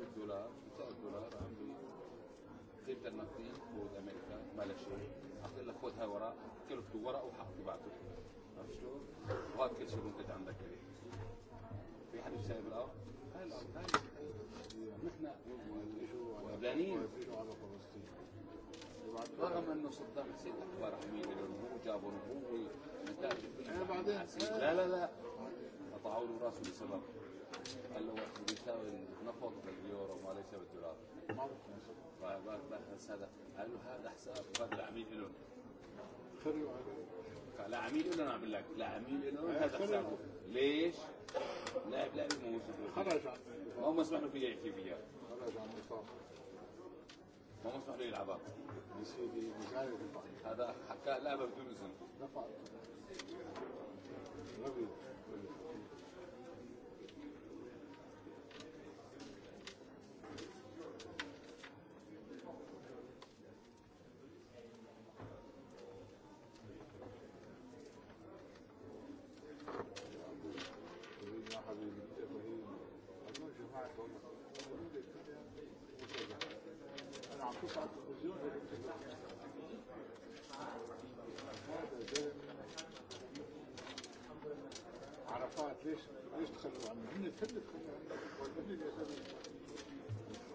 3 دولار 9 دولار عمي زبدة النفطين خذ أمريكا مالاشي أقول لك خذها وراء كلفته وراء وحط بعته عرفت شلون؟ وهذا كل شيء منتج عندك في حد يشتري بالأرض؟ هاي الأرض هاي نحن لبنانيين رغم انه صدام حسين اخبار حميده لانه جابوا نبوه لا لا لا قطعوا له راسه بسبب Hello, what we saw in نفض اليورو ماليزيا والدولار. فبحث هذا قال له هذا حساب هذا عميل لهم. خلوا لا عميل لهم عم بقول لك لا عميل لهم هذا حسابه ليش؟ لاعب لاعب مو مسموح خرج ما مسموح له فيه يحكي فيها. خرج عن مصاب. ما مسموح له يلعبها. يا سيدي مش عارف هذا حكى لعبه بدون اذن. ليش ليش تخلوا عنه؟ هم تخلوا عنه والبنين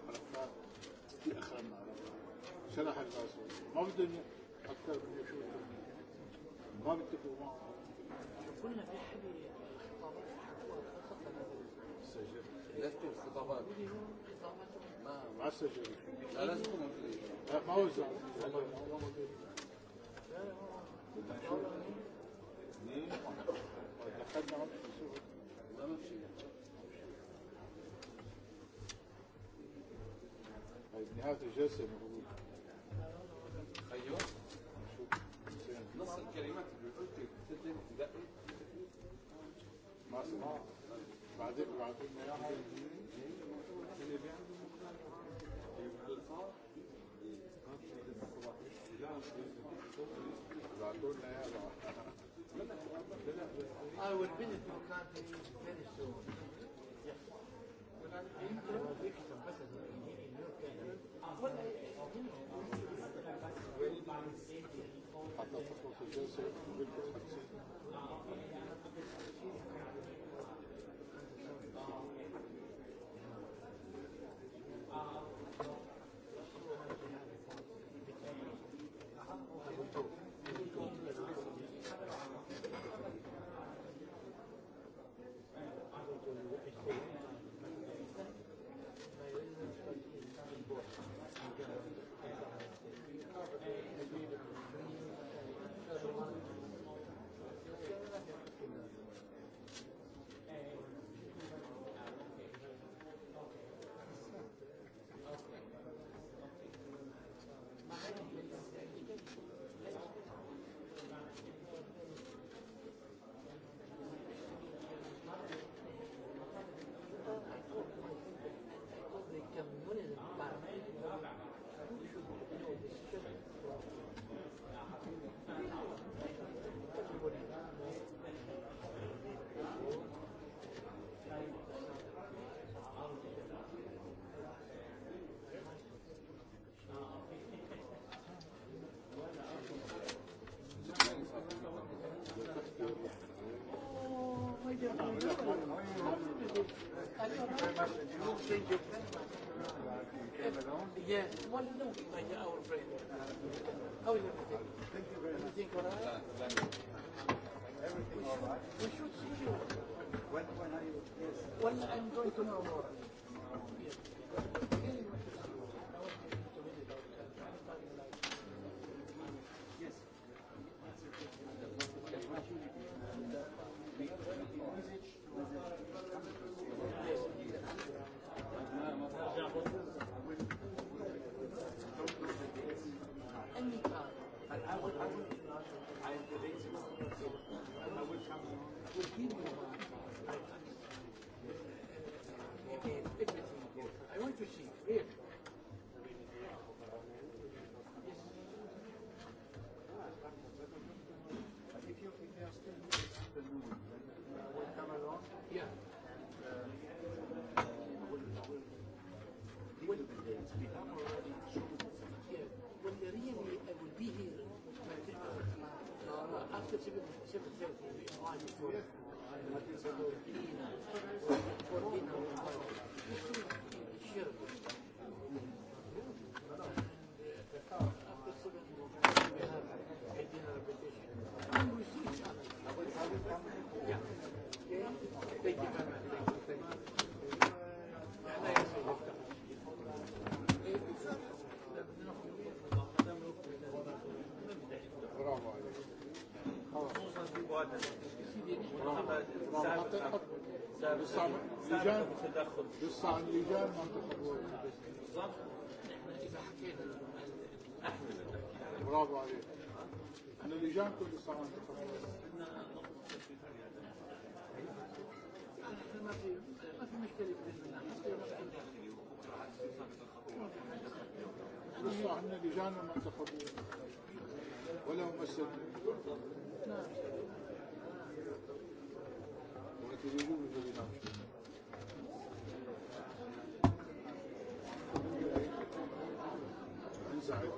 عرفنا في اخرنا شرح الباسل ما بدهم اكثر من يشوفوا ما بيتفقوا معه كنا بنحكي خطابات حكوها خاصه السجل لا تكون خطابات ما مع السجل لا لازم تكون لا ما وزع والله والله ما نهاية الجلسة المفروض أيوه نص الكلمات اللي قلت تدرك تدقق ما سمعت بعدين بعدين ما يعمل اللي بيعمل يبقى الفار لا بعتوا لنا يا بعض I would visit your country very soon. Yes. When I been to Thank you. Yeah, one no, like our friend. How is everything? Thank you very much. Everything We should see When, when are you? Yes. When I'm going to know more. مبادره لجان بالصعب لجان منطقه بالضبط اذا حكينا احمد برافو عليك انا لجان كل صعب منطقه ما في ما في مشكله باذن الله احنا لجان منتخبون ولا ممثل نعم Inside.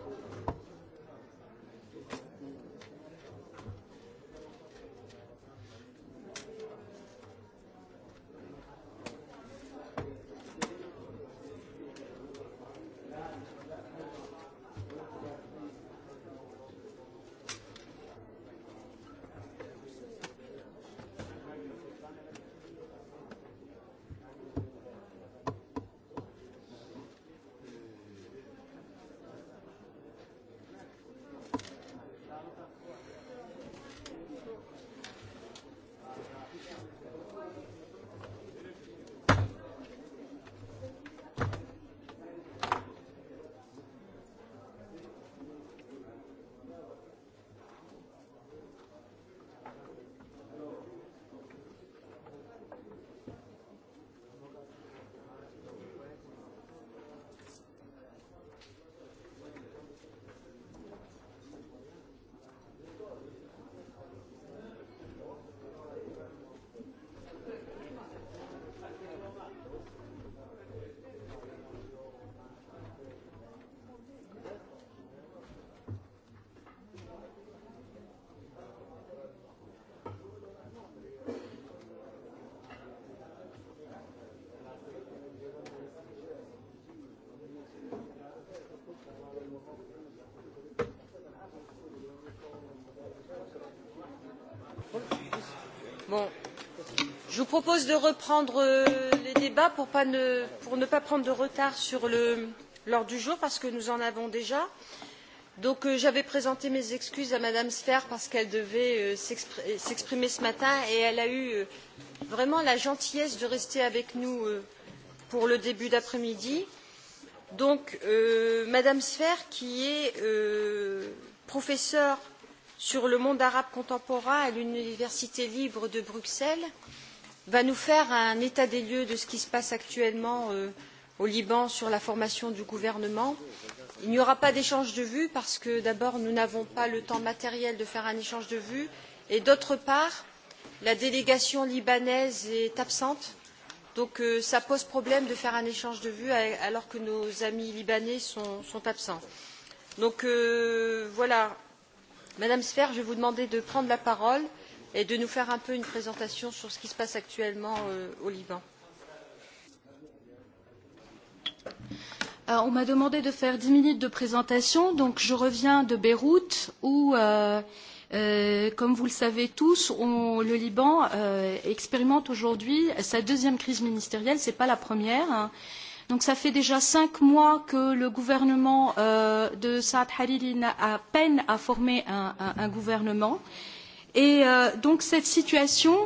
je vous propose de reprendre les débats pour ne pas prendre de retard sur l'ordre du jour parce que nous en avons déjà. j'avais présenté mes excuses à mme sterckx parce qu'elle devait s'exprimer ce matin et elle a eu vraiment la gentillesse de rester avec nous pour le début d'après midi. donc mme sterckx qui est professeure sur le monde arabe contemporain à l'université libre de Bruxelles va nous faire un état des lieux de ce qui se passe actuellement au Liban sur la formation du gouvernement. Il n'y aura pas d'échange de vues parce que d'abord nous n'avons pas le temps matériel de faire un échange de vues et d'autre part la délégation libanaise est absente donc cela pose problème de faire un échange de vues alors que nos amis libanais sont absents. donc voilà Madame Sfer, je vais vous demander de prendre la parole et de nous faire un peu une présentation sur ce qui se passe actuellement au Liban. on m'a demandé de faire dix minutes de présentation, donc je reviens de Beyrouth où, comme vous le savez tous, le Liban expérimente aujourd'hui sa deuxième crise ministérielle, ce n'est pas la première. Hein Donc ça fait déjà cinq mois que le gouvernement de Saad Hariri a peine à former un, gouvernement. Et donc cette situation,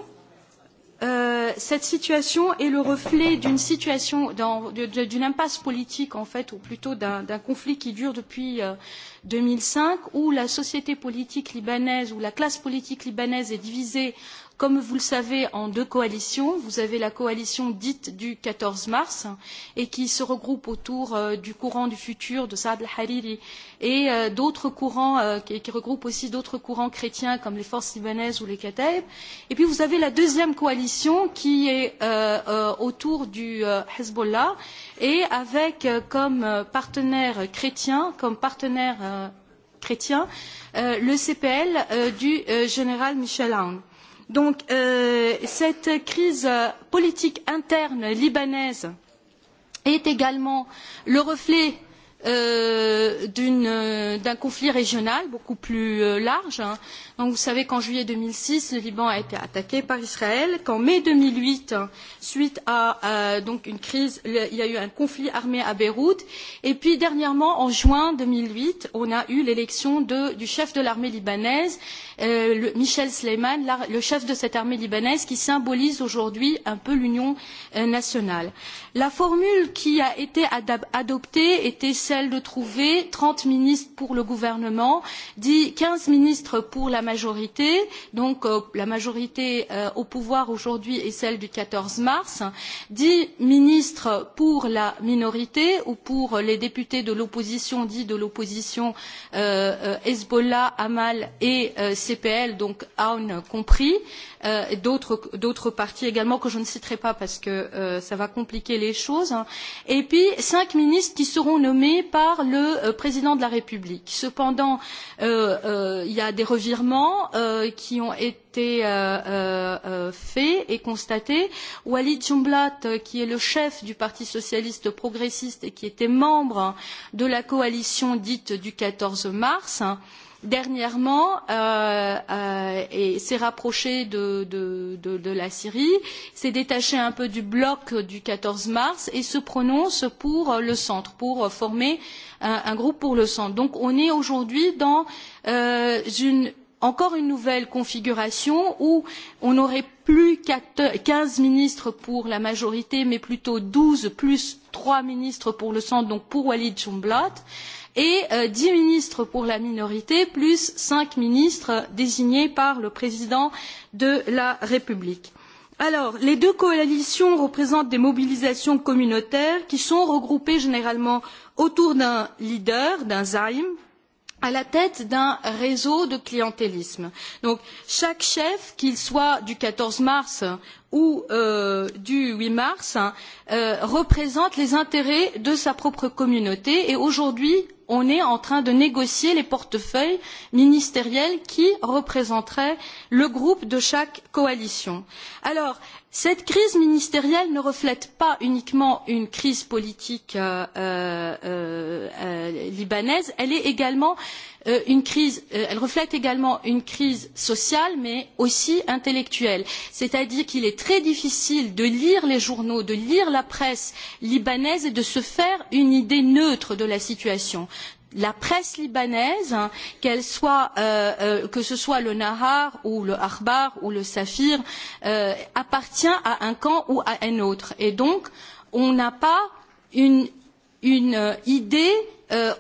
cette situation est le reflet d'une situation, d'une impasse politique en fait, ou plutôt d'un conflit qui dure depuis deux mille cinq, où la société politique libanaise, où la classe politique libanaise est divisée Comme vous le savez, en deux coalitions. Vous avez la coalition dite du quatorze mars et qui se regroupe autour du courant du futur de Saad al-Hariri et d'autres courants qui regroupent aussi d'autres courants chrétiens comme les forces libanaises ou les kataïbes, Et puis vous avez la deuxième coalition qui est autour du Hezbollah et avec comme partenaire chrétien, comme partenaire chrétien, le CPL du général Michel Aoun Donc cette crise politique interne libanaise est également le reflet d'un conflit régional beaucoup plus large Donc vous savez qu'en juillet 2006, le Liban a été attaqué par Israël, qu'en mai 2008, suite à euh, donc une crise, il y a eu un conflit armé à Beyrouth, et puis dernièrement, en juin 2008, on a eu l'élection du chef de l'armée libanaise, euh, le, Michel Sleiman, la, le chef de cette armée libanaise qui symbolise aujourd'hui un peu l'union euh, nationale. La formule qui a été adoptée était celle de trouver 30 ministres pour le gouvernement, 10, 15 ministres pour la majorité. Donc la majorité au pouvoir aujourd'hui est celle du quatorze mars. Dix ministres pour la minorité ou pour les députés de l'opposition, dits de l'opposition Hezbollah, Amal et CPL, donc Aoun compris, et d'autres partis également que je ne citerai pas parce que cela va compliquer les choses. Et puis cinq ministres qui seront nommés par le président de la République. Cependant, il y a des revirements documents qui ont été faits et constatés. Walid Jumblat, qui est le chef du Parti socialiste progressiste et qui était membre de la coalition dite du quatorze mars, dernièrement et s'est rapproché de, la Syrie, s'est détaché un peu du bloc du quatorze mars et se prononce pour le centre, pour former un, groupe pour le centre. Donc on est aujourd'hui dans une encore une nouvelle configuration où on n'aurait plus quinze ministres pour la majorité mais plutôt douze plus trois ministres pour le centre donc pour walid chumblat et dix ministres pour la minorité plus cinq ministres désignés par le président de la république. les deux coalitions représentent des mobilisations communautaires qui sont regroupées généralement autour d'un leader d'un zaïm à la tête d'un réseau de clientélisme. Donc chaque chef, qu'il soit du quatorze mars ou du huit mars, représente les intérêts de sa propre communauté et aujourd'hui, on est en train de négocier les portefeuilles ministériels qui représenteraient le groupe de chaque coalition. Alors, Cette crise ministérielle ne reflète pas uniquement une crise politique libanaise, elle est également une crise, elle reflète également une crise sociale, mais aussi intellectuelle. C'est-à-dire qu'il est très difficile de lire les journaux, de lire la presse libanaise et de se faire une idée neutre de la situation la presse libanaise, soit, que ce soit le Nahar ou le Akhbar ou le Safir, appartient à un camp ou à un autre. Et donc, on n'a pas une idée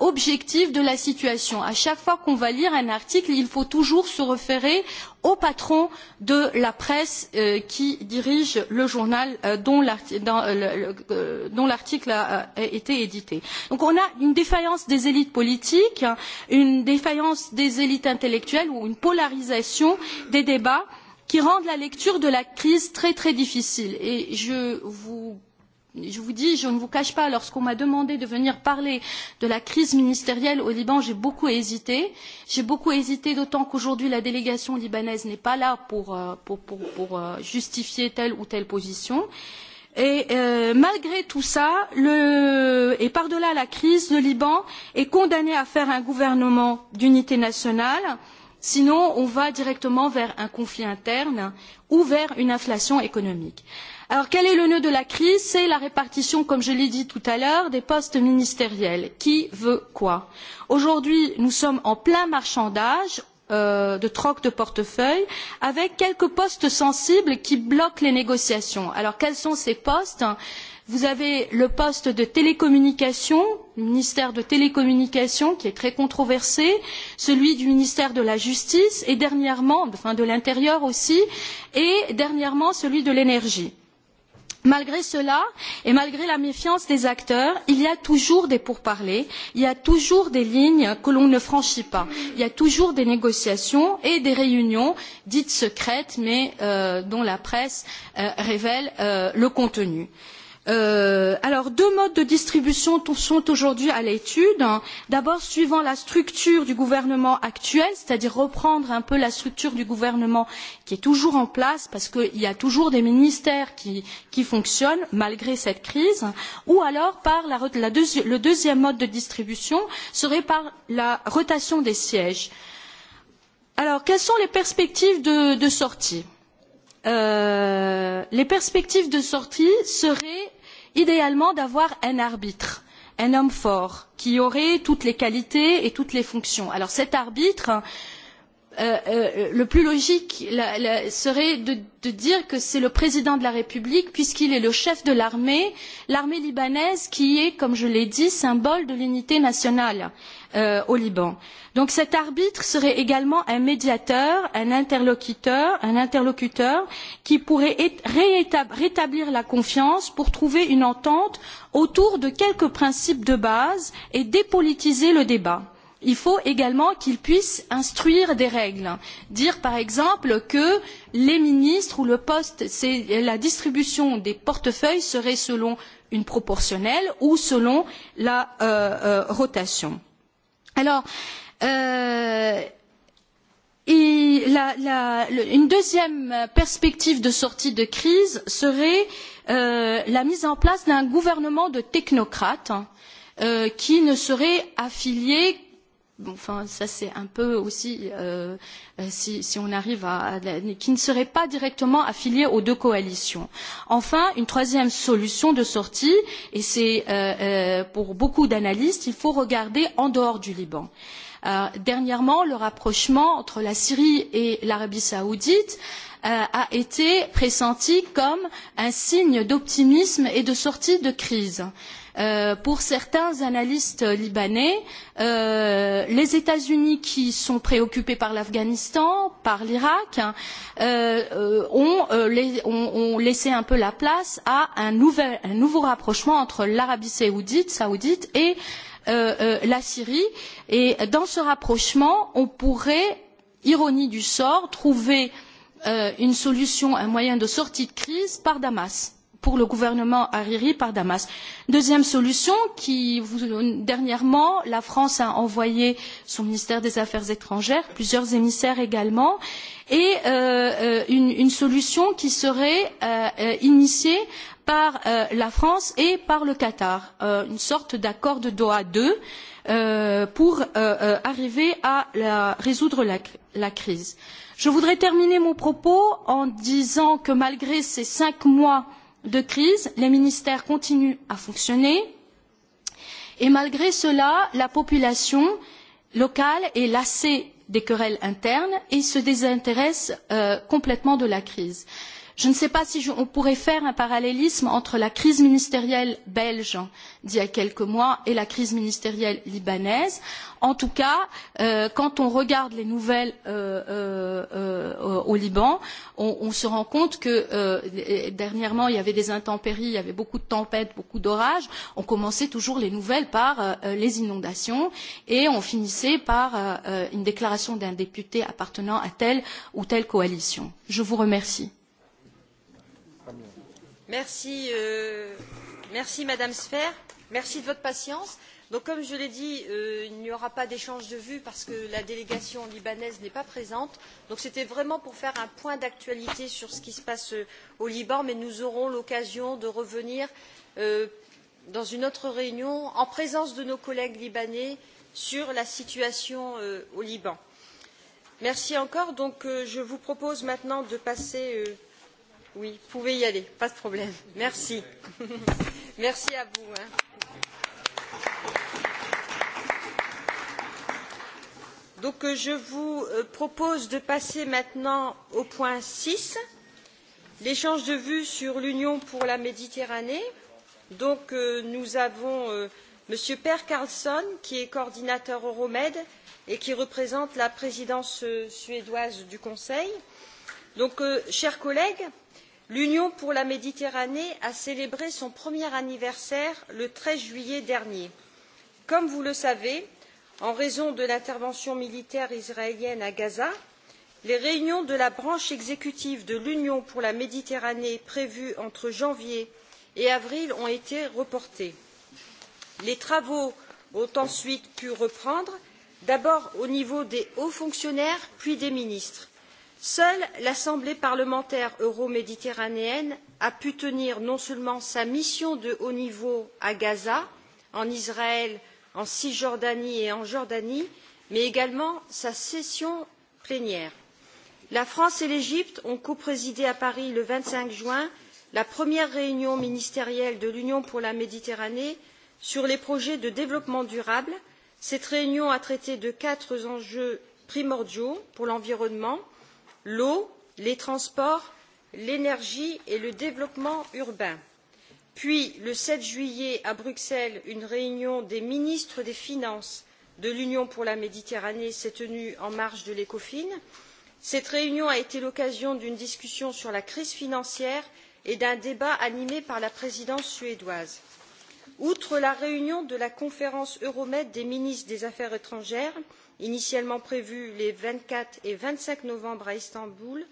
objectif de la situation. À chaque fois qu'on va lire un article, il faut toujours se référer au patron de la presse qui dirige le journal dont l'article a été édité. Donc on a une défaillance des élites politiques, une défaillance des élites intellectuelles ou une polarisation des débats qui rendent la lecture de la crise très difficile. Et je vous je vous dis, je ne vous cache pas, lorsqu'on m'a demandé de venir parler de la crise ministérielle au Liban, j'ai beaucoup hésité. J'ai beaucoup hésité, d'autant qu'aujourd'hui la délégation libanaise n'est pas là pour, justifier telle ou telle position. Et malgré tout cela, et par-delà la crise, le Liban est condamné à faire un gouvernement d'unité nationale. Sinon, on va directement vers un conflit interne ou vers une inflation économique. Alors quel est le nœud de la crise C'est la répartition, comme je l'ai dit tout à l'heure, des postes ministériels. Qui veut quoi Aujourd'hui, nous sommes en plein marchandage de troc de portefeuille avec quelques postes sensibles qui bloquent les négociations. Alors quels sont ces postes Vous avez le poste de télécommunications, le ministère de télécommunications qui est très controversé, celui du ministère de la Justice et dernièrement, enfin de l'Intérieur aussi, et dernièrement celui de l'énergie Malgré cela et malgré la méfiance des acteurs, il y a toujours des pourparlers, il y a toujours des lignes que l'on ne franchit pas, il y a toujours des négociations et des réunions dites secrètes mais dont la presse révèle le contenu alors, deux modes de distribution sont aujourd'hui à l'étude. D'abord, suivant la structure du gouvernement actuel, c'est-à-dire reprendre un peu la structure du gouvernement qui est toujours en place, parce qu'il y a toujours des ministères qui, fonctionnent malgré cette crise, ou alors par le deuxième mode de distribution serait par la rotation des sièges. Alors, quelles sont les perspectives de sortie les perspectives de sortie seraient idéalement d'avoir un arbitre un homme fort qui aurait toutes les qualités et toutes les fonctions. alors cet arbitre le plus logique serait de dire que c'est le président de la république puisqu'il est le chef de l'armée l'armée libanaise qui est comme je l'ai dit symbole de l'unité nationale au Liban. Donc cet arbitre serait également un médiateur, un interlocuteur, un interlocuteur qui pourrait rétablir la confiance pour trouver une entente autour de quelques principes de base et dépolitiser le débat il faut également qu'il puisse instruire des règles dire par exemple que les ministres ou le poste la distribution des portefeuilles serait selon une proportionnelle ou selon la rotation. Alors, une deuxième perspective de sortie de crise serait la mise en place d'un gouvernement de technocrates qui ne serait affilié Bon, enfin, ça c'est un peu aussi euh, si, si on arrive à, à qui ne serait pas directement affilié aux deux coalitions. Enfin, une troisième solution de sortie, et c'est euh, pour beaucoup d'analystes, il faut regarder en dehors du Liban. Euh, dernièrement, le rapprochement entre la Syrie et l'Arabie Saoudite a été pressenti comme un signe d'optimisme et de sortie de crise. Euh, pour certains analystes libanais, les États-Unis qui sont préoccupés par l'Afghanistan, par l'Irak, ont, laissé un peu la place à un, nouveau rapprochement entre l'Arabie saoudite, et la Syrie. Et dans ce rapprochement, on pourrait, ironie du sort, trouver une solution, un moyen de sortie de crise par Damas pour le gouvernement hariri par damas. deuxième solution dernièrement la france a envoyé son ministère des affaires étrangères plusieurs émissaires également et une solution qui serait initiée par la france et par le qatar une sorte d'accord de doha ii pour arriver à résoudre la crise. je voudrais terminer mon propos en disant que malgré ces cinq mois de crise, les ministères continuent à fonctionner et malgré cela, la population locale est lassée des querelles internes et se désintéresse complètement de la crise. Je ne sais pas si on pourrait faire un parallélisme entre la crise ministérielle belge d'il y a quelques mois et la crise ministérielle libanaise. En tout cas, quand on regarde les nouvelles au Liban, on, se rend compte que dernièrement, il y avait des intempéries, il y avait beaucoup de tempêtes, beaucoup d'orages. On commençait toujours les nouvelles par les inondations et on finissait par une déclaration d'un député appartenant à telle ou telle coalition. Je vous remercie merci madame sferr merci de votre patience. comme je l'ai dit il n'y aura pas d'échange de vues parce que la délégation libanaise n'est pas présente donc c'était vraiment pour faire un point d'actualité sur ce qui se passe au liban mais nous aurons l'occasion de revenir dans une autre réunion en présence de nos collègues libanais sur la situation au liban. merci encore. je vous propose maintenant de passer Oui, vous pouvez y aller, pas de problème. Merci. Merci à vous. Donc je vous propose de passer maintenant au point six, l'échange de vues sur l'Union pour la Méditerranée. Donc nous avons M. Per Carlsson, qui est coordinateur Euromed et qui représente la présidence suédoise du Conseil. Donc, chers collègues, l'union pour la méditerranée a célébré son premier anniversaire le treize juillet dernier. comme vous le savez en raison de l'intervention militaire israélienne à gaza les réunions de la branche exécutive de l'union pour la méditerranée prévues entre janvier et avril ont été reportées. les travaux ont ensuite pu reprendre d'abord au niveau des hauts fonctionnaires puis des ministres seule l'assemblée parlementaire euroméditerranéenne a pu tenir non seulement sa mission de haut niveau à gaza en israël en cisjordanie et en jordanie mais également sa session plénière. la france et l'égypte ont coprésidé à paris le vingt cinq juin la première réunion ministérielle de l'union pour la méditerranée sur les projets de développement durable. cette réunion a traité de quatre enjeux primordiaux pour l'environnement l'eau les transports l'énergie et le développement urbain. puis le sept juillet à bruxelles une réunion des ministres des finances de l'union pour la méditerranée s'est tenue en marge de l'ecofin. cette réunion a été l'occasion d'une discussion sur la crise financière et d'un débat animé par la présidence suédoise. outre la réunion de la conférence euromed des ministres des affaires étrangères initialement prévues les vingt quatre et vingt cinq novembre à istanbul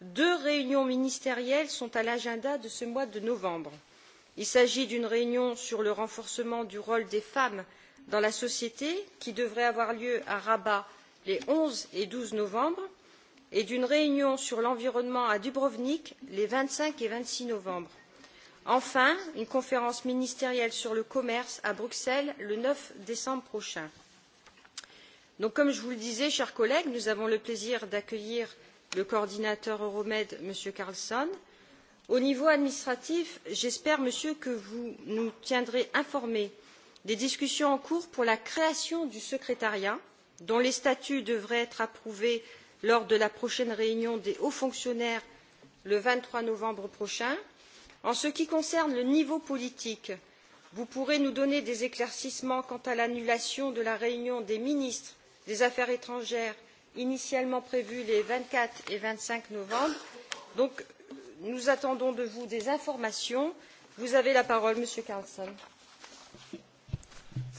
deux réunions ministérielles sont à l'agenda de ce mois de novembre. il s'agit d'une réunion sur le renforcement du rôle des femmes dans la société qui devrait avoir lieu à rabat les onze et douze novembre et d'une réunion sur l'environnement à dubrovnik les vingt cinq et vingt six novembre. enfin une conférence ministérielle sur le commerce à bruxelles le neuf décembre prochain. Donc, comme je vous le disais, chers collègues, nous avons le plaisir d'accueillir le coordinateur Euromed, M. karlsson. Au niveau administratif, j'espère, monsieur, que vous nous tiendrez informés des discussions en cours pour la création du secrétariat, dont les statuts devraient être approuvés lors de la prochaine réunion des hauts fonctionnaires le vingt trois novembre prochain. En ce qui concerne le niveau politique, vous pourrez nous donner des éclaircissements quant à l'annulation de la réunion des ministres des affaires étrangères initialement prévues les vingt quatre et vingt cinq novembre. nous attendons de vous des informations. vous avez la parole monsieur carlsson.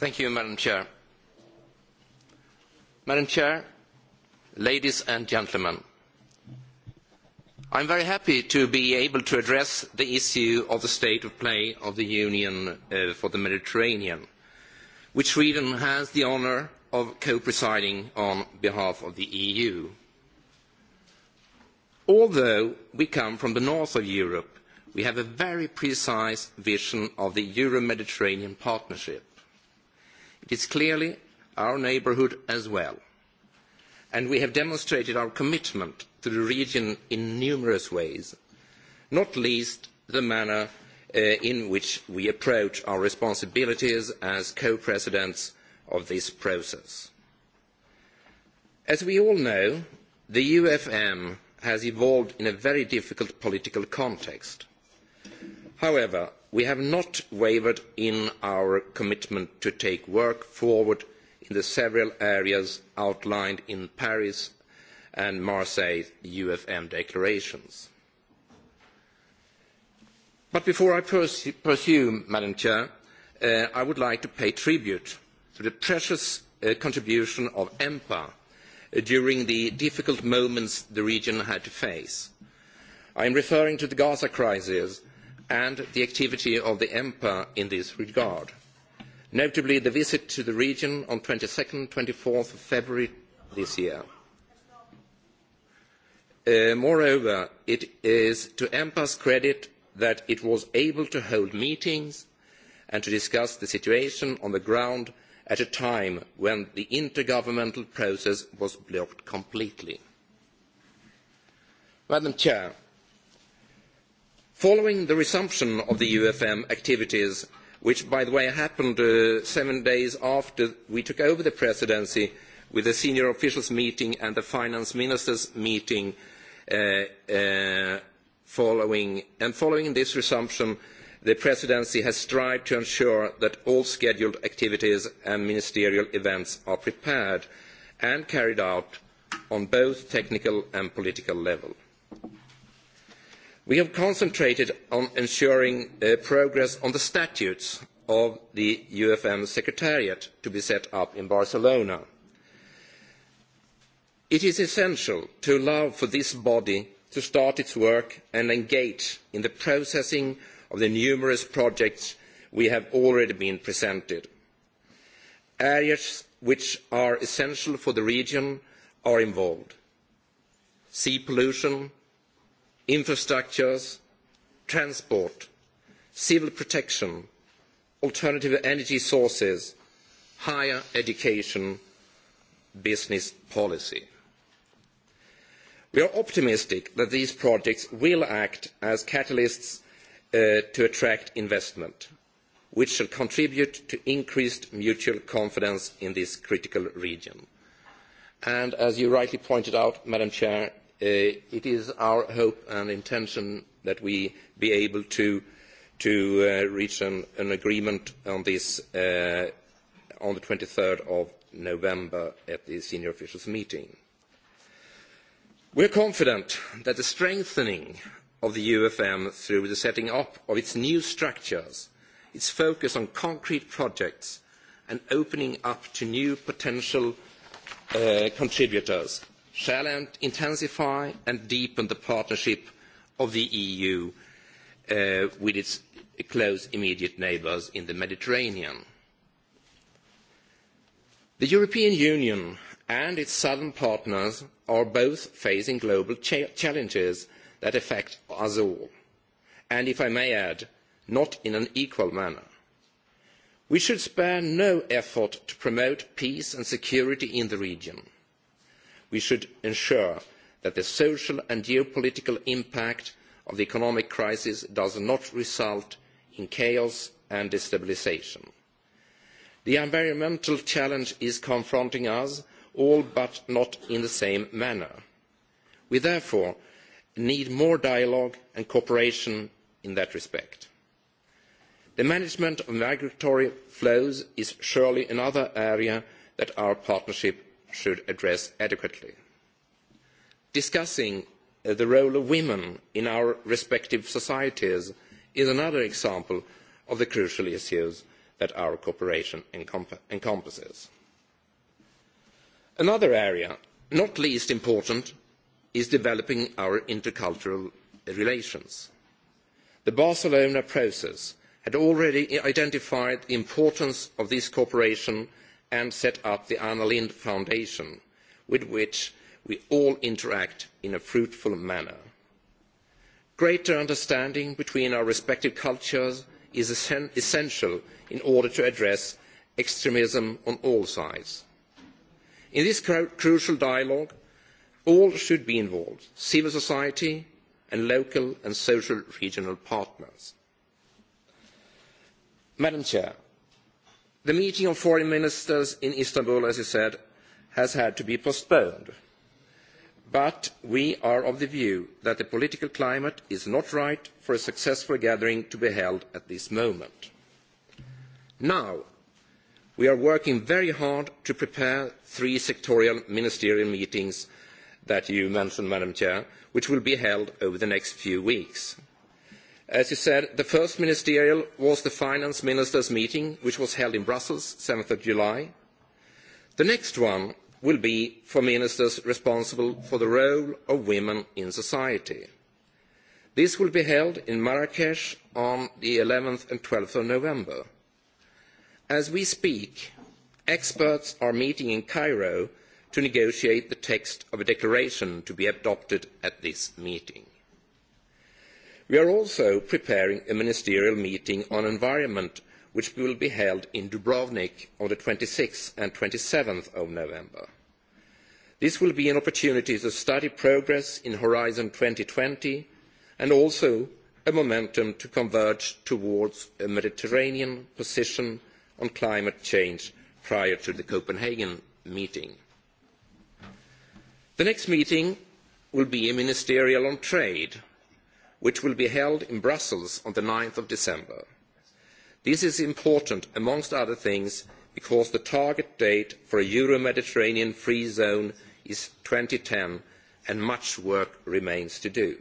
madam president ladies and gentlemen i am very happy to be able to address the issue of the state of play of the union for the mediterranean which sweden has the honour of co-presiding on behalf of the EU. Although we come from the north of Europe, we have a very precise vision of the Euro-Mediterranean partnership. It is clearly our neighbourhood as well, and we have demonstrated our commitment to the region in numerous ways, not least the manner in which we approach our responsibilities as co-presidents of this process. As we all know, the UFM has evolved in a very difficult political context. However, we have not wavered in our commitment to take work forward in the several areas outlined in Paris and Marseille UFM declarations. But before I pursue, Madam Chair, I would like to pay tribute to the precious contribution of EMPA during the difficult moments the region had to face. I am referring to the Gaza crisis and the activity of the EMPA in this regard, notably the visit to the region on 22nd, 24th of February this year. moreover, it is to EMPA's credit that it was able to hold meetings and to discuss the situation on the ground at a time when the intergovernmental process was blocked completely. Madam Chair, following the resumption of the UFM activities, which by the way happened seven days after we took over the presidency with the senior officials meeting and the finance ministers meeting following, and following this resumption, the presidency has strived to ensure that all scheduled activities and ministerial events are prepared and carried out on both technical and political level. We have concentrated on ensuring progress on the statutes of the UFM Secretariat to be set up in Barcelona. It is essential to allow for this body to start its work and engage in the processing of the numerous projects we have already been presented. Areas which are essential for the region are involved. Sea pollution, infrastructures, transport, civil protection, alternative energy sources, higher education, business policy. We are optimistic that these projects will act as catalysts to attract investment, which shall contribute to increased mutual confidence in this critical region. And as you rightly pointed out, Madam Chair, it is our hope and intention that we be able to reach an agreement on this on the 23rd of November at the senior officials meeting. We are confident that the strengthening of the UFM through the setting up of its new structures, its focus on concrete projects, and opening up to new potential contributors shall intensify and deepen the partnership of the EU with its close immediate neighbours in the Mediterranean. The European Union and its southern partners are both facing global challenges that affect us all. And if I may add, not in an equal manner. We should spare no effort to promote peace and security in the region. We should ensure that the social and geopolitical impact of the economic crisis does not result in chaos and destabilisation. The environmental challenge is confronting us all but not in the same manner. We therefore need more dialogue and cooperation in that respect. The management of migratory flows is surely another area that our partnership should address adequately. Discussing the role of women in our respective societies is another example of the crucial issues that our cooperation encompasses. Another area, not least important, is developing our intercultural relations. The Barcelona process had already identified the importance of this cooperation and set up the Anna Lindh Foundation, with which we all interact in a fruitful manner. Greater understanding between our respective cultures is essential in order to address extremism on all sides. In this crucial dialogue, All should be involved, civil society and local and social regional partners. Madam Chair, the meeting of foreign ministers in Istanbul, as you said, has had to be postponed. But we are of the view that the political climate is not right for a successful gathering to be held at this moment. Now, we are working very hard to prepare three sectorial ministerial meetings that you mentioned, Madam Chair, which will be held over the next few weeks. As you said, the first ministerial was the finance ministers' meeting, which was held in Brussels, 7th of July. The next one will be for ministers responsible for the role of women in society. This will be held in Marrakesh on the 11th and 12th of November. As we speak, experts are meeting in Cairo to negotiate the text of a declaration to be adopted at this meeting. We are also preparing a ministerial meeting on environment which will be held in Dubrovnik on the 26th and 27th of November. This will be an opportunity to study progress in Horizon twenty and also a momentum to converge towards a Mediterranean position on climate change prior to the Copenhagen meeting the next meeting will be a ministerial on trade which will be held in brussels on the of december. this is important amongst other things because the target date for a euro mediterranean free zone is 2010, ten and much work remains to do.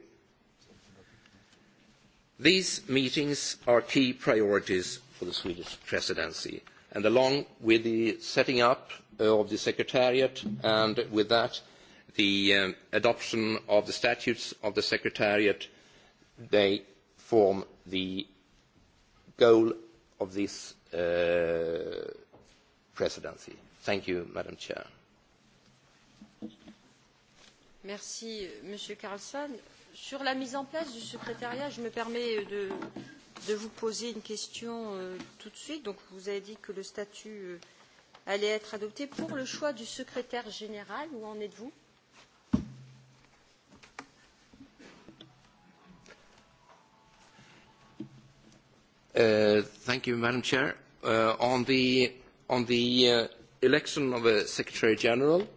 these meetings are key priorities for the swedish presidency and along with the setting up of the secretariat and with that the adoption of the statutes of the Secretariat, they form the goal of this presidency. Thank you, Madam Chair. Merci, Monsieur Carlson. Sur la mise en place du secrétariat, je me permets de, de vous poser une question euh, tout de suite. Donc, vous avez dit que le statut euh, allait être adopté. Pour le choix du secrétaire général, où en êtes-vous Thank you, Madam Chair. On the election of a Secretary General,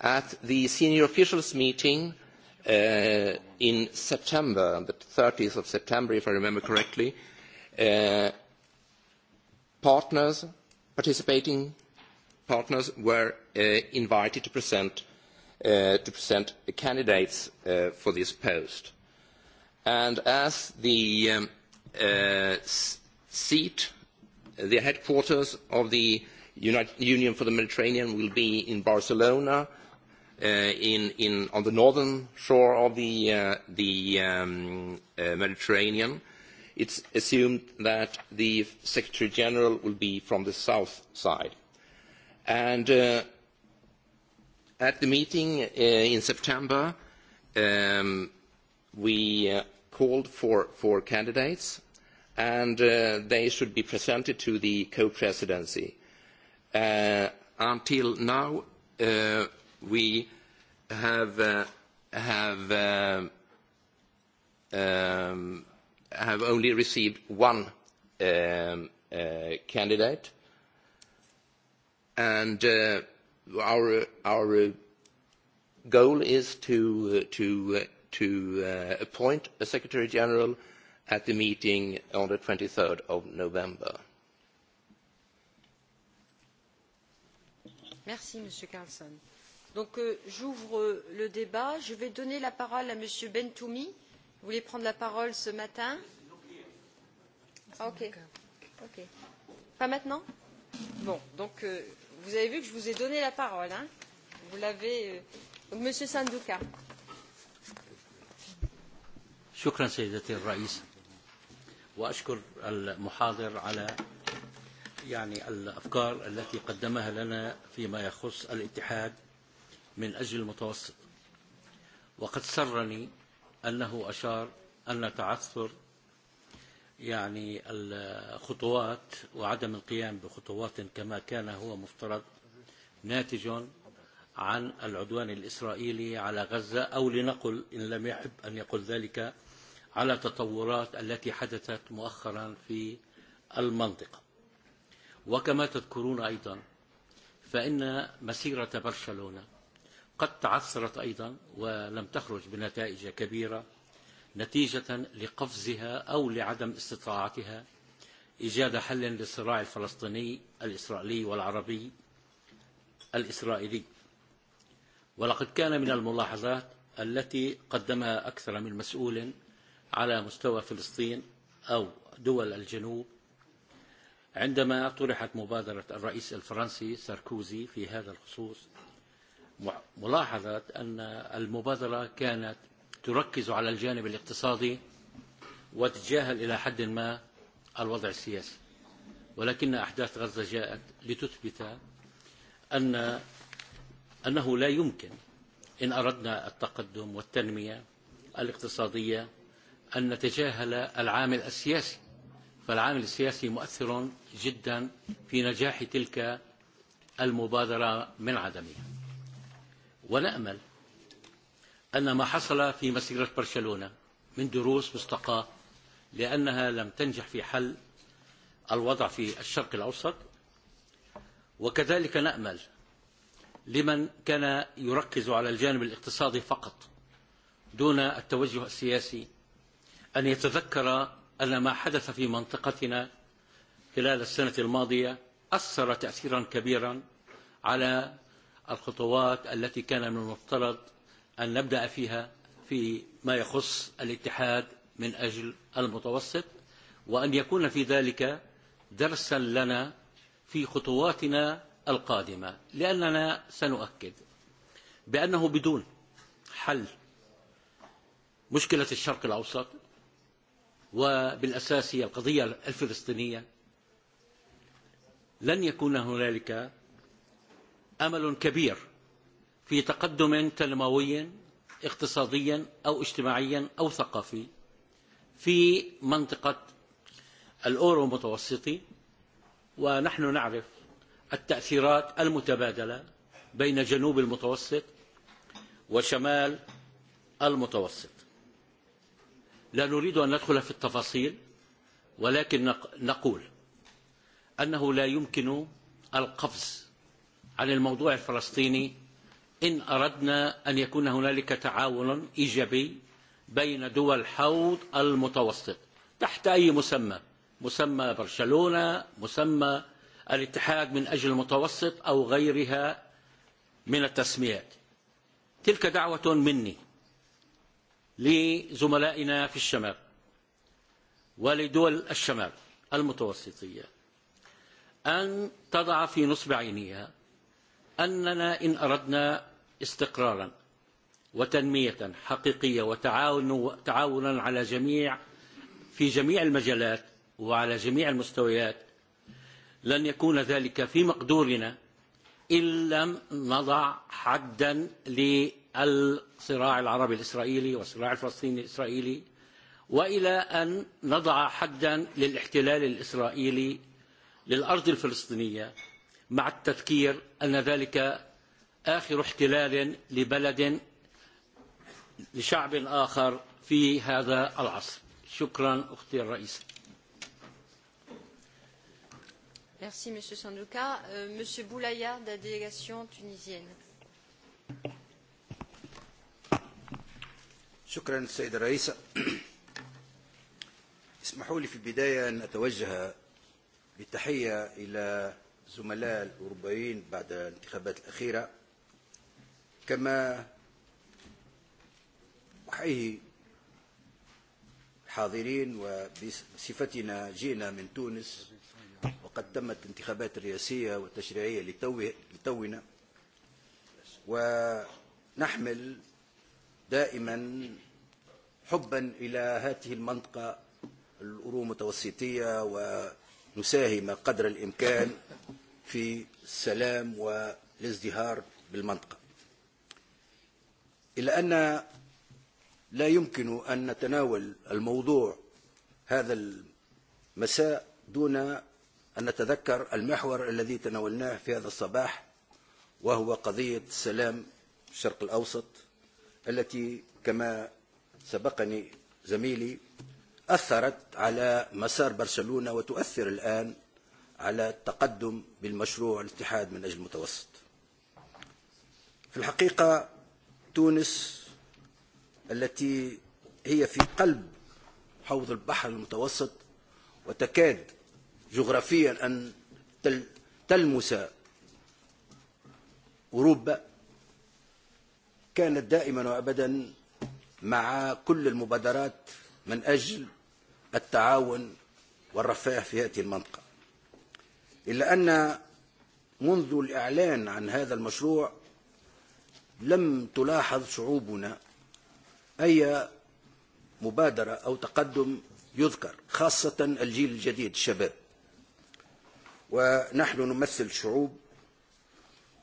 at the senior officials meeting in September, on the 30th of September, if I remember correctly, partners, participating partners were invited to present candidates for this post. And as the seat, the headquarters of the Union for the Mediterranean will be in Barcelona, on the northern shore of the Mediterranean. It's assumed that the Secretary General will be from the south side. And At the meeting in September, we called for candidates, and they should be presented to the co-presidency. Until now, we have only received one candidate, and our goal is to to uh, appoint a Secretary General at the meeting on the 23rd of November. Merci, Monsieur Carlson. Donc, euh, j'ouvre le débat. Je vais donner la parole à Monsieur Bentoumi. Vous voulez prendre la parole ce matin ah, ok. ok. Pas maintenant Bon, donc, euh, vous avez vu que je vous ai donné la parole. Hein vous l'avez. Euh... Monsieur Sanduka. شكرا سيدتي الرئيس وأشكر المحاضر على يعني الأفكار التي قدمها لنا فيما يخص الاتحاد من أجل المتوسط وقد سرني أنه أشار أن تعثر يعني الخطوات وعدم القيام بخطوات كما كان هو مفترض ناتج عن العدوان الإسرائيلي على غزة أو لنقل إن لم يحب أن يقول ذلك على التطورات التي حدثت مؤخرا في المنطقة وكما تذكرون أيضا فإن مسيرة برشلونة قد تعثرت أيضا ولم تخرج بنتائج كبيرة نتيجة لقفزها أو لعدم استطاعتها إيجاد حل للصراع الفلسطيني الإسرائيلي والعربي الإسرائيلي ولقد كان من الملاحظات التي قدمها أكثر من مسؤول على مستوى فلسطين أو دول الجنوب عندما طرحت مبادرة الرئيس الفرنسي ساركوزي في هذا الخصوص ملاحظة أن المبادرة كانت تركز على الجانب الاقتصادي وتجاهل إلى حد ما الوضع السياسي ولكن أحداث غزة جاءت لتثبت أن أنه لا يمكن إن أردنا التقدم والتنمية الاقتصادية أن نتجاهل العامل السياسي فالعامل السياسي مؤثر جدا في نجاح تلك المبادرة من عدمها ونأمل أن ما حصل في مسيرة برشلونة من دروس مستقاة لأنها لم تنجح في حل الوضع في الشرق الأوسط وكذلك نأمل لمن كان يركز على الجانب الاقتصادي فقط دون التوجه السياسي أن يتذكر أن ما حدث في منطقتنا خلال السنة الماضية أثر تأثيرا كبيرا على الخطوات التي كان من المفترض أن نبدأ فيها في ما يخص الاتحاد من أجل المتوسط وأن يكون في ذلك درسا لنا في خطواتنا القادمة لأننا سنؤكد بأنه بدون حل مشكلة الشرق الأوسط وبالأساس هي القضية الفلسطينية لن يكون هنالك أمل كبير في تقدم تنموي اقتصاديا أو اجتماعيا أو ثقافي في منطقة الأورو المتوسطي ونحن نعرف التأثيرات المتبادلة بين جنوب المتوسط وشمال المتوسط لا نريد أن ندخل في التفاصيل ولكن نقول أنه لا يمكن القفز عن الموضوع الفلسطيني إن أردنا أن يكون هنالك تعاون إيجابي بين دول حوض المتوسط تحت أي مسمى مسمى برشلونة مسمى الاتحاد من أجل المتوسط أو غيرها من التسميات تلك دعوة مني لزملائنا في الشمال ولدول الشمال المتوسطية أن تضع في نصب عينيها أننا إن أردنا استقرارا وتنمية حقيقية وتعاونا على جميع في جميع المجالات وعلى جميع المستويات لن يكون ذلك في مقدورنا إن لم نضع حدا الصراع العربي الإسرائيلي والصراع الفلسطيني الإسرائيلي وإلى أن نضع حدا للاحتلال الإسرائيلي للأرض الفلسطينية مع التذكير أن ذلك آخر احتلال لبلد لشعب آخر في هذا العصر شكرا أختي الرئيسة Merci Monsieur Sanduka. Euh, Monsieur Boulaya de la délégation tunisienne. شكرا سيد الرئيس اسمحوا لي في البداية أن أتوجه بالتحية إلى زملاء الأوروبيين بعد الانتخابات الأخيرة كما أحيي الحاضرين وبصفتنا جئنا من تونس وقد تمت الانتخابات الرئاسية والتشريعية لتونا ونحمل دائما حبا إلى هذه المنطقة الأورو متوسطية ونساهم قدر الإمكان في السلام والازدهار بالمنطقة إلا أن لا يمكن أن نتناول الموضوع هذا المساء دون أن نتذكر المحور الذي تناولناه في هذا الصباح وهو قضية السلام الشرق الأوسط التي كما سبقني زميلي أثرت على مسار برشلونة وتؤثر الآن على التقدم بالمشروع الاتحاد من أجل المتوسط في الحقيقة تونس التي هي في قلب حوض البحر المتوسط وتكاد جغرافيا أن تلمس أوروبا كانت دائما وابدا مع كل المبادرات من اجل التعاون والرفاه في هذه المنطقه الا ان منذ الاعلان عن هذا المشروع لم تلاحظ شعوبنا اي مبادره او تقدم يذكر خاصه الجيل الجديد الشباب ونحن نمثل شعوب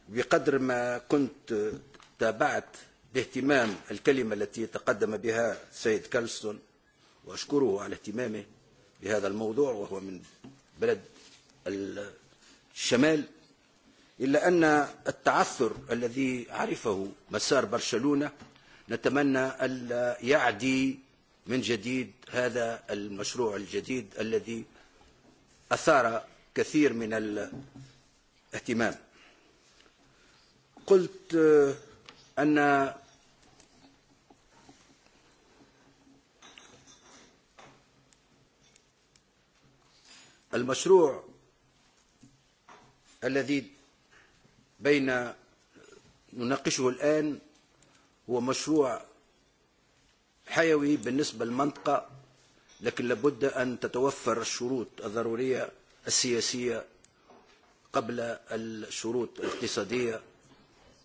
بقدر ما كنت تابعت باهتمام الكلمة التي تقدم بها سيد كالستون وأشكره على اهتمامه بهذا الموضوع وهو من بلد الشمال إلا أن التعثر الذي عرفه مسار برشلونة نتمنى ألا يعدي من جديد هذا المشروع الجديد الذي أثار كثير من الاهتمام قلت أن المشروع الذي بين نناقشه الآن هو مشروع حيوي بالنسبة للمنطقة لكن لابد أن تتوفر الشروط الضرورية السياسية قبل الشروط الاقتصادية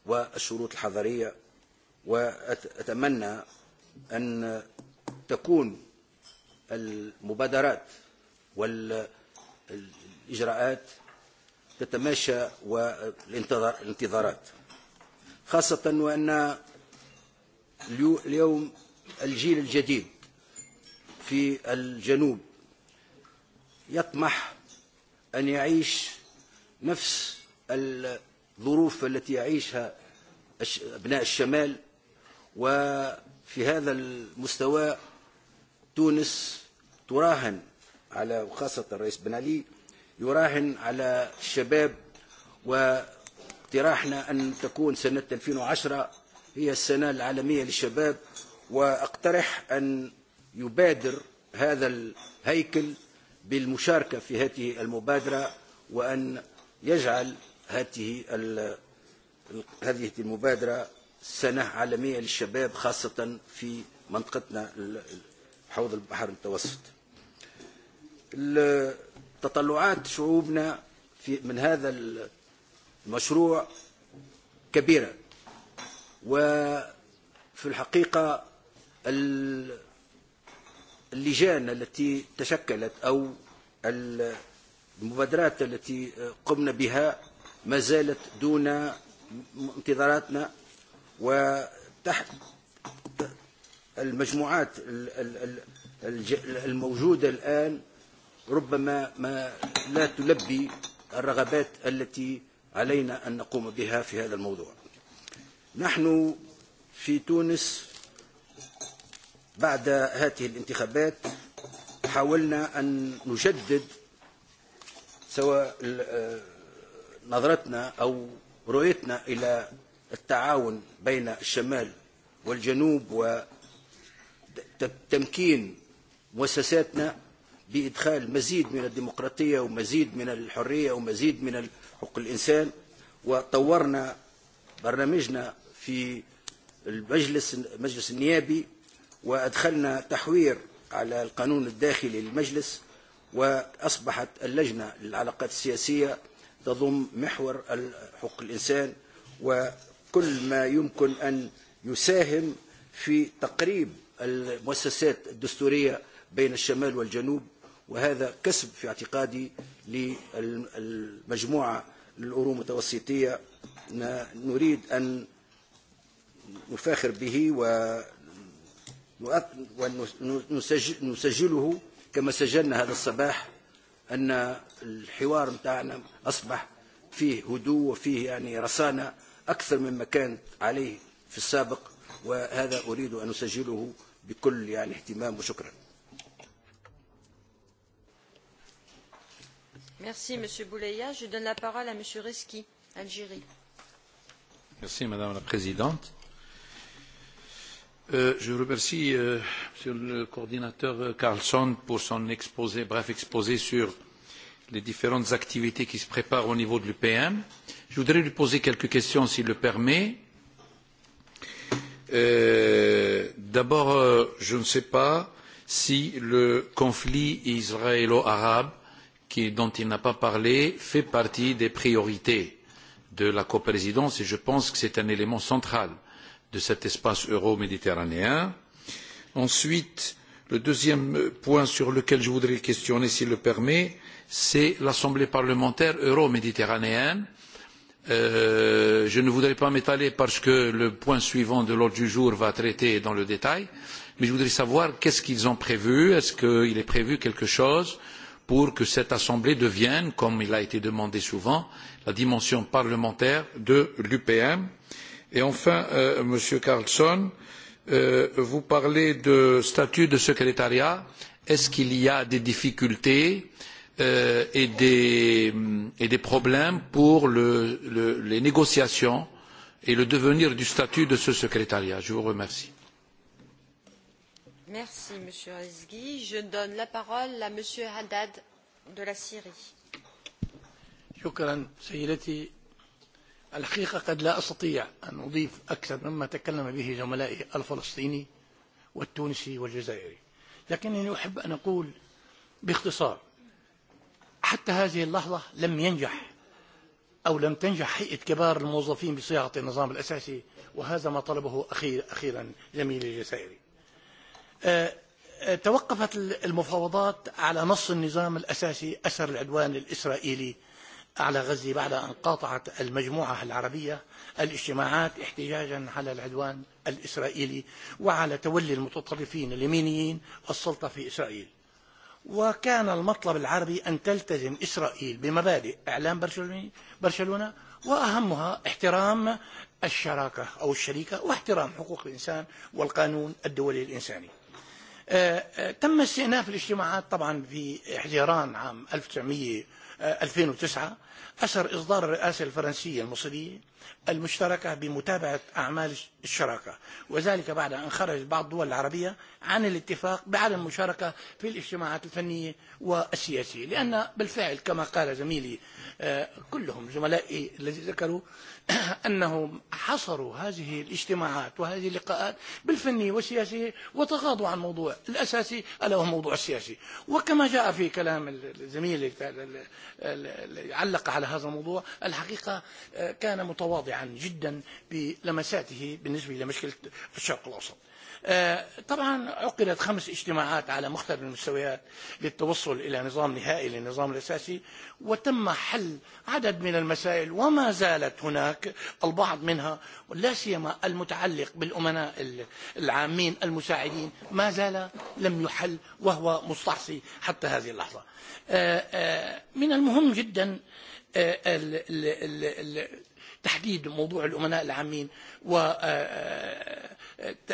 والشروط الحضرية وأتمنى أن تكون المبادرات والإجراءات تتماشى والانتظارات خاصة وأن اليوم الجيل الجديد في الجنوب يطمح أن يعيش نفس الظروف التي يعيشها ابناء الشمال وفي هذا المستوى تونس تراهن على وخاصة الرئيس بن علي يراهن على الشباب واقتراحنا أن تكون سنة 2010 هي السنة العالمية للشباب وأقترح أن يبادر هذا الهيكل بالمشاركة في هذه المبادرة وأن يجعل هذه هذه المبادرة سنة عالمية للشباب خاصة في منطقتنا حوض البحر المتوسط تطلعات شعوبنا في من هذا المشروع كبيرة وفي الحقيقة اللجان التي تشكلت أو المبادرات التي قمنا بها ما زالت دون انتظاراتنا وتحت المجموعات الموجودة الآن ربما ما لا تلبي الرغبات التي علينا أن نقوم بها في هذا الموضوع نحن في تونس بعد هذه الانتخابات حاولنا أن نجدد سواء نظرتنا أو رؤيتنا إلى التعاون بين الشمال والجنوب وتمكين مؤسساتنا بإدخال مزيد من الديمقراطية ومزيد من الحرية ومزيد من حقوق الإنسان وطورنا برنامجنا في المجلس المجلس النيابي وأدخلنا تحوير على القانون الداخلي للمجلس وأصبحت اللجنة للعلاقات السياسية تضم محور حقوق الإنسان وكل ما يمكن أن يساهم في تقريب المؤسسات الدستورية بين الشمال والجنوب وهذا كسب في اعتقادي للمجموعة الأورو المتوسطية نريد أن نفاخر به ونسجله كما سجلنا هذا الصباح أن الحوار متاعنا أصبح فيه هدوء وفيه يعني رصانة أكثر مما كانت عليه في السابق وهذا أريد أن أسجله بكل يعني اهتمام وشكرا Merci Monsieur Bouleya. Je donne la parole à Monsieur Reski, Algérie. Merci Madame la Présidente je remercie Monsieur le coordinateur Carlsson pour son bref exposé sur les différentes activités qui se préparent au niveau de l'UPM. Je voudrais lui poser quelques questions, s'il le permet. D'abord, je ne sais pas si le conflit israélo-arabe, dont il n'a pas parlé, fait partie des priorités de la coprésidence et je pense que c'est un élément central de cet espace euro-méditerranéen. Ensuite, le deuxième point sur lequel je voudrais questionner, s'il le permet, c'est l'Assemblée parlementaire euro-méditerranéenne. je ne voudrais pas m'étaler parce que le point suivant de l'ordre du jour va traiter dans le détail, mais je voudrais savoir qu'est-ce qu'ils ont prévu, est-ce qu'il est prévu quelque chose pour que cette Assemblée devienne, comme il a été demandé souvent, la dimension parlementaire de l'UPM et enfin monsieur carlsson vous parlez de statut de secrétariat est ce qu'il y a des difficultés et des problèmes pour les négociations et le devenir du statut de ce secrétariat? je vous remercie. Merci Monsieur Azghi. Je donne la parole à Monsieur Haddad de la Syrie. الحقيقة قد لا أستطيع أن أضيف أكثر مما تكلم به زملائي الفلسطيني والتونسي والجزائري لكنني أحب أن أقول باختصار حتى هذه اللحظة لم ينجح أو لم تنجح هيئة كبار الموظفين بصياغة النظام الأساسي وهذا ما طلبه أخير أخيرا زميلي الجزائري توقفت المفاوضات على نص النظام الأساسي أثر العدوان الإسرائيلي على غزة بعد أن قاطعت المجموعة العربية الاجتماعات احتجاجا على العدوان الإسرائيلي وعلى تولي المتطرفين اليمينيين السلطة في إسرائيل وكان المطلب العربي أن تلتزم إسرائيل بمبادئ إعلام برشلونة وأهمها احترام الشراكة أو الشريكة واحترام حقوق الإنسان والقانون الدولي الإنساني تم استئناف الاجتماعات طبعا في حزيران عام 1900 2009 أثر إصدار الرئاسة الفرنسية المصرية المشتركة بمتابعة أعمال الشراكة وذلك بعد أن خرجت بعض الدول العربية عن الاتفاق بعد المشاركة في الاجتماعات الفنية والسياسية لأن بالفعل كما قال زميلي كلهم زملائي الذي ذكروا أنهم حصروا هذه الاجتماعات وهذه اللقاءات بالفني والسياسي وتغاضوا عن الموضوع الأساسي ألا هو الموضوع السياسي وكما جاء في كلام الزميل اللي علق على هذا الموضوع الحقيقة كان متواضعا جدا بلمساته بالنسبة لمشكلة الشرق الأوسط طبعا عقدت خمس اجتماعات على مختلف المستويات للتوصل إلى نظام نهائي للنظام الأساسي وتم حل عدد من المسائل وما زالت هناك البعض منها لا سيما المتعلق بالأمناء العامين المساعدين ما زال لم يحل وهو مستعصي حتى هذه اللحظة من المهم جدا تحديد موضوع الأمناء العامين و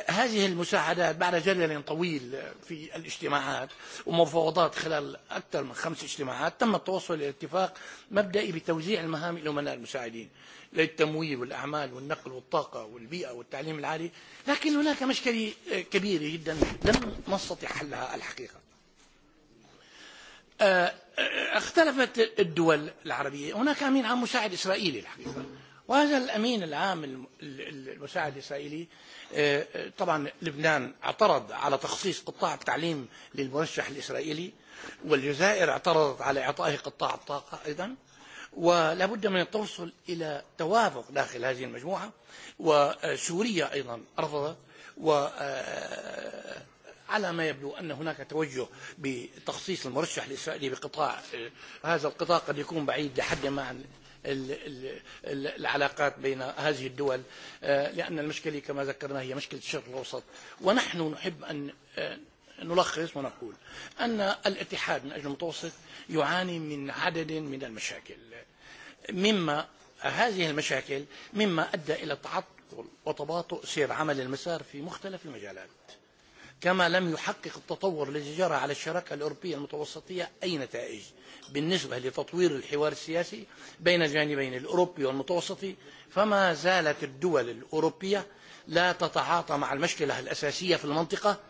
هذه المساعدات بعد جدل طويل في الاجتماعات ومفاوضات خلال أكثر من خمس اجتماعات تم التوصل إلى اتفاق مبدئي بتوزيع المهام الأمناء المساعدين للتمويل والأعمال والنقل والطاقة والبيئة والتعليم العالي لكن هناك مشكلة كبيرة جدا لم نستطع حلها الحقيقة اختلفت الدول العربية هناك أمين عام مساعد إسرائيلي الحقيقة وهذا الأمين العام المساعد الإسرائيلي طبعا لبنان اعترض على تخصيص قطاع التعليم للمرشح الإسرائيلي والجزائر اعترضت على إعطائه قطاع الطاقة أيضا ولا بد من التوصل إلى توافق داخل هذه المجموعة وسوريا أيضا رفضت وعلى ما يبدو أن هناك توجه بتخصيص المرشح الإسرائيلي بقطاع هذا القطاع قد يكون بعيد لحد ما عن العلاقات بين هذه الدول لأن المشكلة كما ذكرنا هي مشكلة الشرق الأوسط ونحن نحب أن نلخص ونقول أن الاتحاد من أجل المتوسط يعاني من عدد من المشاكل مما هذه المشاكل مما أدى إلى تعطل وتباطؤ سير عمل المسار في مختلف المجالات كما لم يحقق التطور الذي جرى على الشراكة الأوروبية المتوسطية أي نتائج بالنسبة لتطوير الحوار السياسي بين جانبين الأوروبي والمتوسطي فما زالت الدول الأوروبية لا تتعاطى مع المشكلة الأساسية في المنطقة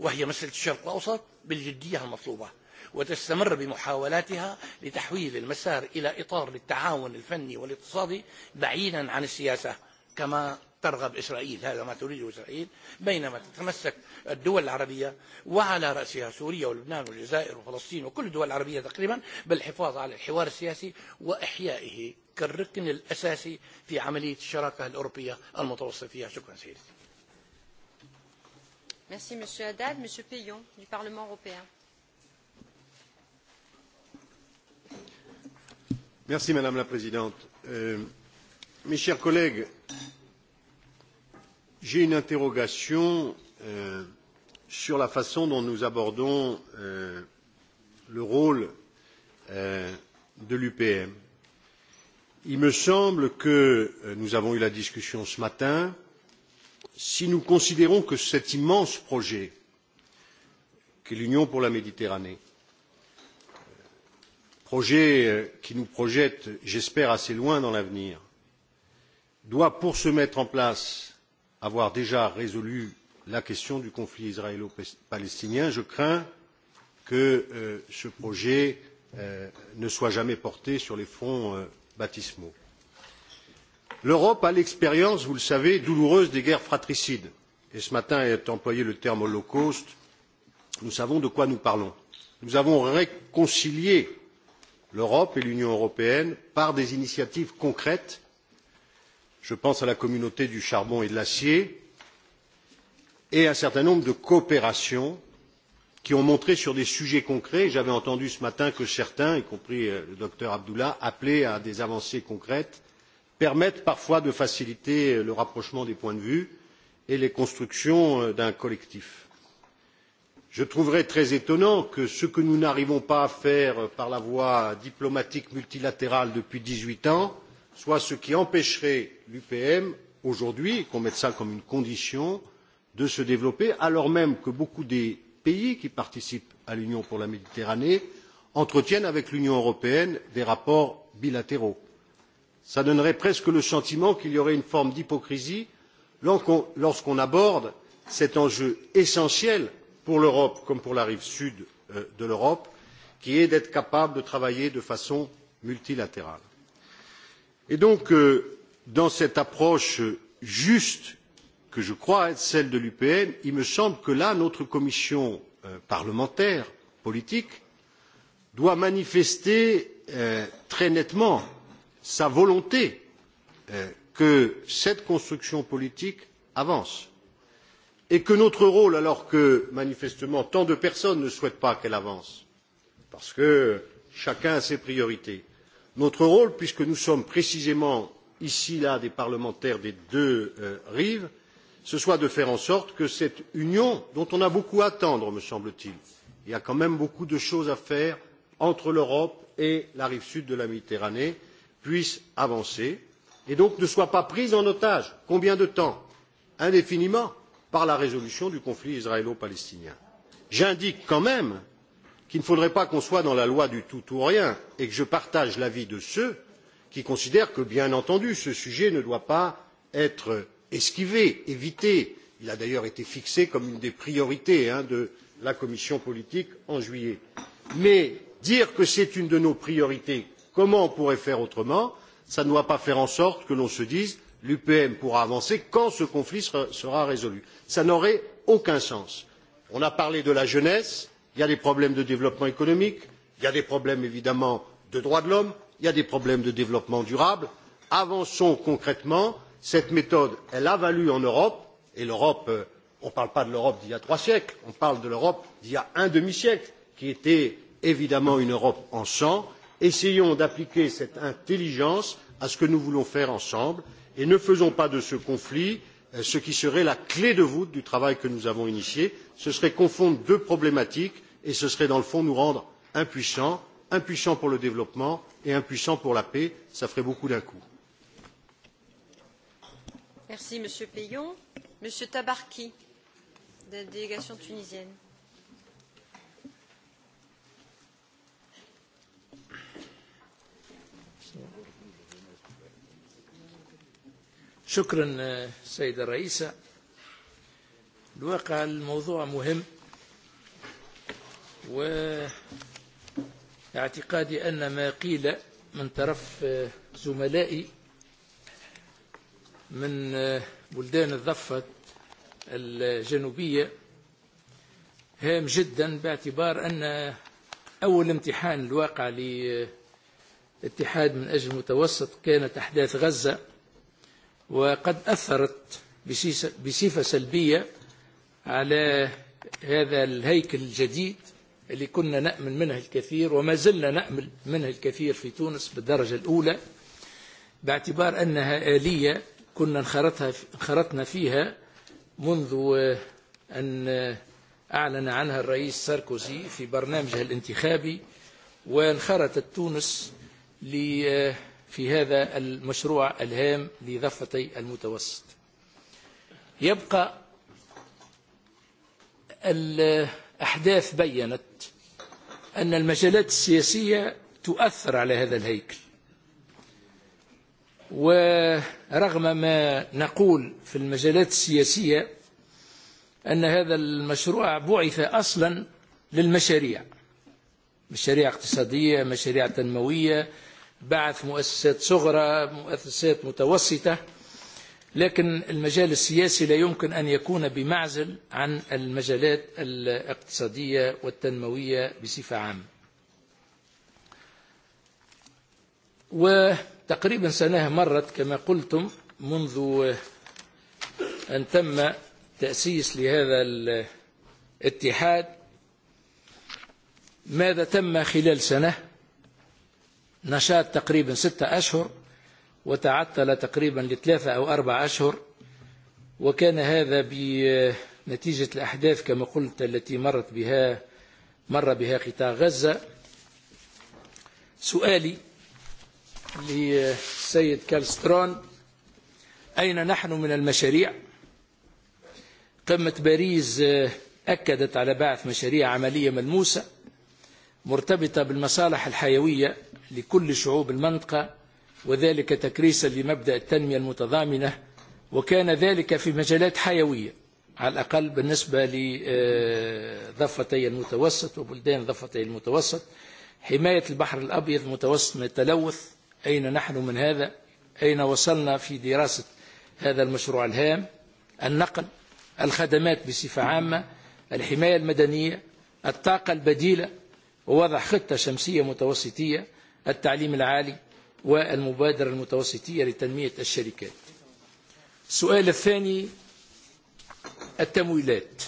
وهي مسألة الشرق الأوسط بالجدية المطلوبة وتستمر بمحاولاتها لتحويل المسار إلى إطار للتعاون الفني والاقتصادي بعيدا عن السياسة كما ترغب إسرائيل هذا ما تريده إسرائيل بينما تتمسك الدول العربية وعلى رأسها سوريا ولبنان والجزائر وفلسطين وكل الدول العربية تقريبا بالحفاظ على الحوار السياسي وإحيائه كالركن الأساسي في عملية الشراكة الأوروبية المتوسطة فيها شكرا سيدي Merci M. Haddad. M. Payon du Parlement européen. Merci Madame la Présidente. Euh, mes chers collègues, j'ai une interrogation euh, sur la façon dont nous abordons le rôle de l'upm. il me semble que nous avons eu la discussion ce matin si nous considérons que cet immense projet qu'est l'union pour la méditerranée projet qui nous projette j'espère assez loin dans l'avenir doit pour se mettre en place avoir déjà résolu la question du conflit israélo palestinien. je crains que ce projet ne soit jamais porté sur les fonts baptismaux. l'europe a l'expérience vous le savez douloureuse des guerres fratricides et ce matin est employé le terme holocauste nous savons de quoi nous parlons. nous avons réconcilié l'europe et l'union européenne par des initiatives concrètes je pense à la communauté du charbon et de l'acier et un certain nombre de coopérations qui ont montré sur des sujets concrets j'avais entendu ce matin que certains y compris le docteur abdullah appelaient à des avancées concrètes permettent parfois de faciliter le rapprochement des points de vue et les constructions d'un collectif. je trouverais très étonnant que ce que nous n'arrivons pas à faire par la voie diplomatique multilatérale depuis dix huit ans soit ce qui empêcherait l'upm aujourd'hui qu'on mette cela comme une condition de se développer alors même que beaucoup des pays qui participent à l'union pour la méditerranée entretiennent avec l'union européenne des rapports bilatéraux. cela donnerait presque le sentiment qu'il y aurait une forme d'hypocrisie lorsqu'on aborde cet enjeu essentiel pour l'europe comme pour la rive sud de l'europe qui est d'être capable de travailler de façon multilatérale. dans cette approche juste que je crois être celle de l'upm il me semble que là notre commission parlementaire politique doit manifester très nettement sa volonté que cette construction politique avance et que notre rôle alors que manifestement tant de personnes ne souhaitent pas qu'elle avance parce que chacun a ses priorités notre rôle puisque nous sommes précisément ici des parlementaires des deux rives ce soit de faire en sorte que cette union dont on a beaucoup à attendre me semble t il il y a quand même beaucoup de choses à faire entre l'europe et la rive sud de la méditerranée puisse avancer et donc ne soit pas prise en otage combien de temps? indéfiniment par la résolution du conflit israélo palestinien. j'indique quand même qu'il ne faudrait pas qu'on soit dans la loi du tout ou rien et que je partage l'avis de ceux qui considèrent que bien entendu ce sujet ne doit pas être esquiver éviter il a d'ailleurs été fixé comme une des priorités de la commission politique en juillet. mais dire que c'est une de nos priorités comment on pourrait faire autrement cela ne doit pas faire en sorte que l'on se dise l'upm pourra avancer quand ce conflit sera résolu. cela n'aurait aucun sens. on a parlé de la jeunesse il y a des problèmes de développement économique il y a des problèmes évidemment de droits de l'homme il y a des problèmes de développement durable avançons concrètement cette méthode a valu en europe et l'europe on ne parle pas de l'europe d'il y a trois siècles on parle de l'europe d'il y a un demi siècle qui était évidemment une europe en sang essayons d'appliquer cette intelligence à ce que nous voulons faire ensemble et ne faisons pas de ce conflit ce qui serait la clé de voûte du travail que nous avons initié ce serait confondre deux problématiques et ce serait dans le fond nous rendre impuissants impuissants pour le développement et impuissants pour la paix cela ferait beaucoup d'un coup. Merci, Monsieur Payon. Monsieur Tabarki, de la délégation tunisienne. شكرا سيدة الرئيسة الواقع الموضوع مهم واعتقادي أن ما قيل من طرف زملائي من بلدان الضفة الجنوبية هام جدا باعتبار أن أول امتحان الواقع لاتحاد من أجل المتوسط كانت أحداث غزة وقد أثرت بصفة سلبية على هذا الهيكل الجديد اللي كنا نأمل منه الكثير وما زلنا نأمل منه الكثير في تونس بالدرجة الأولى باعتبار أنها آلية كنا انخرطنا فيها منذ أن أعلن عنها الرئيس ساركوزي في برنامجه الانتخابي وانخرطت تونس في هذا المشروع الهام لضفتي المتوسط يبقى الأحداث بيّنت أن المجالات السياسية تؤثر على هذا الهيكل ورغم ما نقول في المجالات السياسية أن هذا المشروع بعث أصلا للمشاريع مشاريع اقتصادية مشاريع تنموية بعث مؤسسات صغرى مؤسسات متوسطة لكن المجال السياسي لا يمكن أن يكون بمعزل عن المجالات الاقتصادية والتنموية بصفة عامة تقريبا سنة مرت كما قلتم منذ أن تم تأسيس لهذا الاتحاد ماذا تم خلال سنة نشاط تقريبا ستة أشهر وتعطل تقريبا لثلاثة أو أربع أشهر وكان هذا بنتيجة الأحداث كما قلت التي مرت بها مر بها قطاع غزة سؤالي للسيد كالسترون أين نحن من المشاريع قمة باريس أكدت على بعث مشاريع عملية ملموسة مرتبطة بالمصالح الحيوية لكل شعوب المنطقة وذلك تكريسا لمبدأ التنمية المتضامنة وكان ذلك في مجالات حيوية على الأقل بالنسبة لضفتي المتوسط وبلدان ضفتي المتوسط حماية البحر الأبيض متوسط من التلوث أين نحن من هذا أين وصلنا في دراسة هذا المشروع الهام النقل الخدمات بصفة عامة الحماية المدنية الطاقة البديلة ووضع خطة شمسية متوسطية التعليم العالي والمبادرة المتوسطية لتنمية الشركات السؤال الثاني التمويلات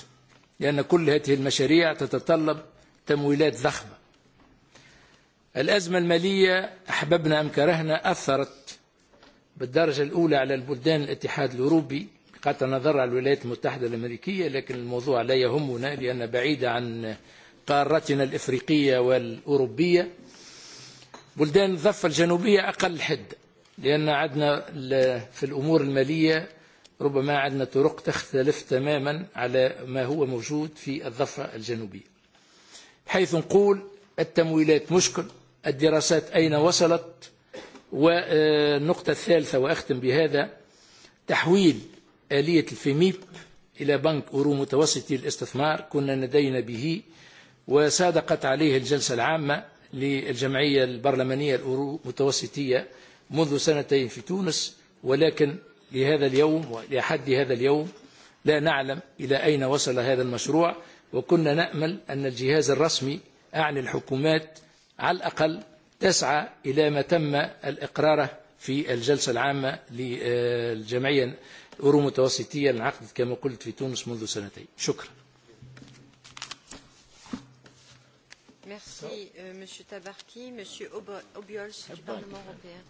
لأن كل هذه المشاريع تتطلب تمويلات ضخمة الأزمة المالية أحببنا أم كرهنا أثرت بالدرجة الأولى على البلدان الاتحاد الأوروبي قد نظر على الولايات المتحدة الأمريكية لكن الموضوع لا يهمنا لأن بعيدة عن قارتنا الإفريقية والأوروبية بلدان الضفة الجنوبية أقل حد لأن عدنا في الأمور المالية ربما عدنا طرق تختلف تماما على ما هو موجود في الضفة الجنوبية حيث نقول التمويلات مشكل الدراسات أين وصلت والنقطة الثالثة وأختم بهذا تحويل آلية الفيميب إلى بنك أورو متوسطي الاستثمار كنا لدينا به وصادقت عليه الجلسة العامة للجمعية البرلمانية الأورو متوسطية منذ سنتين في تونس ولكن لهذا اليوم ولحد هذا اليوم لا نعلم إلى أين وصل هذا المشروع وكنا نأمل أن الجهاز الرسمي أعني الحكومات على الأقل تسعى إلى ما تم الإقرار في الجلسة العامة للجمعية أورو متوسطية انعقدت كما قلت في تونس منذ سنتين شكرا Merci, euh, Monsieur Tabarki. Monsieur Obiols, du Parlement européen.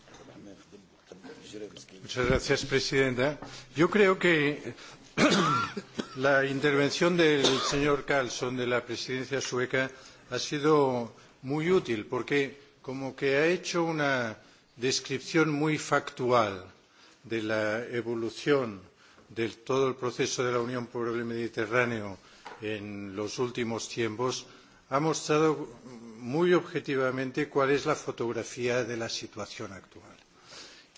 Señora Presidenta. Yo creo que la intervención del señor Carlson de la presidencia sueca ha sido muy útil porque como que ha hecho una descripción muy factual de la evolución de todo el proceso de la Unión por el Mediterráneo en los últimos tiempos, ha mostrado muy objetivamente cuál es la fotografía de la situación actual.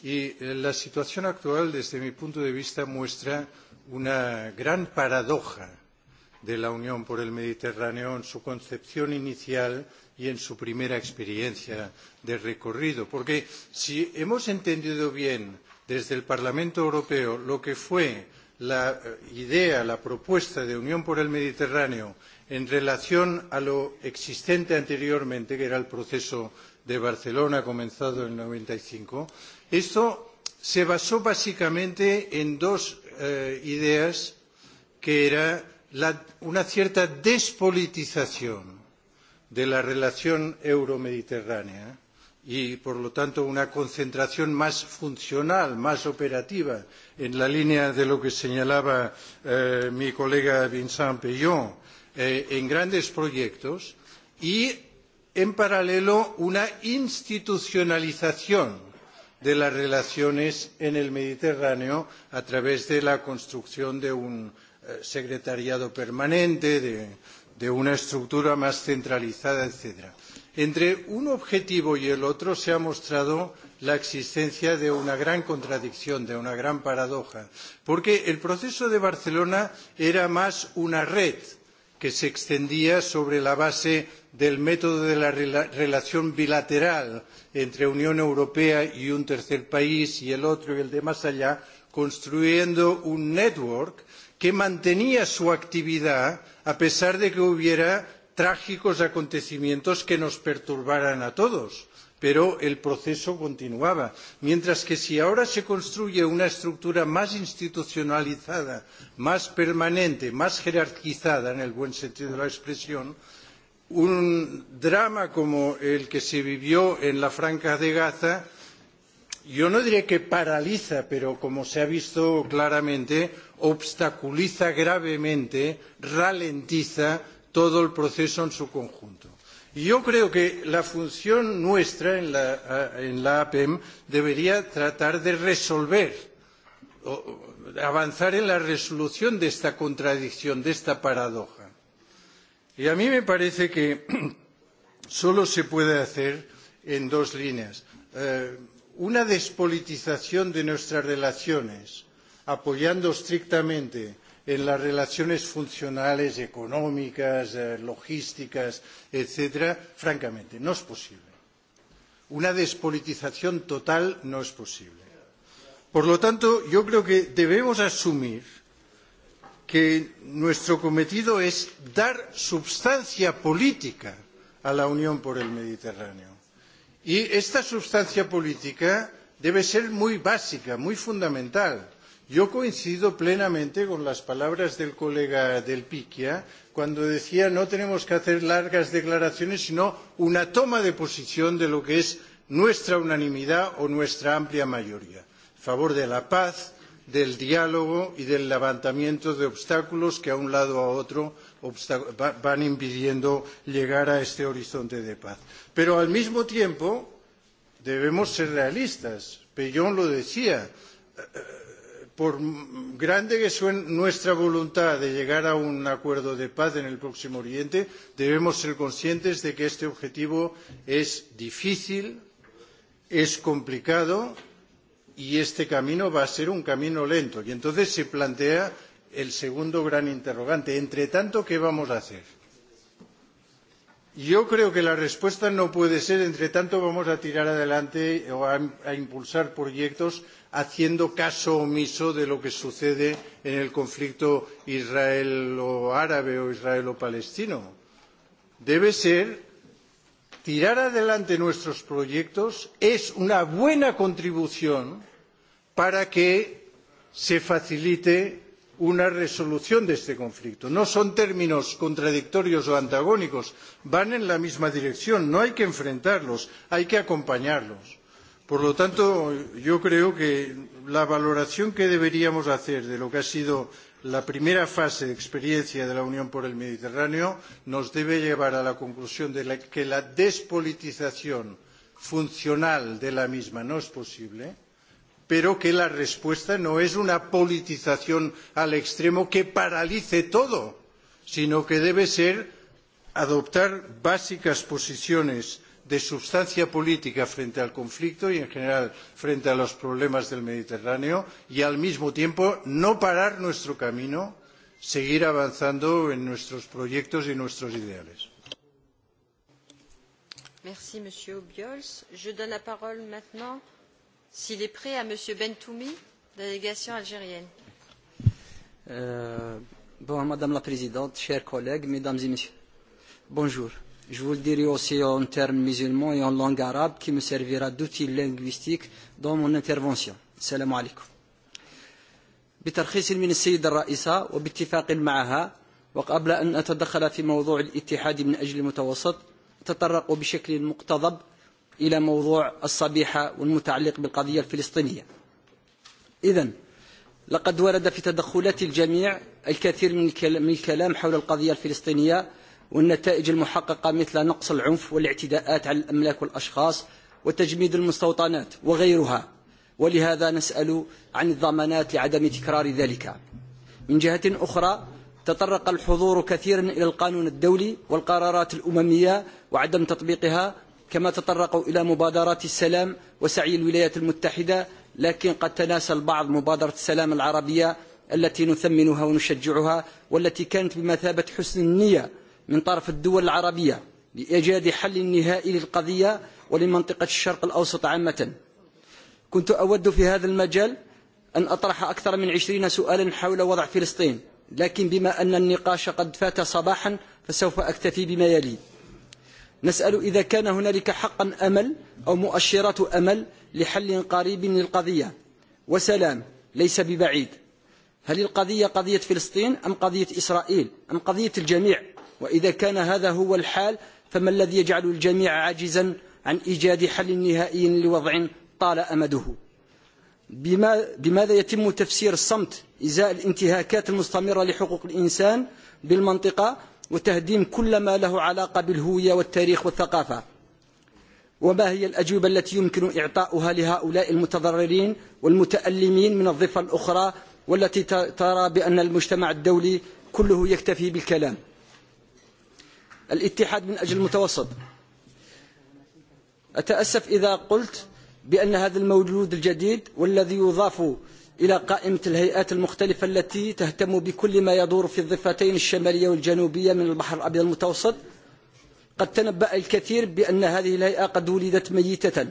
Y la situación actual, desde mi punto de vista, muestra una gran paradoja de la Unión por el Mediterráneo en su concepción inicial y en su primera experiencia de recorrido. Porque si hemos entendido bien desde el Parlamento Europeo lo que fue la idea, la propuesta de Unión por el Mediterráneo en relación a lo existente anteriormente, que era el proceso de Barcelona comenzado en noventa y cinco, esto se basó básicamente en dos ideas que era una cierta despolitización de la relación euromediterránea y, por lo tanto, una concentración más funcional, más operativa, en la línea de lo que señalaba mi colega Vincent Peillon, en grandes proyectos y, en paralelo, una institucionalización de las relaciones en el Mediterráneo a través de la construcción de un secretariado permanente, de, una estructura más centralizada, etcétera. Entre un objetivo y el otro se ha mostrado la existencia de una gran contradicción, de una gran paradoja, porque el proceso de Barcelona era más una red que se extendía sobre la base del método de la relación bilateral entre Unión Europea y un tercer país y el otro y el de más allá, construyendo un network que mantenía su actividad a pesar de que hubiera trágicos acontecimientos que nos perturbaran a todos pero el proceso continuaba. Mientras que si ahora se construye una estructura más institucionalizada, más permanente, más jerarquizada, en el buen sentido de la expresión, un drama como el que se vivió en la Franja de Gaza yo no diré que paraliza, pero como se ha visto claramente, obstaculiza gravemente, ralentiza todo el proceso en su conjunto. Y yo creo que la función nuestra en la, APEM debería tratar de resolver, avanzar en la resolución de esta contradicción, de esta paradoja. Y a mí me parece que solo se puede hacer en dos líneas. Eh, una despolitización de nuestras relaciones, apoyando estrictamente en las relaciones funcionales, económicas, logísticas, etcétera, francamente, no es posible. Una despolitización total no es posible. Por lo tanto, yo creo que debemos asumir que nuestro cometido es dar substancia política a la Unión por el Mediterráneo Y esta sustancia política debe ser muy básica, muy fundamental. Yo coincido plenamente con las palabras del colega del Piquia cuando decía no tenemos que hacer largas declaraciones, sino una toma de posición de lo que es nuestra unanimidad o nuestra amplia mayoría a favor de la paz, del diálogo y del levantamiento de obstáculos que a un lado o a otro van impidiendo llegar a este horizonte de paz. Pero al mismo tiempo debemos ser realistas. Pellón lo decía, por grande que sea nuestra voluntad de llegar a un acuerdo de paz en el próximo Oriente, debemos ser conscientes de que este objetivo es difícil, es complicado y este camino va a ser un camino lento. Y entonces se plantea el segundo gran interrogante. Entre tanto, ¿qué vamos a hacer? Yo creo que la respuesta no puede ser, entre tanto, vamos a tirar adelante o a, a impulsar proyectos haciendo caso omiso de lo que sucede en el conflicto israelo-árabe o israelo-palestino. Debe ser tirar adelante nuestros proyectos es una buena contribución para que se facilite una resolución de este conflicto. No son términos contradictorios o antagónicos, van en la misma dirección, no hay que enfrentarlos, hay que acompañarlos. Por lo tanto, yo creo que la valoración que deberíamos hacer de lo que ha sido la primera fase de experiencia de la Unión por el Mediterráneo nos debe llevar a la conclusión de que la despolitización funcional de la misma no es posible pero que la respuesta no es una politización al extremo que paralice todo, sino que debe ser adoptar básicas posiciones de sustancia política frente al conflicto y en general frente a los problemas del Mediterráneo y al mismo tiempo no parar nuestro camino, seguir avanzando en nuestros proyectos y nuestros ideales. Merci, Monsieur Obiols. Je donne la parole maintenant s'il est prêt, à M. Bentoumi, délégation algérienne. Madame la Présidente, chers collègues, Mesdames et Messieurs, bonjour. Je vous le dirai aussi en termes musulmans et en langue arabe qui me servira d'outil linguistique dans mon intervention. Salam alaikum. بترخيص من السيدة الرئيسة وباتفاق معها وقبل أن أتدخل في موضوع الاتحاد من أجل المتوسط تطرق بشكل مقتضب إلى موضوع الصبيحة والمتعلق بالقضية الفلسطينية إذن لقد ورد في تدخلات الجميع الكثير من الكلام حول القضية الفلسطينية والنتائج المحققة مثل نقص العنف والاعتداءات على الأملاك والأشخاص وتجميد المستوطنات وغيرها ولهذا نسأل عن الضمانات لعدم تكرار ذلك من جهة أخرى تطرق الحضور كثيرا إلى القانون الدولي والقرارات الأممية وعدم تطبيقها كما تطرقوا إلى مبادرات السلام وسعي الولايات المتحدة لكن قد تناسى البعض مبادرة السلام العربية التي نثمنها ونشجعها والتي كانت بمثابة حسن النية من طرف الدول العربية لإيجاد حل نهائي للقضية ولمنطقة الشرق الأوسط عامة كنت أود في هذا المجال أن أطرح أكثر من عشرين سؤالا حول وضع فلسطين لكن بما أن النقاش قد فات صباحا فسوف أكتفي بما يلي نسأل إذا كان هنالك حقا أمل أو مؤشرات أمل لحل قريب للقضية وسلام ليس ببعيد هل القضية قضية فلسطين أم قضية إسرائيل أم قضية الجميع وإذا كان هذا هو الحال فما الذي يجعل الجميع عاجزا عن إيجاد حل نهائي لوضع طال أمده بما بماذا يتم تفسير الصمت إزاء الانتهاكات المستمرة لحقوق الإنسان بالمنطقة وتهديم كل ما له علاقة بالهوية والتاريخ والثقافة وما هي الأجوبة التي يمكن إعطاؤها لهؤلاء المتضررين والمتألمين من الضفة الأخرى والتي ترى بأن المجتمع الدولي كله يكتفي بالكلام الاتحاد من أجل المتوسط أتأسف إذا قلت بأن هذا المولود الجديد والذي يضاف إلى قائمة الهيئات المختلفة التي تهتم بكل ما يدور في الضفتين الشمالية والجنوبية من البحر الأبيض المتوسط قد تنبأ الكثير بأن هذه الهيئة قد ولدت ميتة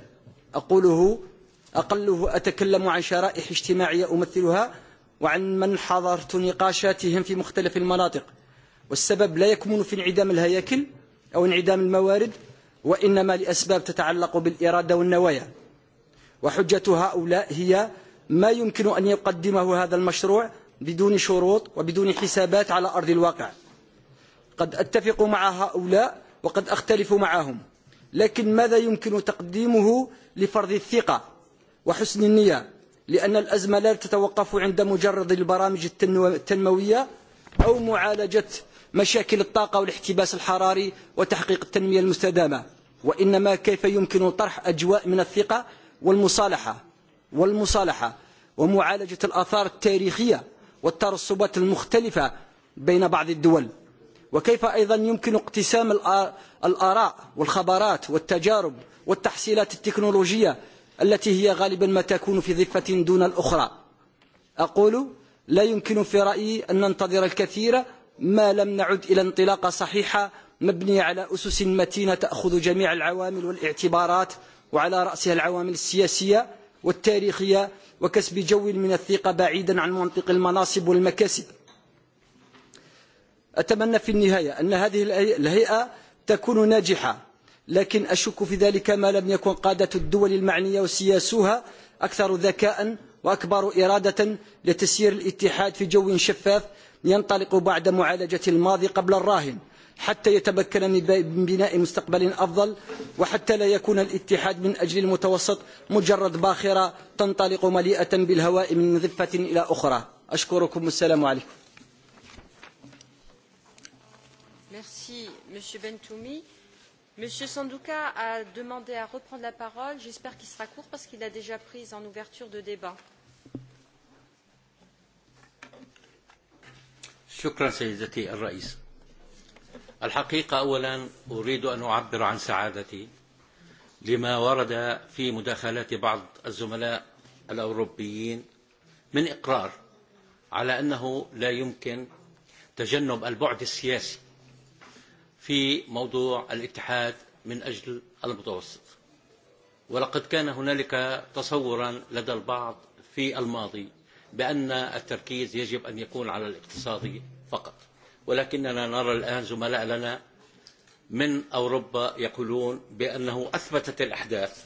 أقوله أقله أتكلم عن شرائح اجتماعية أمثلها وعن من حضرت نقاشاتهم في مختلف المناطق والسبب لا يكمن في انعدام الهياكل أو انعدام الموارد وإنما لأسباب تتعلق بالإرادة والنوايا وحجة هؤلاء هي ما يمكن أن يقدمه هذا المشروع بدون شروط وبدون حسابات على أرض الواقع قد أتفق مع هؤلاء وقد أختلف معهم لكن ماذا يمكن تقديمه لفرض الثقة وحسن النية لأن الأزمة لا تتوقف عند مجرد البرامج التنموية أو معالجة مشاكل الطاقة والاحتباس الحراري وتحقيق التنمية المستدامة وإنما كيف يمكن طرح أجواء من الثقة والمصالحة والمصالحة ومعالجة الآثار التاريخية والترصبات المختلفة بين بعض الدول وكيف أيضا يمكن اقتسام الآراء والخبرات والتجارب والتحصيلات التكنولوجية التي هي غالبا ما تكون في ضفة دون الأخرى أقول لا يمكن في رأيي أن ننتظر الكثير ما لم نعد إلى انطلاقة صحيحة مبنية على أسس متينة تأخذ جميع العوامل والاعتبارات وعلى رأسها العوامل السياسية والتاريخية وكسب جو من الثقة بعيدا عن منطق المناصب والمكاسب أتمنى في النهاية أن هذه الهيئة تكون ناجحة لكن أشك في ذلك ما لم يكن قادة الدول المعنية وسياسوها أكثر ذكاء وأكبر إرادة لتسيير الاتحاد في جو شفاف ينطلق بعد معالجة الماضي قبل الراهن حتى يتمكن من بناء مستقبل أفضل وحتى لا يكون الاتحاد من أجل المتوسط مجرد باخرة تنطلق مليئة بالهواء من ضفة إلى أخرى أشكركم والسلام عليكم Merci, Monsieur Bentoumi. Monsieur Sanduka a demandé à reprendre la parole. J'espère qu'il sera court parce qu'il a déjà pris en ouverture de débat. Merci, شكرا le Président. الحقيقة أولا أريد أن أعبر عن سعادتي لما ورد في مداخلات بعض الزملاء الأوروبيين من إقرار على أنه لا يمكن تجنب البعد السياسي في موضوع الاتحاد من أجل المتوسط ولقد كان هنالك تصورا لدى البعض في الماضي بأن التركيز يجب أن يكون على الاقتصادي فقط ولكننا نرى الآن زملاء لنا من أوروبا يقولون بأنه أثبتت الأحداث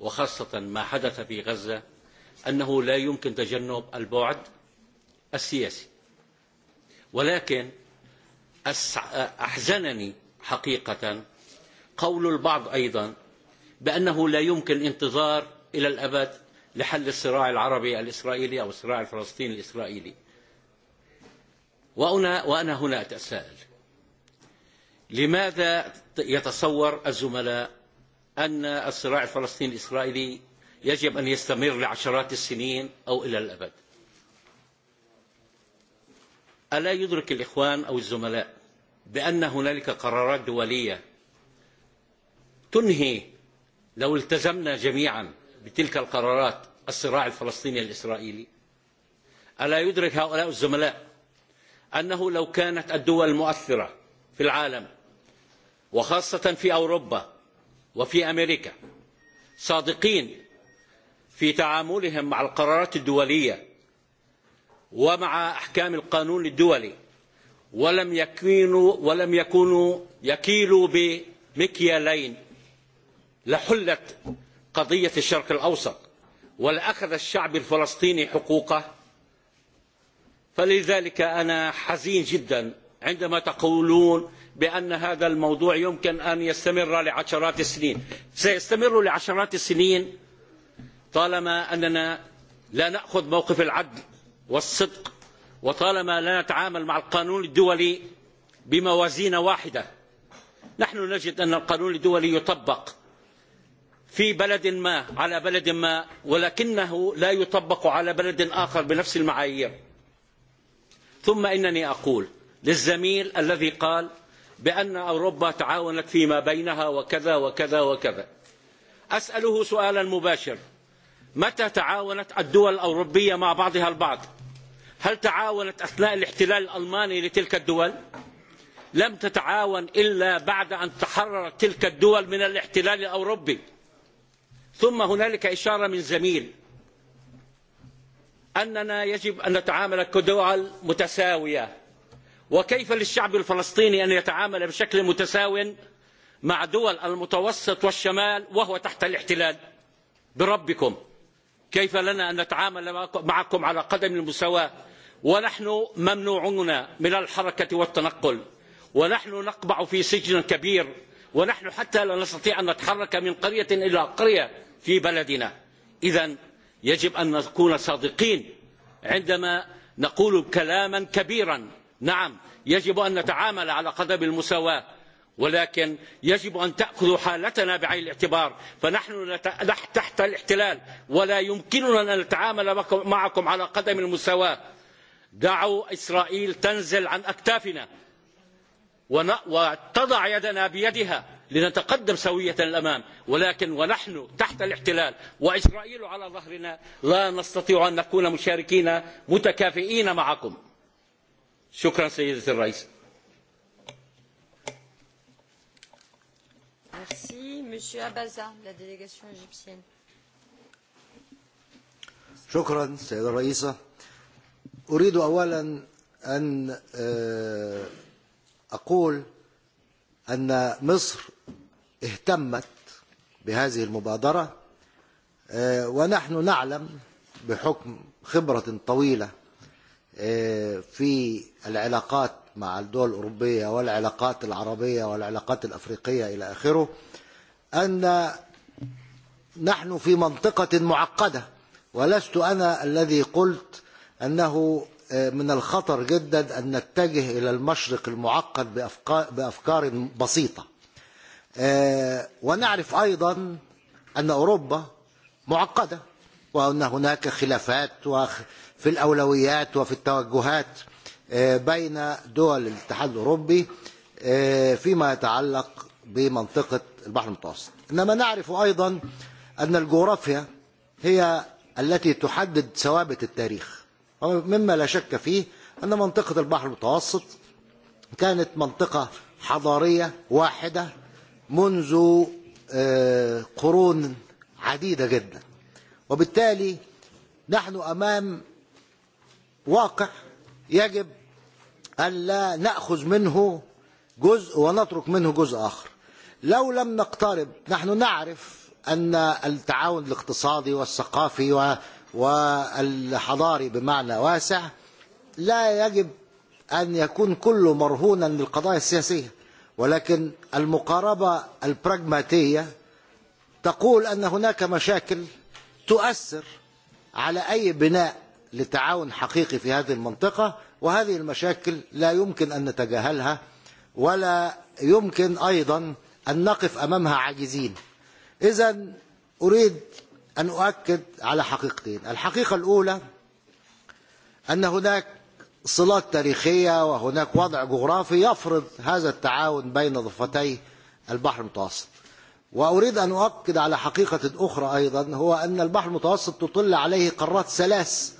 وخاصة ما حدث في غزة أنه لا يمكن تجنب البعد السياسي ولكن أحزنني حقيقة قول البعض أيضا بأنه لا يمكن انتظار إلى الأبد لحل الصراع العربي الإسرائيلي أو الصراع الفلسطيني الإسرائيلي وأنا, وأنا هنا أتساءل لماذا يتصور الزملاء أن الصراع الفلسطيني الإسرائيلي يجب أن يستمر لعشرات السنين أو إلى الأبد ألا يدرك الإخوان أو الزملاء بأن هنالك قرارات دولية تنهي لو التزمنا جميعا بتلك القرارات الصراع الفلسطيني الإسرائيلي ألا يدرك هؤلاء الزملاء أنه لو كانت الدول المؤثرة في العالم وخاصة في أوروبا وفي أمريكا صادقين في تعاملهم مع القرارات الدولية ومع أحكام القانون الدولي ولم يكونوا ولم يكونوا يكيلوا بمكيالين لحلت قضية الشرق الأوسط ولأخذ الشعب الفلسطيني حقوقه فلذلك أنا حزين جدا عندما تقولون بأن هذا الموضوع يمكن أن يستمر لعشرات السنين سيستمر لعشرات السنين طالما أننا لا نأخذ موقف العدل والصدق وطالما لا نتعامل مع القانون الدولي بموازين واحدة نحن نجد أن القانون الدولي يطبق في بلد ما على بلد ما ولكنه لا يطبق على بلد آخر بنفس المعايير ثم إنني أقول للزميل الذي قال بأن أوروبا تعاونت فيما بينها وكذا وكذا وكذا أسأله سؤالا مباشر متى تعاونت الدول الأوروبية مع بعضها البعض هل تعاونت أثناء الاحتلال الألماني لتلك الدول لم تتعاون إلا بعد أن تحررت تلك الدول من الاحتلال الأوروبي ثم هنالك إشارة من زميل أننا يجب أن نتعامل كدول متساوية وكيف للشعب الفلسطيني أن يتعامل بشكل متساو مع دول المتوسط والشمال وهو تحت الاحتلال بربكم كيف لنا أن نتعامل معكم على قدم المساواة ونحن ممنوعون من الحركة والتنقل ونحن نقبع في سجن كبير ونحن حتى لا نستطيع أن نتحرك من قرية إلى قرية في بلدنا إذا يجب أن نكون صادقين عندما نقول كلاما كبيرا نعم يجب أن نتعامل على قدم المساواة ولكن يجب أن تأخذ حالتنا بعين الاعتبار فنحن تحت الاحتلال ولا يمكننا أن نتعامل معكم على قدم المساواة دعوا إسرائيل تنزل عن أكتافنا وتضع يدنا بيدها لنتقدم سوية الأمام ولكن ونحن تحت الاحتلال وإسرائيل على ظهرنا لا نستطيع أن نكون مشاركين متكافئين معكم شكرا سيدة الرئيس شكرا سيدة الرئيسة أريد أولا أن أقول أن مصر اهتمت بهذه المبادرة ونحن نعلم بحكم خبرة طويلة في العلاقات مع الدول الأوروبية والعلاقات العربية والعلاقات الأفريقية إلى آخره أن نحن في منطقة معقدة ولست أنا الذي قلت أنه من الخطر جدا أن نتجه إلى المشرق المعقد بأفكار بسيطة ونعرف أيضا أن أوروبا معقدة وأن هناك خلافات في الأولويات وفي التوجهات بين دول الاتحاد الأوروبي فيما يتعلق بمنطقة البحر المتوسط إنما نعرف أيضا أن الجغرافيا هي التي تحدد ثوابت التاريخ مما لا شك فيه أن منطقة البحر المتوسط كانت منطقة حضارية واحدة منذ قرون عديدة جدا وبالتالي نحن أمام واقع يجب ألا نأخذ منه جزء ونترك منه جزء آخر لو لم نقترب نحن نعرف أن التعاون الاقتصادي والثقافي و والحضاري بمعنى واسع لا يجب أن يكون كله مرهونا للقضايا السياسية ولكن المقاربة البراغماتية تقول أن هناك مشاكل تؤثر على أي بناء لتعاون حقيقي في هذه المنطقة وهذه المشاكل لا يمكن أن نتجاهلها ولا يمكن أيضا أن نقف أمامها عاجزين إذا أريد أن أؤكد على حقيقتين الحقيقة الأولى أن هناك صلات تاريخية وهناك وضع جغرافي يفرض هذا التعاون بين ضفتي البحر المتوسط وأريد أن أؤكد على حقيقة أخرى أيضا هو أن البحر المتوسط تطل عليه قارات ثلاث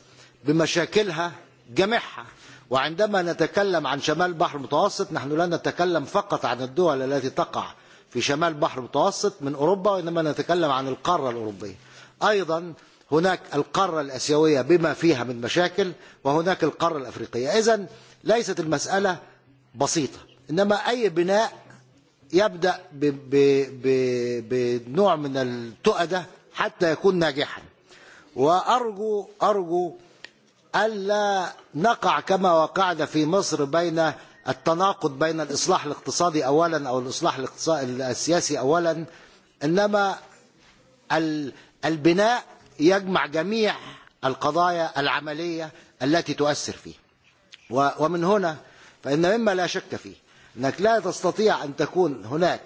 بمشاكلها جميعها وعندما نتكلم عن شمال البحر المتوسط نحن لا نتكلم فقط عن الدول التي تقع في شمال البحر المتوسط من أوروبا وإنما نتكلم عن القارة الأوروبية أيضا هناك القارة الأسيوية بما فيها من مشاكل وهناك القارة الأفريقية إذا ليست المسألة بسيطة إنما أي بناء يبدأ بنوع من التؤدة حتى يكون ناجحا وأرجو أرجو ألا نقع كما وقعنا في مصر بين التناقض بين الإصلاح الاقتصادي أولا أو الإصلاح السياسي أولا إنما البناء يجمع جميع القضايا العملية التي تؤثر فيه ومن هنا فإن مما لا شك فيه أنك لا تستطيع أن تكون هناك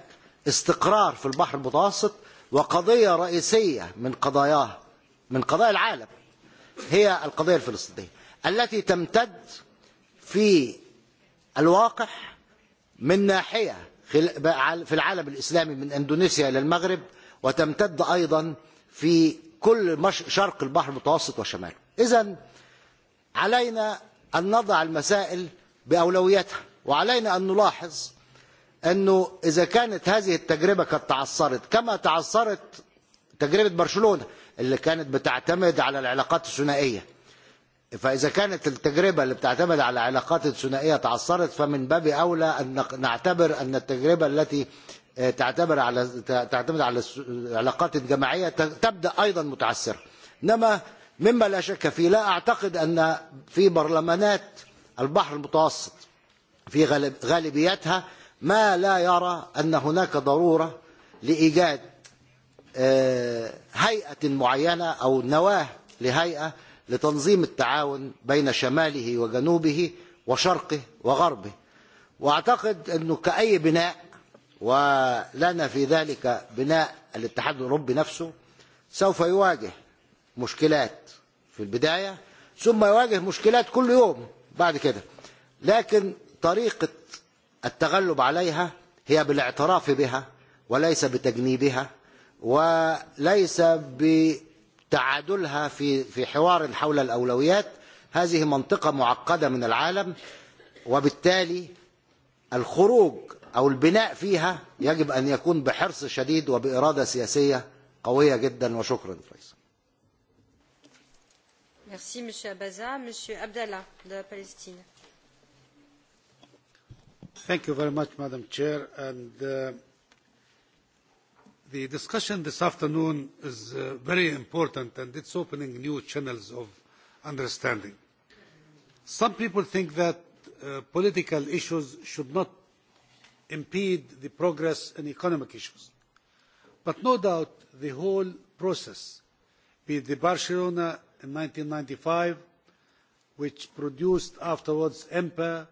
استقرار في البحر المتوسط وقضية رئيسية من قضاياه من قضايا العالم هي القضية الفلسطينية التي تمتد في الواقع من ناحية في العالم الإسلامي من أندونيسيا إلى المغرب وتمتد أيضا في كل شرق البحر المتوسط وشماله إذا علينا أن نضع المسائل بأولوياتها وعلينا أن نلاحظ أنه إذا كانت هذه التجربة قد تعثرت كما تعثرت تجربة برشلونة اللي كانت بتعتمد على العلاقات الثنائية فإذا كانت التجربة اللي بتعتمد على العلاقات الثنائية تعثرت فمن باب أولى أن نعتبر أن التجربة التي تعتمد على تعتمد على العلاقات الجماعيه تبدا ايضا متعثره انما مما لا شك فيه لا اعتقد ان في برلمانات البحر المتوسط في غالبيتها ما لا يرى ان هناك ضروره لايجاد هيئه معينه او نواه لهيئه لتنظيم التعاون بين شماله وجنوبه وشرقه وغربه واعتقد انه كاي بناء ولنا في ذلك بناء الاتحاد الأوروبي نفسه سوف يواجه مشكلات في البداية ثم يواجه مشكلات كل يوم بعد كده لكن طريقة التغلب عليها هي بالاعتراف بها وليس بتجنيبها وليس بتعادلها في في حوار حول الأولويات هذه منطقة معقدة من العالم وبالتالي الخروج أو البناء فيها يجب أن يكون بحرص شديد وبإرادة سياسية قوية جدا وشكرا فيصل Merci Monsieur Abaza. Monsieur Abdallah de Palestine. Thank you very much, Madam Chair. And uh, the discussion this afternoon is uh, very important, and it's opening new channels of understanding. Some people think that uh, political issues should not impede the progress in economic issues. But no doubt the whole process, be it the Barcelona in ninety five, which produced afterwards EMPA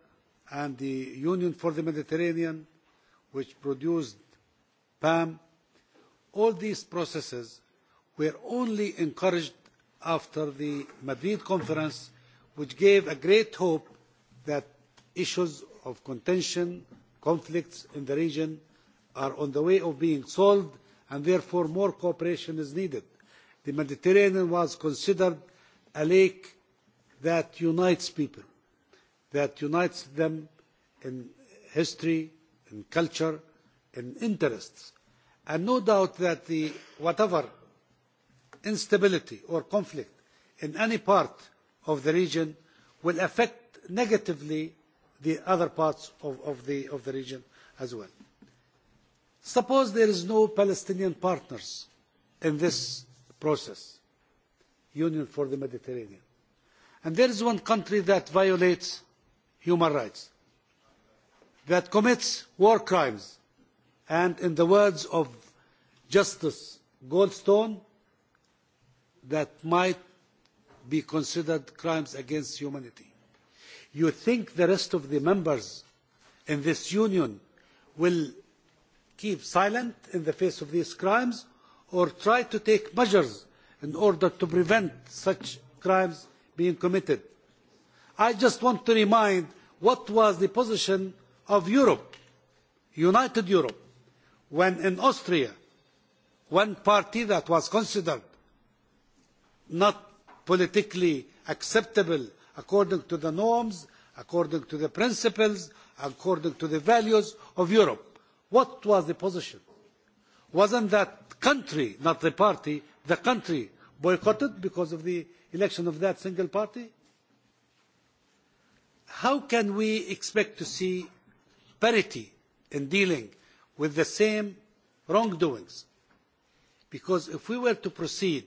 and the Union for the Mediterranean, which produced PAM, all these processes were only encouraged after the Madrid conference, which gave a great hope that issues of contention conflicts in the region are on the way of being solved and therefore more cooperation is needed. The Mediterranean was considered a lake that unites people, that unites them in history, in culture, in interests. And no doubt that the, whatever instability or conflict in any part of the region will affect negatively the other parts of, of, the, of the region as well. Suppose there is no Palestinian partners in this process, Union for the Mediterranean, and there is one country that violates human rights, that commits war crimes, and in the words of Justice Goldstone, that might be considered crimes against humanity you think the rest of the members in this union will keep silent in the face of these crimes or try to take measures in order to prevent such crimes being committed. I just want to remind what was the position of Europe, united Europe, when in Austria, one party that was considered not politically acceptable according to the norms, according to the principles, according to the values of Europe. What was the position? Wasn't that country, not the party, the country boycotted because of the election of that single party? How can we expect to see parity in dealing with the same wrongdoings? Because if we were to proceed,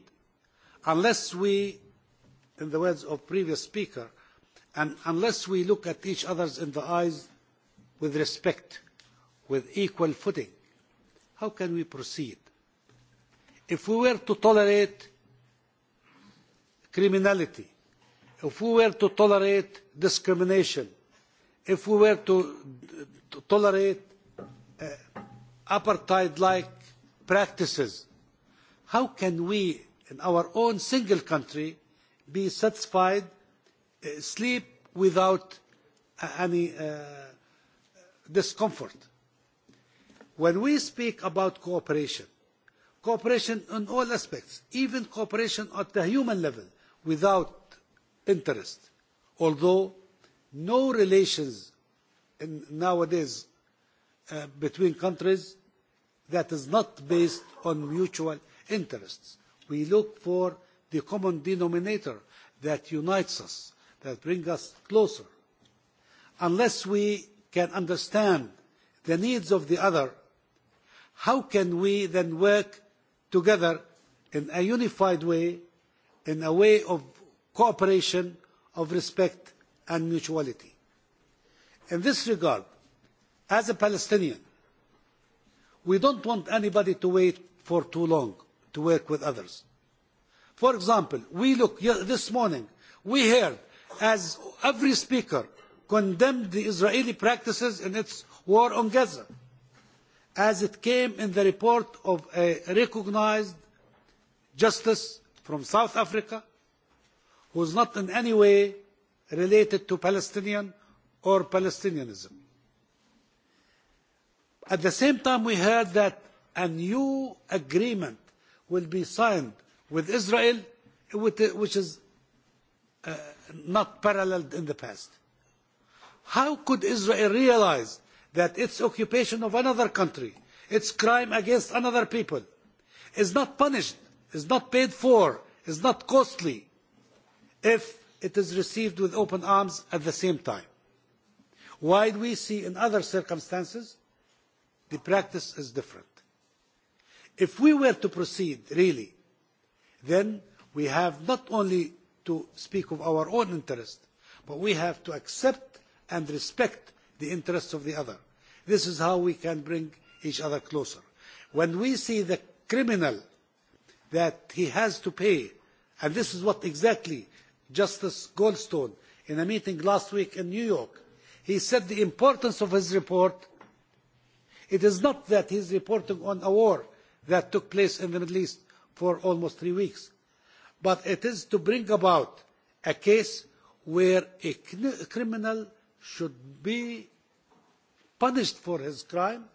unless we in the words of previous speaker, and unless we look at each other in the eyes with respect, with equal footing, how can we proceed? If we were to tolerate criminality, if we were to tolerate discrimination, if we were to, tolerate apartheid-like practices, how can we, in our own single country, be satisfied, sleep without any discomfort. When we speak about cooperation, cooperation on all aspects, even cooperation at the human level, without interest, although no relations nowadays between countries that is not based on mutual interests. We look for the common denominator that unites us, that brings us closer. Unless we can understand the needs of the other, how can we then work together in a unified way, in a way of cooperation, of respect and mutuality? In this regard, as a Palestinian, we don't want anybody to wait for too long to work with others For example, we look this morning, we heard as every speaker condemned the Israeli practices in its war on Gaza, as it came in the report of a recognized justice from South Africa, who is not in any way related to Palestinian or Palestinianism. At the same time, we heard that a new agreement will be signed with Israel, which is uh, not paralleled in the past. How could Israel realize that its occupation of another country, its crime against another people, is not punished, is not paid for, is not costly, if it is received with open arms at the same time? While we see in other circumstances, the practice is different. If we were to proceed, really, then we have not only to speak of our own interest, but we have to accept and respect the interests of the other. This is how we can bring each other closer. When we see the criminal that he has to pay, and this is what exactly Justice Goldstone in a meeting last week in New York, he said the importance of his report, it is not that he is reporting on a war that took place in the Middle East, for almost three weeks. But it is to bring about a case where a criminal should be punished for his crime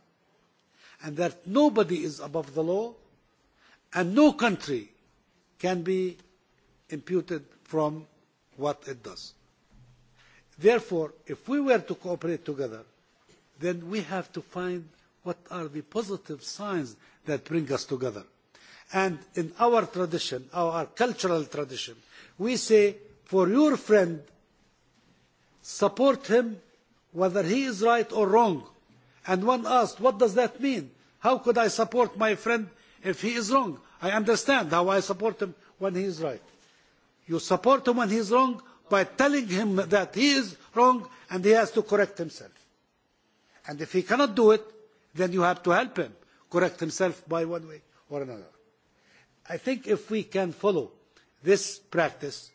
and that nobody is above the law and no country can be imputed from what it does. Therefore, if we were to cooperate together, then we have to find what are the positive signs that bring us together. And in our tradition, our cultural tradition, we say, for your friend, support him whether he is right or wrong. And one asked, what does that mean? How could I support my friend if he is wrong? I understand how I support him when he is right. You support him when he is wrong by telling him that he is wrong and he has to correct himself. And if he cannot do it, then you have to help him correct himself by one way or another. I think if we can follow this practice,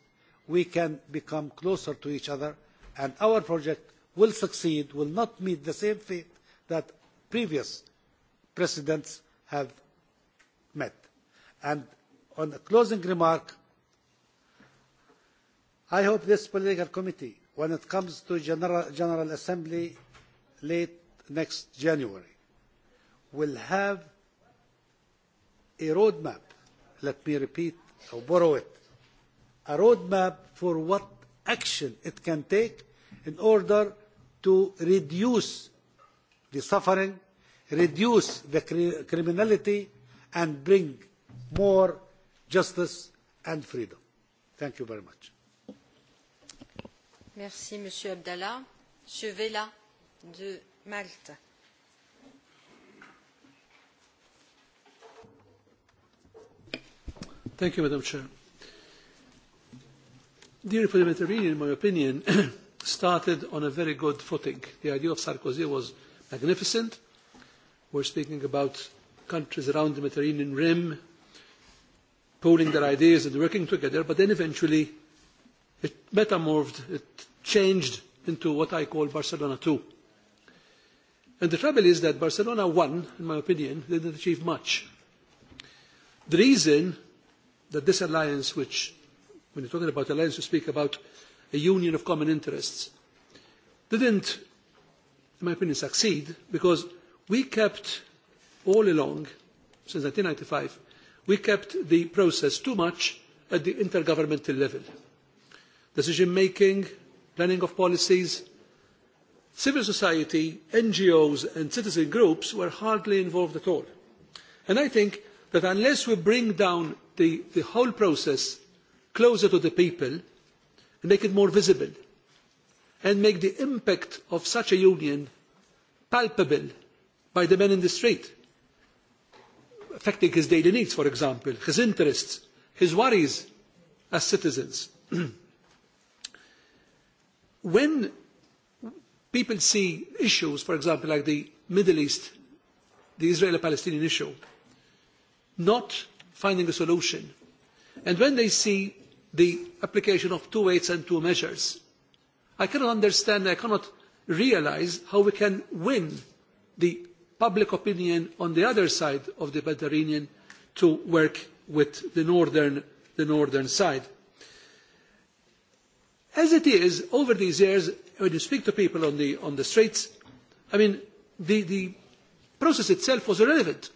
we can become closer to each other, and our project will succeed, will not meet the same fate that previous Presidents have met. And on a closing remark, I hope this political committee, when it comes to General, General Assembly late next January, will have a roadmap let me repeat or borrow it, a roadmap for what action it can take in order to reduce the suffering, reduce the criminality, and bring more justice and freedom. Thank you very much. Merci, Monsieur Abdallah. Monsieur Vela de Malte. Thank you, Madam Chair. The Mediterranean, in my opinion, started on a very good footing. The idea of Sarkozy was magnificent. We're speaking about countries around the Mediterranean rim pooling their ideas and working together, but then eventually it metamorphed, it changed into what I call Barcelona 2. And the trouble is that Barcelona 1, in my opinion, didn't achieve much. The reason that this alliance, which, when you're talking about alliance, you speak about a union of common interests, didn't, in my opinion, succeed because we kept all along, since ninety five, we kept the process too much at the intergovernmental level. Decision making, planning of policies, civil society, NGOs and citizen groups were hardly involved at all. And I think that unless we bring down the, the whole process closer to the people and make it more visible and make the impact of such a union palpable by the man in the street, affecting his daily needs, for example, his interests, his worries as citizens. when people see issues, for example, like the Middle East, the Israeli-Palestinian issue, not finding a solution. And when they see the application of two weights and two measures, I cannot understand, I cannot realise how we can win the public opinion on the other side of the Mediterranean to work with the northern, the northern side. As it is, over these years, when you speak to people on the, on the streets, I mean, the, the process itself was irrelevant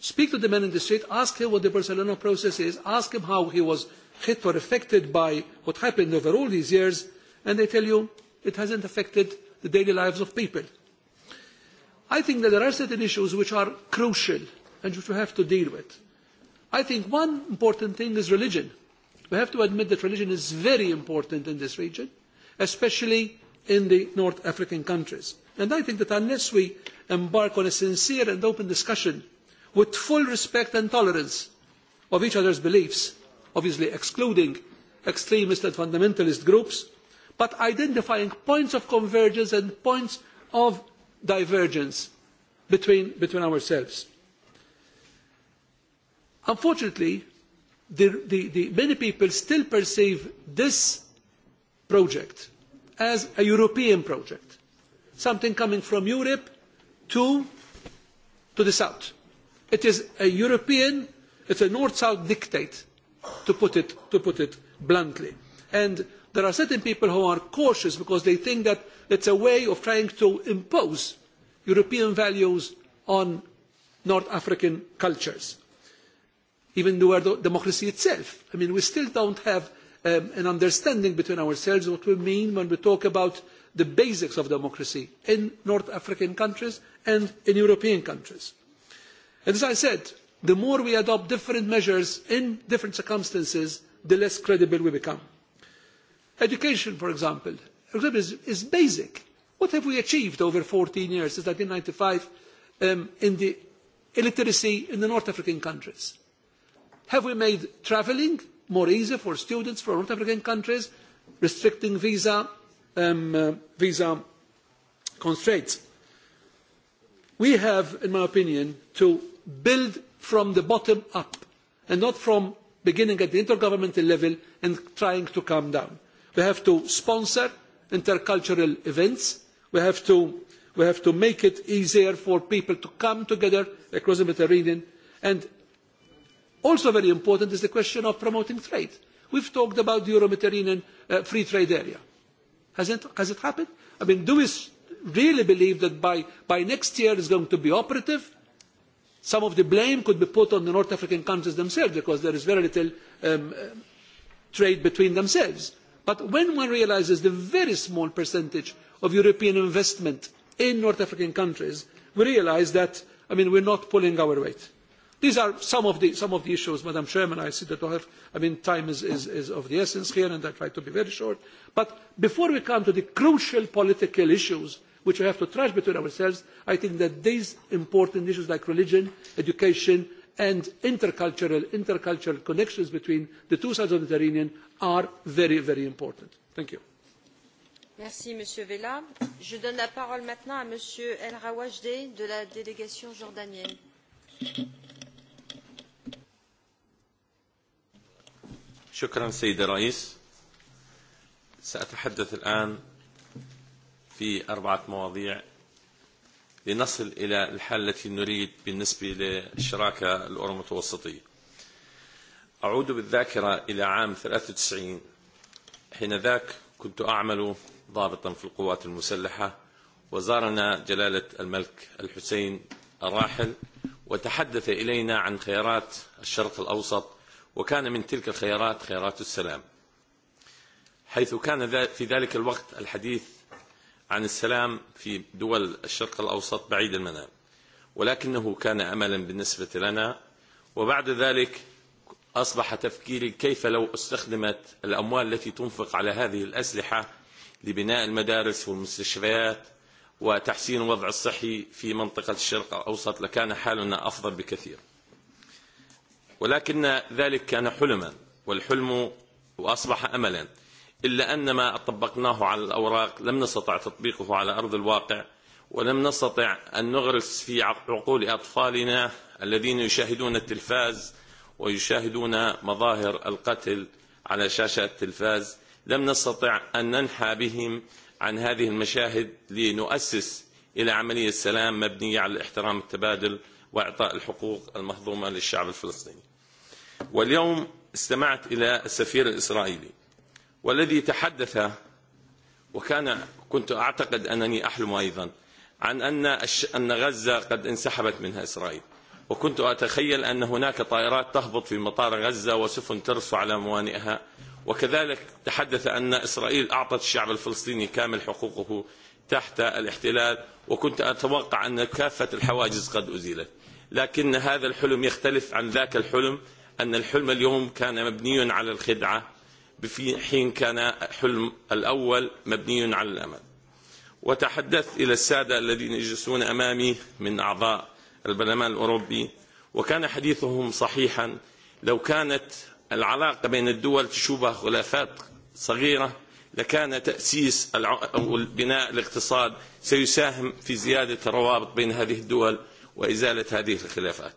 Speak to the man in the street, ask him what the Barcelona process is, ask him how he was hit or affected by what happened over all these years, and they tell you it hasn't affected the daily lives of people. I think that there are certain issues which are crucial and which we have to deal with. I think one important thing is religion. We have to admit that religion is very important in this region, especially in the North African countries. And I think that unless we embark on a sincere and open discussion with full respect and tolerance of each other's beliefs, obviously excluding extremist and fundamentalist groups, but identifying points of convergence and points of divergence between, ourselves. Unfortunately, many people still perceive this project as a European project, something coming from Europe to, to the south It is a European, it's a north-south dictate, to put it, to put it bluntly. And there are certain people who are cautious because they think that it's a way of trying to impose European values on North African cultures. Even the word democracy itself. I mean, we still don't have an understanding between ourselves what we mean when we talk about the basics of democracy in North African countries and in European countries. As I said, the more we adopt different measures in different circumstances, the less credible we become. Education, for example, is, is basic. What have we achieved over fourteen years since ninety five um, in the illiteracy in the North African countries? Have we made travelling more easy for students from North African countries, restricting visa, visa constraints? We have, in my opinion, to build from the bottom up and not from beginning at the intergovernmental level and trying to come down. We have to sponsor intercultural events. We have to, make it easier for people to come together across the Mediterranean. And also very important is the question of promoting trade. We have talked about the Euro-Mediterranean free trade area. Has it, has it happened? I mean, do we really believe that by, by next year it's going to be operative? Some of the blame could be put on the North African countries themselves because there is very little trade between themselves. But when one realises the very small percentage of European investment in North African countries, we realise that, I mean, we're not pulling our weight. These are some of the, some of the issues, Madam Chairman. I see that I have, I mean, time is, is, is of the essence here, and I try to be very short. But before we come to the crucial political issues which we have to trash between ourselves, I think that these important issues like religion, education, and intercultural, intercultural connections between the two sides of the Mediterranean are very, very important. Thank you. Merci, Monsieur Vella. Je donne la parole maintenant à Monsieur El de la délégation jordanienne. شكرا سيد الرئيس في أربعة مواضيع لنصل إلى الحالة التي نريد بالنسبة للشراكة الأورو متوسطية أعود بالذاكرة إلى عام 93 حين ذاك كنت أعمل ضابطا في القوات المسلحة وزارنا جلالة الملك الحسين الراحل وتحدث إلينا عن خيارات الشرق الأوسط وكان من تلك الخيارات خيارات السلام حيث كان في ذلك الوقت الحديث عن السلام في دول الشرق الأوسط بعيد المنام ولكنه كان أملا بالنسبة لنا وبعد ذلك أصبح تفكيري كيف لو استخدمت الأموال التي تنفق على هذه الأسلحة لبناء المدارس والمستشفيات وتحسين الوضع الصحي في منطقة الشرق الأوسط لكان حالنا أفضل بكثير ولكن ذلك كان حلما والحلم وأصبح أملا إلا أن ما طبقناه على الأوراق لم نستطع تطبيقه على أرض الواقع ولم نستطع أن نغرس في عقول أطفالنا الذين يشاهدون التلفاز ويشاهدون مظاهر القتل على شاشة التلفاز لم نستطع أن ننحى بهم عن هذه المشاهد لنؤسس إلى عملية سلام مبنية على الاحترام التبادل وإعطاء الحقوق المهضومة للشعب الفلسطيني واليوم استمعت إلى السفير الإسرائيلي والذي تحدث وكان كنت أعتقد أنني أحلم أيضا عن أن أن غزة قد انسحبت منها إسرائيل وكنت أتخيل أن هناك طائرات تهبط في مطار غزة وسفن ترس على موانئها وكذلك تحدث أن إسرائيل أعطت الشعب الفلسطيني كامل حقوقه تحت الاحتلال وكنت أتوقع أن كافة الحواجز قد أزيلت لكن هذا الحلم يختلف عن ذاك الحلم أن الحلم اليوم كان مبني على الخدعة في حين كان حلم الأول مبني على الأمل وتحدثت إلى السادة الذين يجلسون أمامي من أعضاء البرلمان الأوروبي وكان حديثهم صحيحا لو كانت العلاقة بين الدول تشوبها خلافات صغيرة لكان تأسيس أو بناء الاقتصاد سيساهم في زيادة الروابط بين هذه الدول وإزالة هذه الخلافات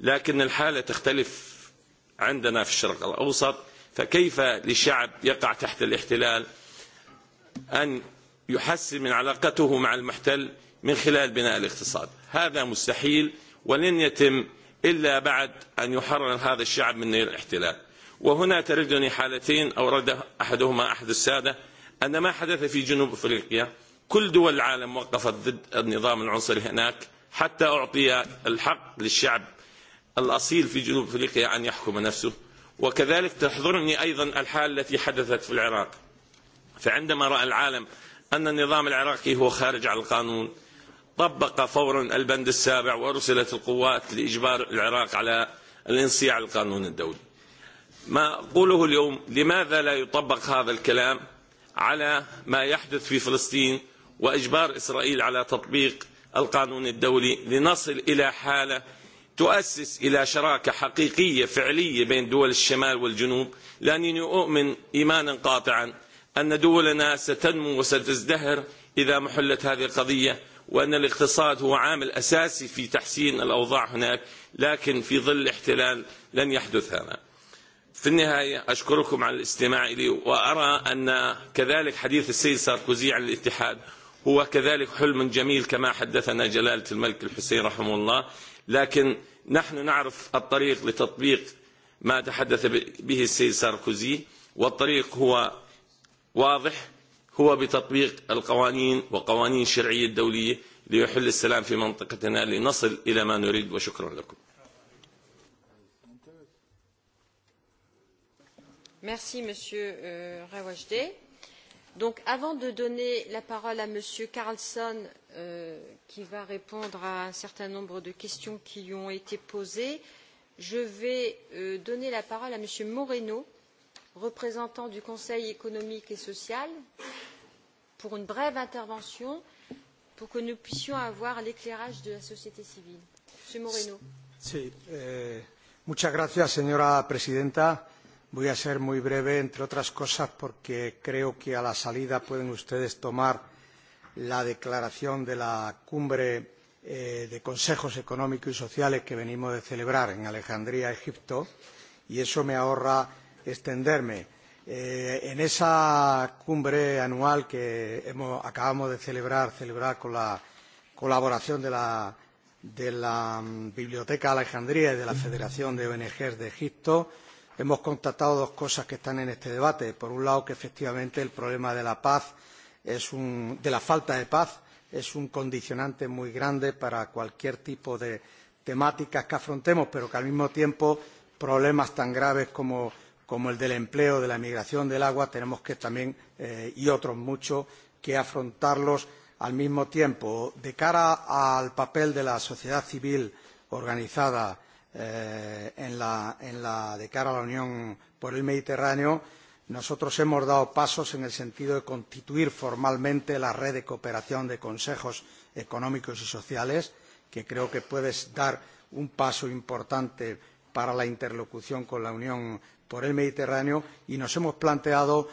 لكن الحالة تختلف عندنا في الشرق الأوسط فكيف للشعب يقع تحت الاحتلال أن يحسن من علاقته مع المحتل من خلال بناء الاقتصاد هذا مستحيل ولن يتم إلا بعد أن يحرر هذا الشعب من نيل الاحتلال وهنا تردني حالتين أو رد أحدهما أحد السادة أن ما حدث في جنوب أفريقيا كل دول العالم وقفت ضد النظام العنصري هناك حتى أعطي الحق للشعب الأصيل في جنوب أفريقيا أن يحكم نفسه وكذلك تحضرني أيضا الحال التي حدثت في العراق فعندما رأى العالم أن النظام العراقي هو خارج على القانون طبق فورا البند السابع وأرسلت القوات لإجبار العراق على الانصياع القانون الدولي ما أقوله اليوم لماذا لا يطبق هذا الكلام على ما يحدث في فلسطين وإجبار إسرائيل على تطبيق القانون الدولي لنصل إلى حالة تؤسس إلى شراكة حقيقية فعلية بين دول الشمال والجنوب لأنني أؤمن إيمانا قاطعا أن دولنا ستنمو وستزدهر إذا محلت هذه القضية وأن الاقتصاد هو عامل أساسي في تحسين الأوضاع هناك لكن في ظل الاحتلال لن يحدث هذا في النهاية أشكركم على الاستماع لي وأرى أن كذلك حديث السيد ساركوزي عن الاتحاد هو كذلك حلم جميل كما حدثنا جلالة الملك الحسين رحمه الله لكن نحن نعرف الطريق لتطبيق ما تحدث به السيد ساركوزي والطريق هو واضح هو بتطبيق القوانين وقوانين الشرعية الدولية ليحل السلام في منطقتنا لنصل إلى ما نريد وشكرا لكم Merci Monsieur euh, Rawajde. Donc, avant de donner la parole à M. Carlsson, qui va répondre à un certain nombre de questions qui lui ont été posées, je vais donner la parole à M. Moreno, représentant du Conseil économique et social, pour une brève intervention, pour que nous puissions avoir l'éclairage de la société civile. Monsieur Moreno. señora presidenta Voy a ser muy breve, entre otras cosas, porque creo que a la salida pueden ustedes tomar la declaración de la cumbre de consejos económicos y sociales que venimos de celebrar en Alejandría, Egipto, y eso me ahorra extenderme. en esa cumbre anual que acabamos de celebrar, celebrar con la colaboración de la, Biblioteca Alejandría y de la Federación de ONG de Egipto, hemos constatado dos cosas que están en este debate. Por un lado, que efectivamente el problema de la paz es un, de la falta de paz es un condicionante muy grande para cualquier tipo de temáticas que afrontemos, pero que al mismo tiempo problemas tan graves como, el del empleo, de la inmigración del agua, tenemos que también, y otros muchos, que afrontarlos al mismo tiempo. De cara al papel de la sociedad civil organizada en la, de cara a la Unión por el Mediterráneo, nosotros hemos dado pasos en el sentido de constituir formalmente la red de cooperación de consejos económicos y sociales, que creo que puede dar un paso importante para la interlocución con la Unión por el Mediterráneo, y nos hemos planteado,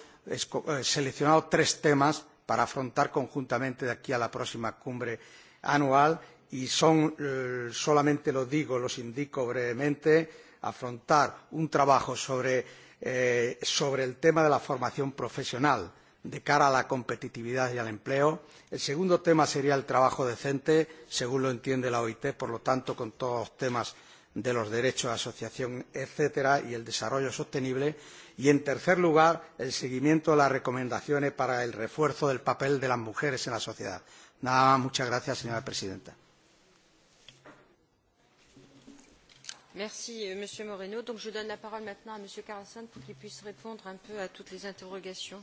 seleccionado tres temas para afrontar conjuntamente de aquí a la próxima cumbre anual y solamente lo digo, los indico brevemente, afrontar un trabajo sobre, el tema de la formación profesional de cara a la competitividad y al empleo. El segundo tema sería el trabajo decente, según lo entiende la OIT, por lo tanto, con todos los temas de los derechos de asociación, etcétera, y el desarrollo sostenible. Y, en tercer lugar, el seguimiento de las recomendaciones para el refuerzo del papel de las mujeres en la sociedad. Nada más, muchas gracias, señora presidenta. Merci, Monsieur Moreno. Donc, je donne la parole maintenant à Monsieur Carlson pour qu'il puisse répondre un peu à toutes les interrogations.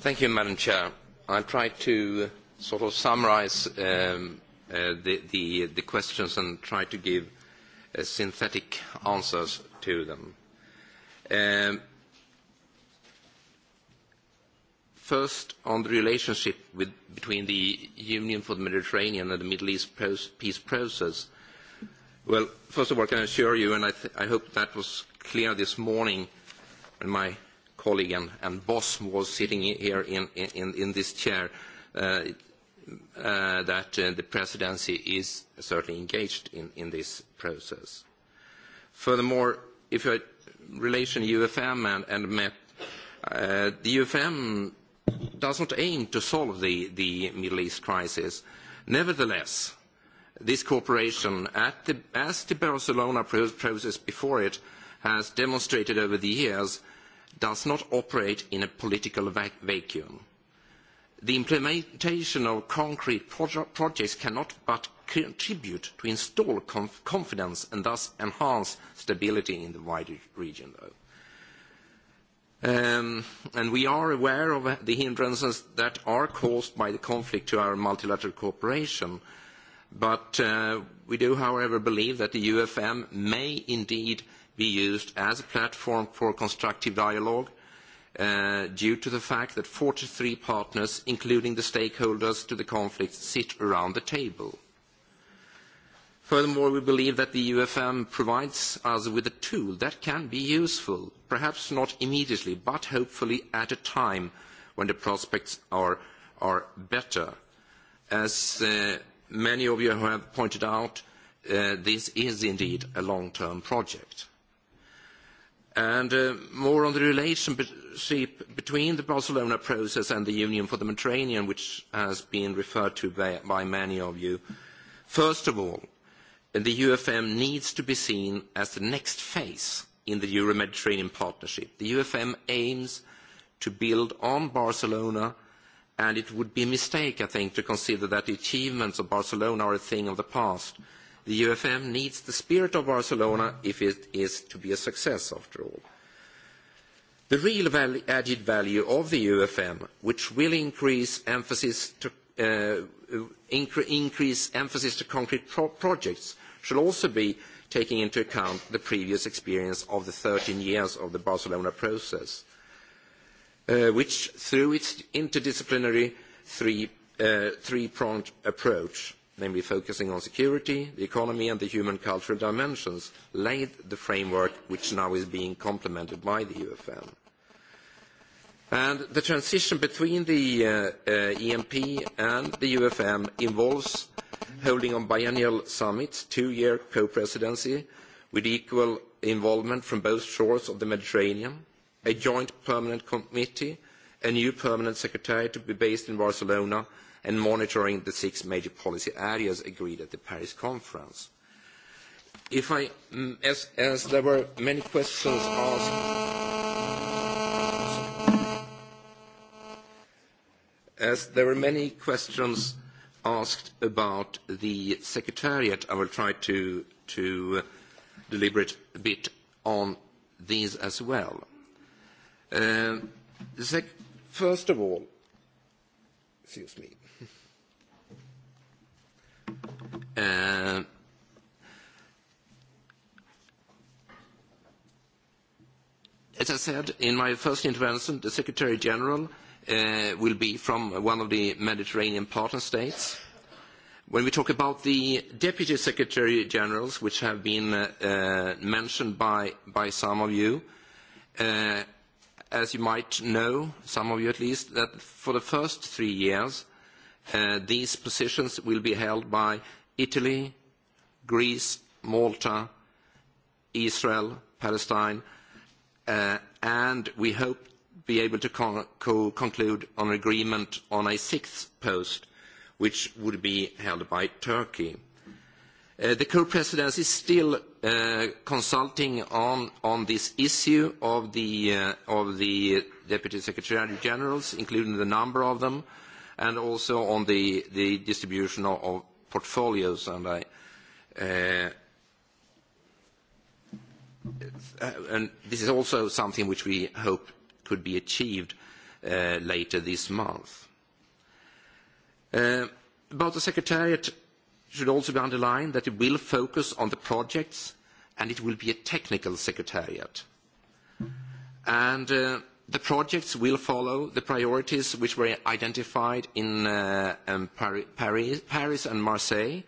Thank you, Madam Chair. I'll try to sort of summarize um, uh, the, the, the questions and try to give uh, synthetic answers to them. Um, First, on the relationship between the Union for the Mediterranean and the Middle East peace process, Well, first of all, can I assure you, and I, th- I hope that was clear this morning when my colleague and, and boss was sitting here in, in, in this chair, uh, uh, that uh, the presidency is certainly engaged in, in this process. Furthermore, if you relation UFM and, and MEP, uh, the UFM does not aim to solve the, the Middle East crisis. Nevertheless, this cooperation, as the Barcelona process before it has demonstrated over the years, does not operate in a political vacuum. The implementation of concrete projects cannot but contribute to install confidence and thus enhance stability in the wider region, though. We are aware of the hindrances that are caused by the conflict to our multilateral cooperation, But we do, however, believe that the UFM may indeed be used as a platform for constructive dialogue due to the fact that forty three partners, including the stakeholders to the conflict, sit around the table. Furthermore, we believe that the UFM provides us with a tool that can be useful, perhaps not immediately, but hopefully at a time when the prospects are better. As many of you have pointed out, this is indeed a long-term project. More on the relationship between the Barcelona process and the Union for the Mediterranean, which has been referred to by many of you. First of all, the UFM needs to be seen as the next phase in the Euro-Mediterranean partnership. The UFM aims to build on Barcelona and it would be a mistake, I think, to consider that the achievements of Barcelona are a thing of the past. The UFM needs the spirit of Barcelona if it is to be a success, after all. The real value, added value of the UFM, which will increase emphasis to, uh, incre increase emphasis to concrete pro projects, should also be taking into account the previous experience of the 13 years of the Barcelona process which, through its interdisciplinary three-pronged approach, namely focusing on security, the economy, and the human cultural dimensions, laid the framework which now is being complemented by the UFM. And the transition between the EMP and the UFM involves holding on biennial summits, two-year co-presidency, with equal involvement from both shores of the Mediterranean, a joint permanent committee, a new permanent secretariat to be based in Barcelona, and monitoring the six major policy areas agreed at the Paris conference. If I, as, as there were many questions asked, as there were many questions asked about the secretariat, I will try to, to deliberate a bit on these as well First of all, excuse me. Uh, as I said in my first intervention, the Secretary General uh, will be from one of the Mediterranean partner states. When we talk about the Deputy Secretary Generals, which have been uh, mentioned by, by some of you, uh, as you might know, some of you at least, that for the first three years, these positions will be held by Italy, Greece, Malta, Israel, Palestine, and we hope be able to conclude an agreement on a sixth post, which would be held by Turkey. The co-presidency still consulting on this issue of the Deputy Secretary Generals, including the number of them, and also on the distribution of portfolios. This is also something which we hope could be achieved later this month. About the Secretariat should also be underlined that it will focus on the projects and it will be a technical secretariat. And the projects will follow the priorities which were identified in Paris and Marseille,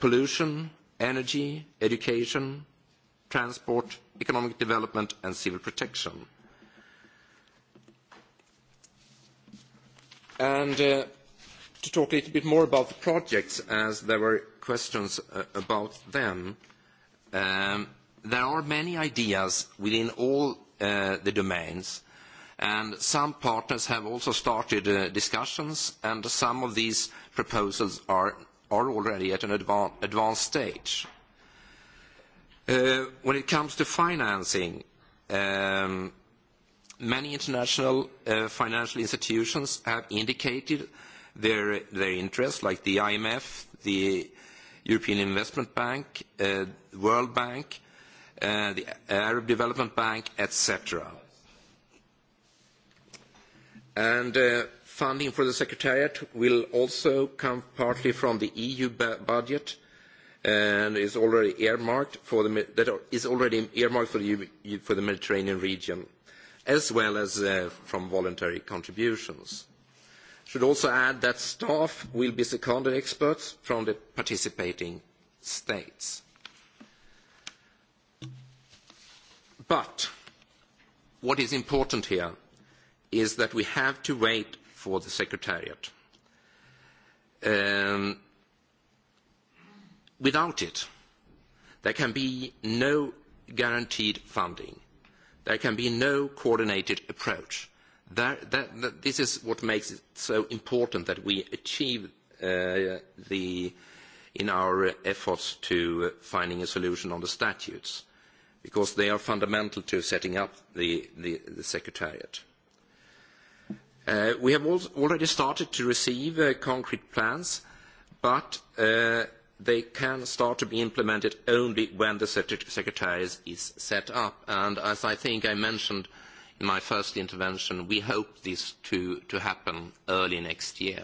pollution, energy, education, transport, economic development, and civil protection. And to talk a little bit more about the projects as there were questions about them. There are many ideas within all the domains, and some partners have also started discussions, and some of these proposals are already at an advanced stage. When it comes to financing, many international financial institutions have indicated their interests, like the IMF, the European Investment Bank, the World Bank, the Arab Development Bank, etc. Funding for the Secretariat will also come partly from the EU budget and is already earmarked for the Mediterranean region, as well as from voluntary contributions Should also add that staff will be seconded experts from the participating states. But what is important here is that we have to wait for the Secretariat. without it, there can be no guaranteed funding. There can be no coordinated approach This is what makes it so important that we achieve in our efforts to finding a solution on the statutes, because they are fundamental to setting up the secretariat. We have already started to receive concrete plans, but they can start to be implemented only when the secretariat is set up. and As I think I mentioned my first intervention, we hope this to, to happen early next year.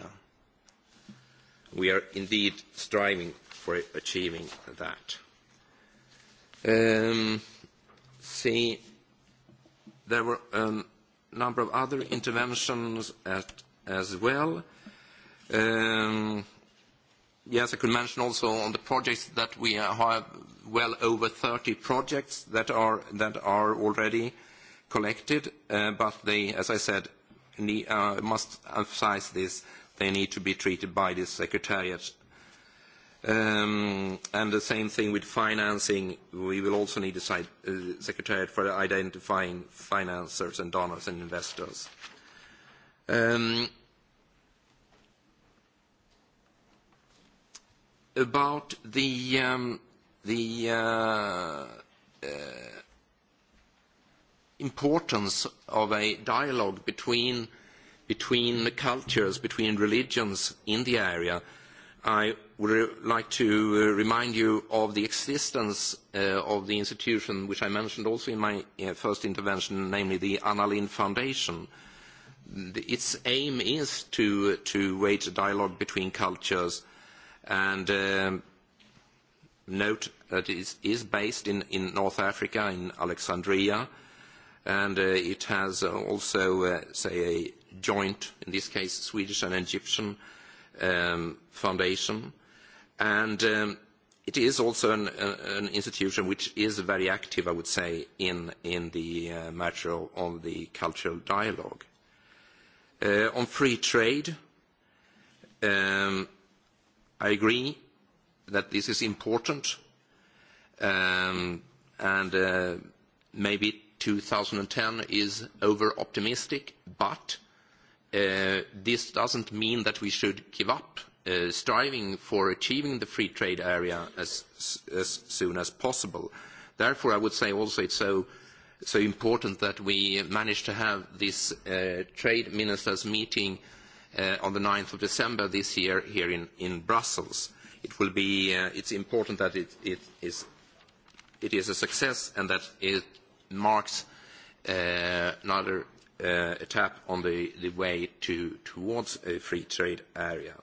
We are indeed striving for achieving that. Um, see, there were a number of other interventions at, as well. Um, yes, I could mention also on the projects that we have well over 30 projects that are, that are already collected, but they, as I said, need, uh, must emphasize this, they need to be treated by the Secretariat. Um, and the same thing with financing, we will also need a site, uh, Secretariat for identifying financiers and donors and investors. Um, about the, um, the uh, uh, importance of a dialogue between, between cultures, between religions in the area, I would like to remind you of the existence of the institution which I mentioned also in my first intervention, namely the Anna Lindh Foundation. Its aim is to, to wage a dialogue between cultures and note that it is based in, in North Africa, in Alexandria, and it has also, say, a joint, in this case, Swedish and Egyptian foundation. And it is also an institution which is very active, I would say, in the matter of the cultural dialogue. On free trade, I agree that this is important, and maybe 2010 is over-optimistic, but this doesn't mean that we should give up striving for achieving the free trade area as soon as possible. Therefore, I would say also it's so so important that we managed to have this trade ministers meeting on the 9th of December this year here in Brussels. It will be It's important that it is a success and that it marks another tap on the way towards a free trade area.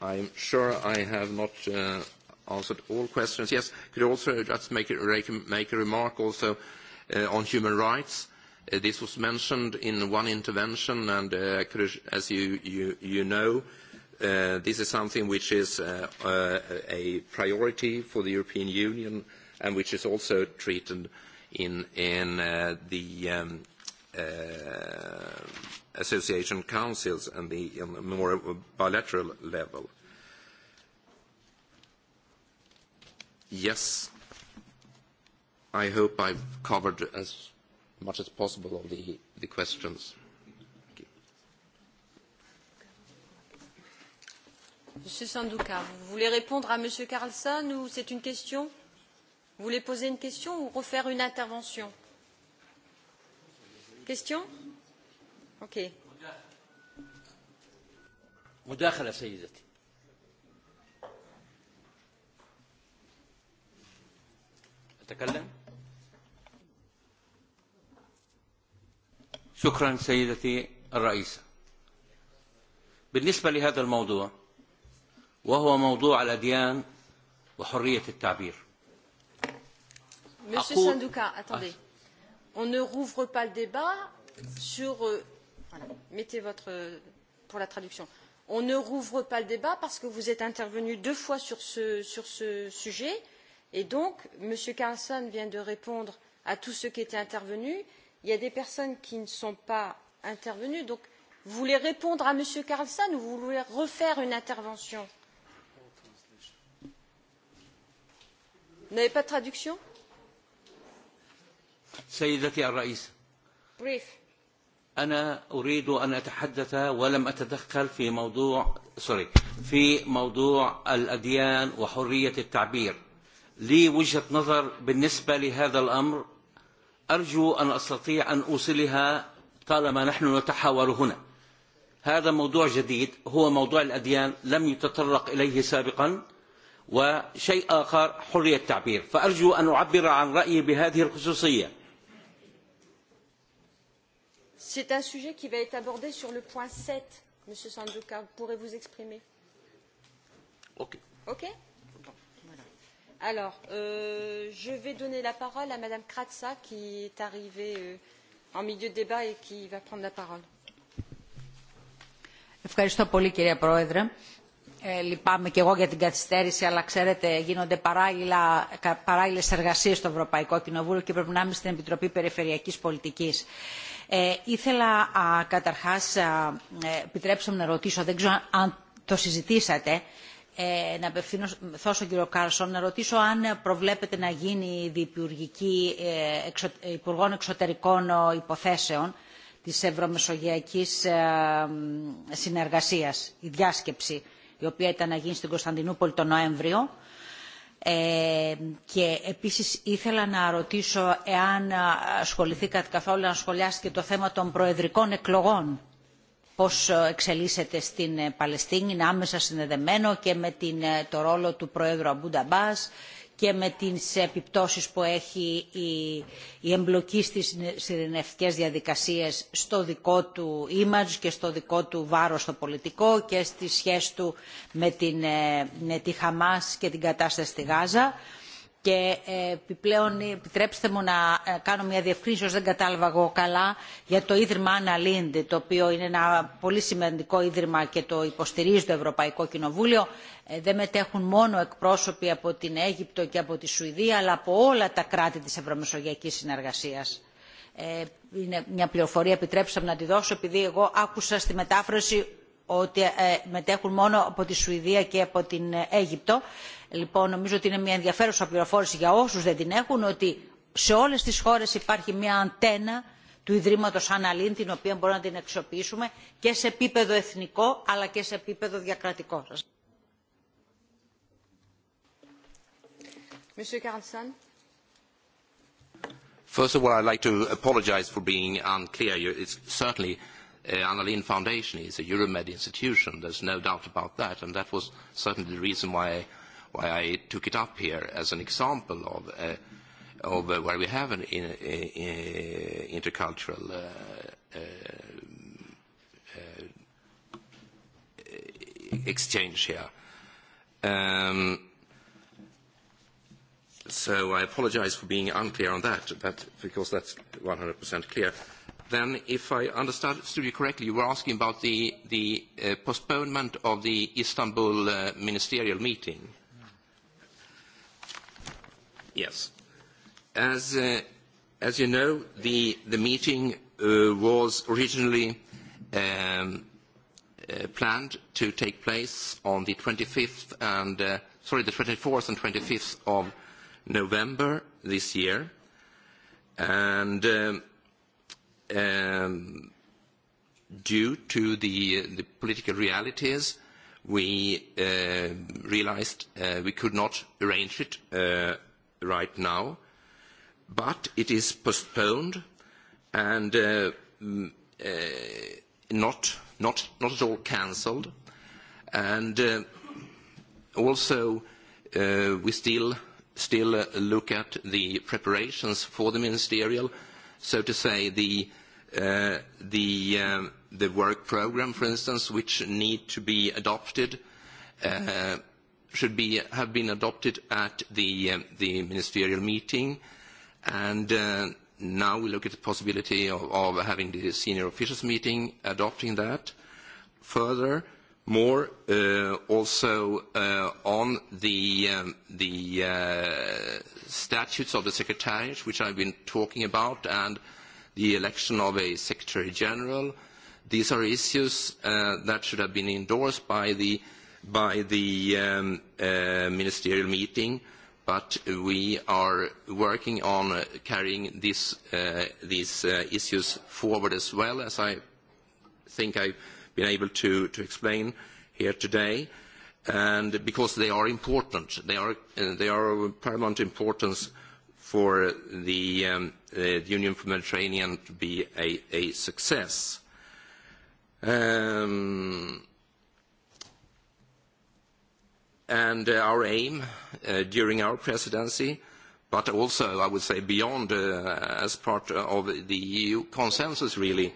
I'm sure I have not answered all questions. Yes, could also just make a remark also on human rights. This was mentioned in one intervention, and as you know, This is something which is a priority for the European Union and which is also treated in the association councils and the more bilateral level. Yes, I hope I've covered as much as possible of the questions. Monsieur Sanduka, vous voulez répondre à Monsieur Carlson ou c'est une question Vous voulez poser une question ou refaire une intervention Question Ok. مداخلة سيدتي أتكلم شكرا سيدتي الرئيسة بالنسبة لهذا الموضوع وهو موضوع الأديان وحرية التعبير Monsieur Synduka, attendez. On ne rouvre pas le débat sur. Voilà, mettez votre. pour la traduction. On ne rouvre pas le débat parce que vous êtes intervenu deux fois sur ce, sur ce sujet. Et donc, M. Carlson vient de répondre à tous ceux qui étaient intervenus. Il y a des personnes qui ne sont pas intervenues. Donc, vous voulez répondre à M. Carlson ou vous voulez refaire une intervention Vous n'avez pas de traduction سيدتي الرئيسة Brief. أنا أريد أن أتحدث ولم أتدخل في موضوع سوري في موضوع الأديان وحرية التعبير لي وجهة نظر بالنسبة لهذا الأمر أرجو أن أستطيع أن أوصلها طالما نحن نتحاور هنا هذا موضوع جديد هو موضوع الأديان لم يتطرق إليه سابقا وشيء آخر حرية التعبير فأرجو أن أعبر عن رأيي بهذه الخصوصية C'est un sujet qui va être abordé sur le point 7, M. Sanduka. Vous pourrez vous exprimer. Ok. Ok. bon, voilà. Alors, euh, je vais donner la parole à Mme Kratza, qui est arrivée euh, en milieu de débat et qui va prendre la parole. Merci beaucoup, Mme la Présidente λυπάμαι και εγώ για την καθυστέρηση, αλλά ξέρετε γίνονται παράλληλες εργασίες στο Ευρωπαϊκό Κοινοβούλιο και πρέπει να είμαι στην Επιτροπή Περιφερειακής Πολιτικής. Ε, ήθελα α, καταρχάς, α, επιτρέψτε μου να ρωτήσω, δεν ξέρω αν το συζητήσατε, ε, να απευθύνω στον κύριο Κάρσον, να ρωτήσω αν προβλέπετε να γίνει διπουργική ε, Υπουργών Εξωτερικών Υποθέσεων της Ευρωμεσογειακής ε, Συνεργασίας, η διάσκεψη η οποία ήταν να γίνει στην Κωνσταντινούπολη τον Νοέμβριο. Ε, και επίσης ήθελα να ρωτήσω εάν ασχοληθήκατε καθόλου να σχολιάσετε το θέμα των προεδρικών εκλογών πώς εξελίσσεται στην Παλαιστίνη, είναι άμεσα συνδεδεμένο και με την, το ρόλο του Προέδρου Αμπούντα Μπάς και με τις επιπτώσεις που έχει η, εμπλοκή στις ειρηνευτικές διαδικασίες στο δικό του image και στο δικό του βάρος στο πολιτικό και στη σχέση του με, την, με τη Χαμάς και την κατάσταση στη Γάζα και επιπλέον επιτρέψτε μου να κάνω μια διευκρίνηση όσο δεν κατάλαβα εγώ καλά για το Ίδρυμα Άννα Λίντ το οποίο είναι ένα πολύ σημαντικό Ίδρυμα και το υποστηρίζει το Ευρωπαϊκό Κοινοβούλιο δεν μετέχουν μόνο εκπρόσωποι από την Αίγυπτο και από τη Σουηδία αλλά από όλα τα κράτη της Ευρωμεσογειακής Συνεργασίας. Είναι μια πληροφορία, επιτρέψτε μου να τη δώσω, επειδή εγώ άκουσα στη μετάφραση ότι μετέχουν μόνο από τη Σουηδία και από την Αίγυπτο λοιπόν νομίζω ότι είναι μια ενδιαφέρουσα πληροφόρηση για όσου δεν την έχουν ότι σε όλε τι χώρε υπάρχει μια αντένα του Ιδρύματο Αναλύν την οποία μπορούμε να την αξιοποιήσουμε και σε επίπεδο εθνικό αλλά και σε επίπεδο διακρατικό. First of all, I'd like to apologize for being unclear. It's certainly uh, Annalene Foundation is a Euromed institution. There's no doubt about that, and that was certainly the reason why I why I took it up here as an example of, uh, of uh, where we have an in, uh, intercultural uh, uh, uh, exchange here. Um, so I apologize for being unclear on that, but because that's 100% clear. Then, if I understood you correctly, you were asking about the, the uh, postponement of the Istanbul uh, ministerial meeting. Yes. As, you know, the, the meeting uh, was originally planned to take place on the 25th and, sorry, the 24th and 25th of November this year. And um, due to the, the political realities, we uh, realized uh, we could not arrange it uh, right now, but it is postponed and not at all canceled. And also, we still look at the preparations for the ministerial, so to say, the the work program, for instance, which need to be adopted should be, have been adopted at the, um, the ministerial meeting. And uh, now we look at the possibility of, of having the senior officials meeting, adopting that. Further, more uh, also uh, on the, um, the uh, statutes of the secretariat, which I've been talking about, and the election of a secretary general. These are issues uh, that should have been endorsed by the uh, by the ministerial meeting, but we are working on carrying these issues forward as well, as I think I've been able to explain here today. and Because they are important. They are of paramount importance for the Union for the Mediterranean to be a success and our aim during our presidency, but also, I would say, beyond as part of the EU consensus, really,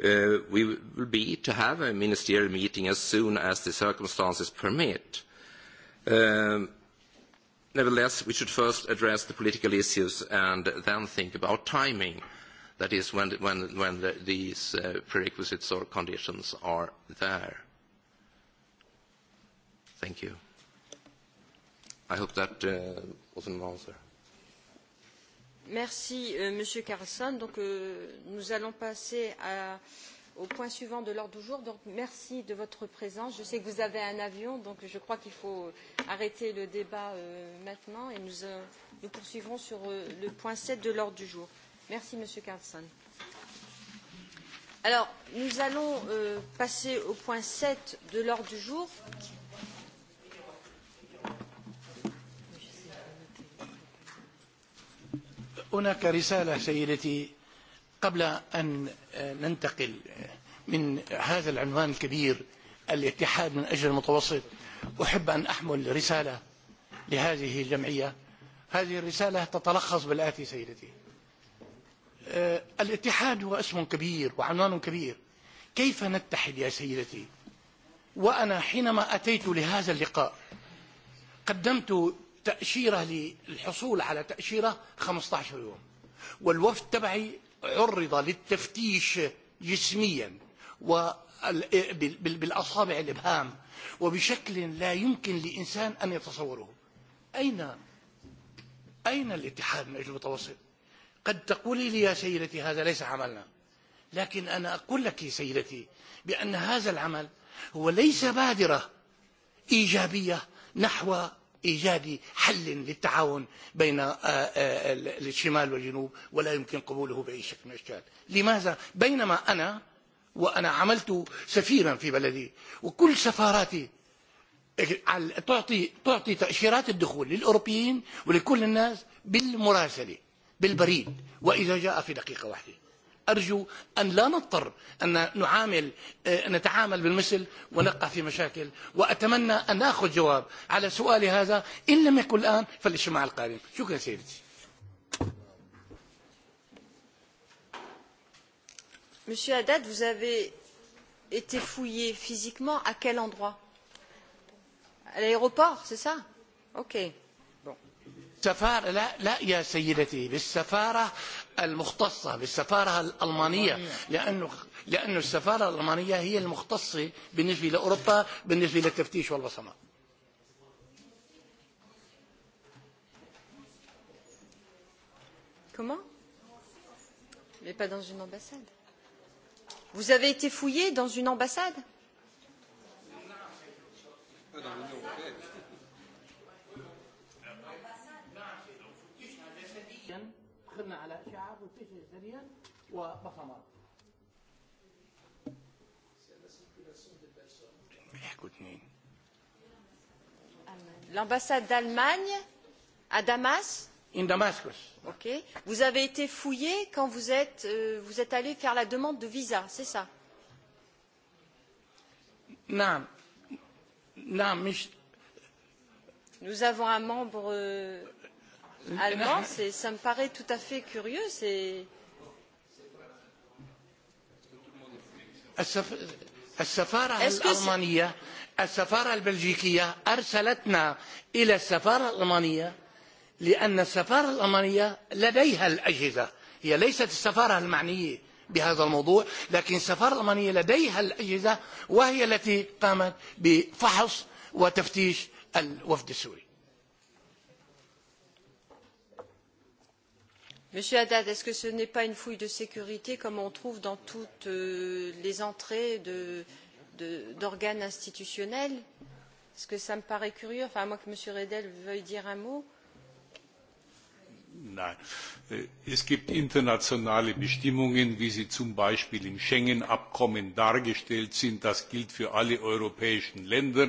we will be to have a ministerial meeting as soon as the circumstances permit. Nevertheless, we should first address the political issues and then think about timing. That is, when these prerequisites or conditions are there. Thank you. I hope that uh, was an answer. Merci, euh, Monsieur Carlson. Donc, euh, nous allons passer à, au point suivant de l'ordre du jour. Donc, merci de votre présence. Je sais que vous avez un avion, donc je crois qu'il faut arrêter le débat euh, maintenant et nous, euh, nous poursuivrons sur euh, le point 7 de l'ordre du jour. Merci, Monsieur Carlson. Alors, nous allons euh, passer au point 7 de l'ordre du jour, qui هناك رسالة سيدتي قبل أن ننتقل من هذا العنوان الكبير الاتحاد من أجل المتوسط أحب أن أحمل رسالة لهذه الجمعية هذه الرسالة تتلخص بالآتي سيدتي الاتحاد هو اسم كبير وعنوان كبير كيف نتحد يا سيدتي وأنا حينما أتيت لهذا اللقاء قدمت تأشيرة للحصول على تأشيرة 15 يوم والوفد تبعي عرض للتفتيش جسميا بالأصابع الإبهام وبشكل لا يمكن لإنسان أن يتصوره أين أين الاتحاد من أجل المتوسط قد تقولي لي يا سيدتي هذا ليس عملنا لكن أنا أقول لك سيدتي بأن هذا العمل هو ليس بادرة إيجابية نحو ايجاد حل للتعاون بين الشمال والجنوب ولا يمكن قبوله باي شكل من الاشكال، لماذا؟ بينما انا وانا عملت سفيرا في بلدي وكل سفاراتي تعطي تعطي تاشيرات الدخول للاوروبيين ولكل الناس بالمراسله بالبريد واذا جاء في دقيقه واحده. أرجو أن لا نضطر أن نعامل نتعامل بالمثل ونقع في مشاكل وأتمنى أن أخذ جواب على سؤالي هذا إن لم يكن الآن فالاجتماع القادم شكرا سيدتي Monsieur Haddad, vous avez été fouillé physiquement à quel endroit À l'aéroport, c'est ça Ok. Bon. السفارة لا لا يا سيدتي بالسفارة المختصة بالسفارة الألمانية لأنه لأن السفارة الألمانية هي المختصة بالنسبة لأوروبا بالنسبة للتفتيش والبصمة Comment Mais pas dans une ambassade. Vous avez été fouillé dans une ambassade Pas dans l'Union européenne. دخلنا على اشعه منتشره سريعا وبصمات L'ambassade d'Allemagne à Damas In Damascus. Ok. Vous avez été fouillé quand vous êtes, euh, vous êtes allé faire la demande de visa, c'est ça Non. Non, mais... Nous avons un membre. Euh allemand, ça me paraît tout à fait curieux. C'est. السفارة الألمانية السفارة البلجيكية أرسلتنا إلى السفارة الألمانية لأن السفارة الألمانية لديها الأجهزة هي ليست السفارة المعنية بهذا الموضوع لكن السفارة الألمانية لديها الأجهزة وهي التي قامت بفحص وتفتيش الوفد السوري monsieur haddad est ce que ce n'est pas une fouille de sécurité comme on trouve dans toutes les entrées d'organes institutionnels? parce que cela me paraît curieux à moins que m. reda veuille dire un mot. Nein. Es gibt internationale Bestimmungen, wie sie zum Beispiel im Schengen-Abkommen dargestellt sind. Das gilt für alle europäischen Länder.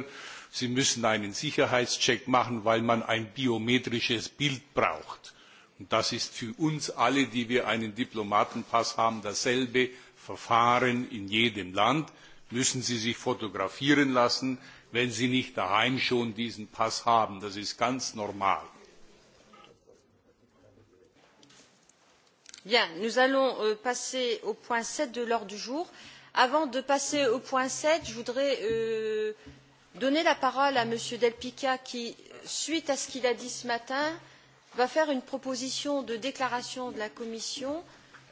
Sie müssen einen Sicherheitscheck machen, weil man ein biometrisches Bild braucht das ist für uns alle, die wir einen Diplomatenpass haben, dasselbe Verfahren in jedem Land. Müssen Sie sich fotografieren lassen, wenn Sie nicht daheim schon diesen Pass haben. Das ist ganz normal. nous allons passer au point sept de l'ordre du jour. avant de passer au point sept je voudrais donner la parole à Monsieur del picchia qui suite à ce qu'il a dit ce matin va faire une proposition de déclaration de la Commission.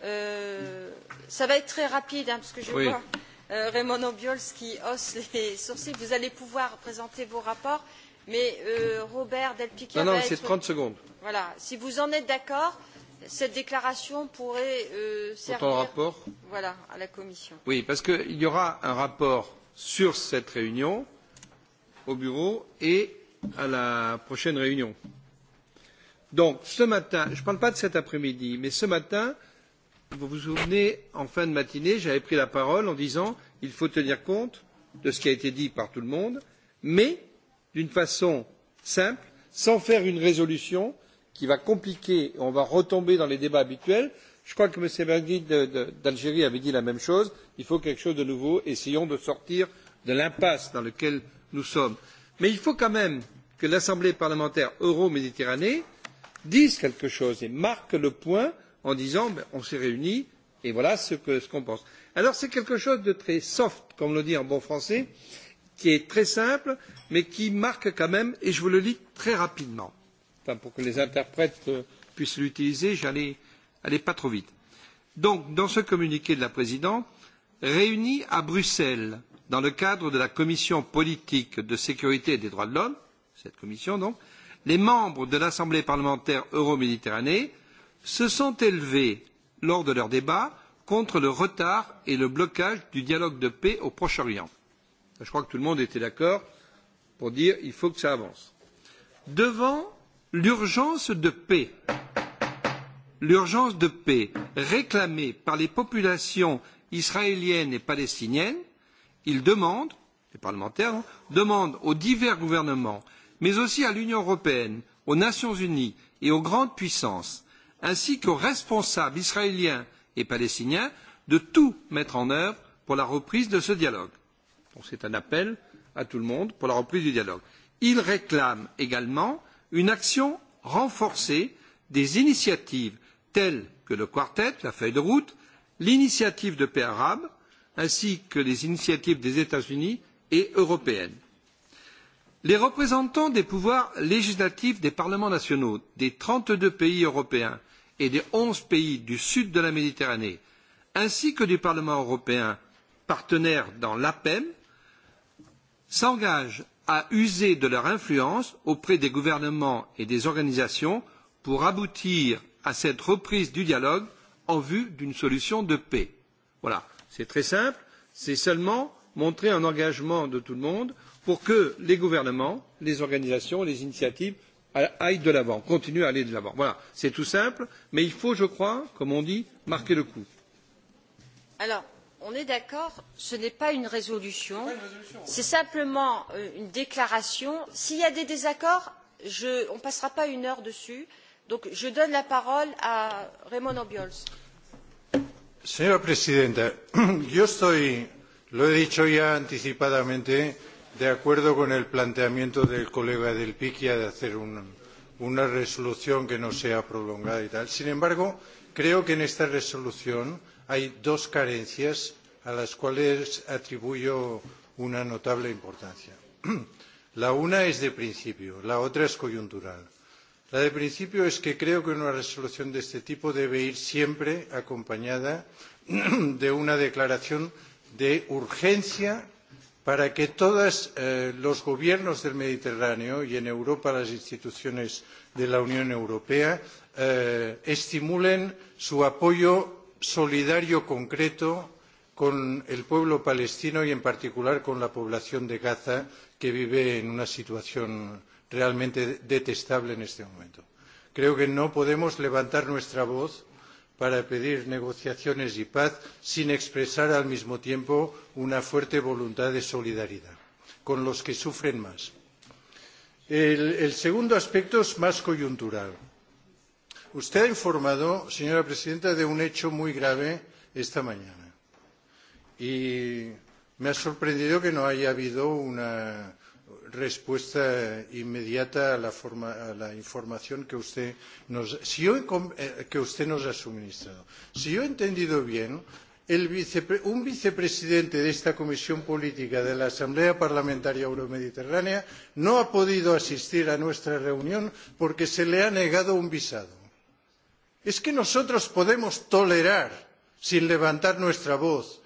ça va être très rapide, parce que je vois Raymond Obiols qui hausse les sourcils. Vous allez pouvoir présenter vos rapports, mais Robert Delpica. Non, non, c'est 30 secondes. Voilà. Si vous en êtes d'accord, cette déclaration pourrait servir pour ton rapport voilà, à la Commission. Oui, parce qu'il y aura un rapport sur cette réunion au bureau et à la prochaine réunion. Donc, ce matin, je ne parle pas de cet après-midi, mais ce matin, vous vous souvenez, en fin de matinée, j'avais pris la parole en disant il faut tenir compte de ce qui a été dit par tout le monde, mais d'une façon simple, sans faire une résolution qui va compliquer, on va retomber dans les débats habituels. Je crois que M. Bergui d'Algérie avait dit la même chose. Il faut quelque chose de nouveau. Essayons de sortir de l'impasse dans laquelle nous sommes. Mais il faut quand même que l'Assemblée parlementaire euro-méditerranée disent quelque chose et marquent le point en disant on s'est réunis et voilà ce qu'on pense. Alors c'est quelque chose de très soft, comme le dit en bon français, qui est très simple, mais qui marque quand même, et je vous le lis très rapidement, pour que les interprètes puissent l'utiliser, j'allais aller pas trop vite. Donc, dans ce communiqué de la présidente, réunis à Bruxelles, dans le cadre de la commission politique de sécurité et des droits de l'homme, cette commission donc, les membres de l'Assemblée parlementaire euroméditerranée se sont élevés lors de leurs débats contre le retard et le blocage du dialogue de paix au Proche-Orient. Je crois que tout le monde était d'accord pour dire qu'il faut que ça avance. Devant l'urgence de paix, l'urgence de paix réclamée par les populations israéliennes et palestiniennes, ils demandent, les parlementaires, demandent aux divers gouvernements mais aussi à l'Union européenne, aux Nations unies et aux grandes puissances, ainsi qu'aux responsables israéliens et palestiniens de tout mettre en œuvre pour la reprise de ce dialogue. c'est un appel à tout le monde pour la reprise du dialogue. Il réclame également une action renforcée des initiatives telles que le quartet, la feuille de route, l'initiative de paix arabe, ainsi que les initiatives des États-Unis et européennes. Les représentants des pouvoirs législatifs des parlements nationaux des trente deux pays européens et des onze pays du sud de la Méditerranée, ainsi que du Parlement européen, partenaire dans l'APEM, s'engagent à user de leur influence auprès des gouvernements et des organisations pour aboutir à cette reprise du dialogue en vue d'une solution de paix. Voilà, c'est très simple, c'est seulement montrer un engagement de tout le monde pour que les gouvernements, les organisations, les initiatives aillent de l'avant, continuent à aller de l'avant. Voilà, c'est tout simple, mais il faut, je crois, comme on dit, marquer le coup. Alors, on est d'accord, ce n'est pas une résolution, c'est simplement une déclaration. S'il y a des désaccords, on ne passera pas une heure dessus. Donc, je donne la parole à Raymond Obiols. Señora Presidenta, yo estoy, lo he dicho ya anticipadamente, de acuerdo con el planteamiento del colega del Piquia de hacer una resolución que no sea prolongada y tal. Sin embargo, creo que en esta resolución hay dos carencias a las cuales atribuyo una notable importancia. La una es de principio, la otra es coyuntural. La de principio es que creo que una resolución de este tipo debe ir siempre acompañada de una declaración de urgencia para que todos los gobiernos del Mediterráneo y en Europa las instituciones de la Unión Europea estimulen su apoyo solidario concreto con el pueblo palestino y en particular con la población de Gaza que vive en una situación realmente detestable en este momento. Creo que no podemos levantar nuestra voz para pedir negociaciones y paz sin expresar al mismo tiempo una fuerte voluntad de solidaridad con los que sufren más. El, segundo aspecto es más coyuntural. Usted ha informado, señora presidenta, de un hecho muy grave esta mañana. Y me ha sorprendido que no haya habido una respuesta inmediata a la, información que usted, nos, que usted nos ha suministrado. Si yo he entendido bien, un vicepresidente de esta comisión política de la Asamblea Parlamentaria Euromediterránea no ha podido asistir a nuestra reunión porque se le ha negado un visado. Es que nosotros podemos tolerar, sin levantar nuestra voz,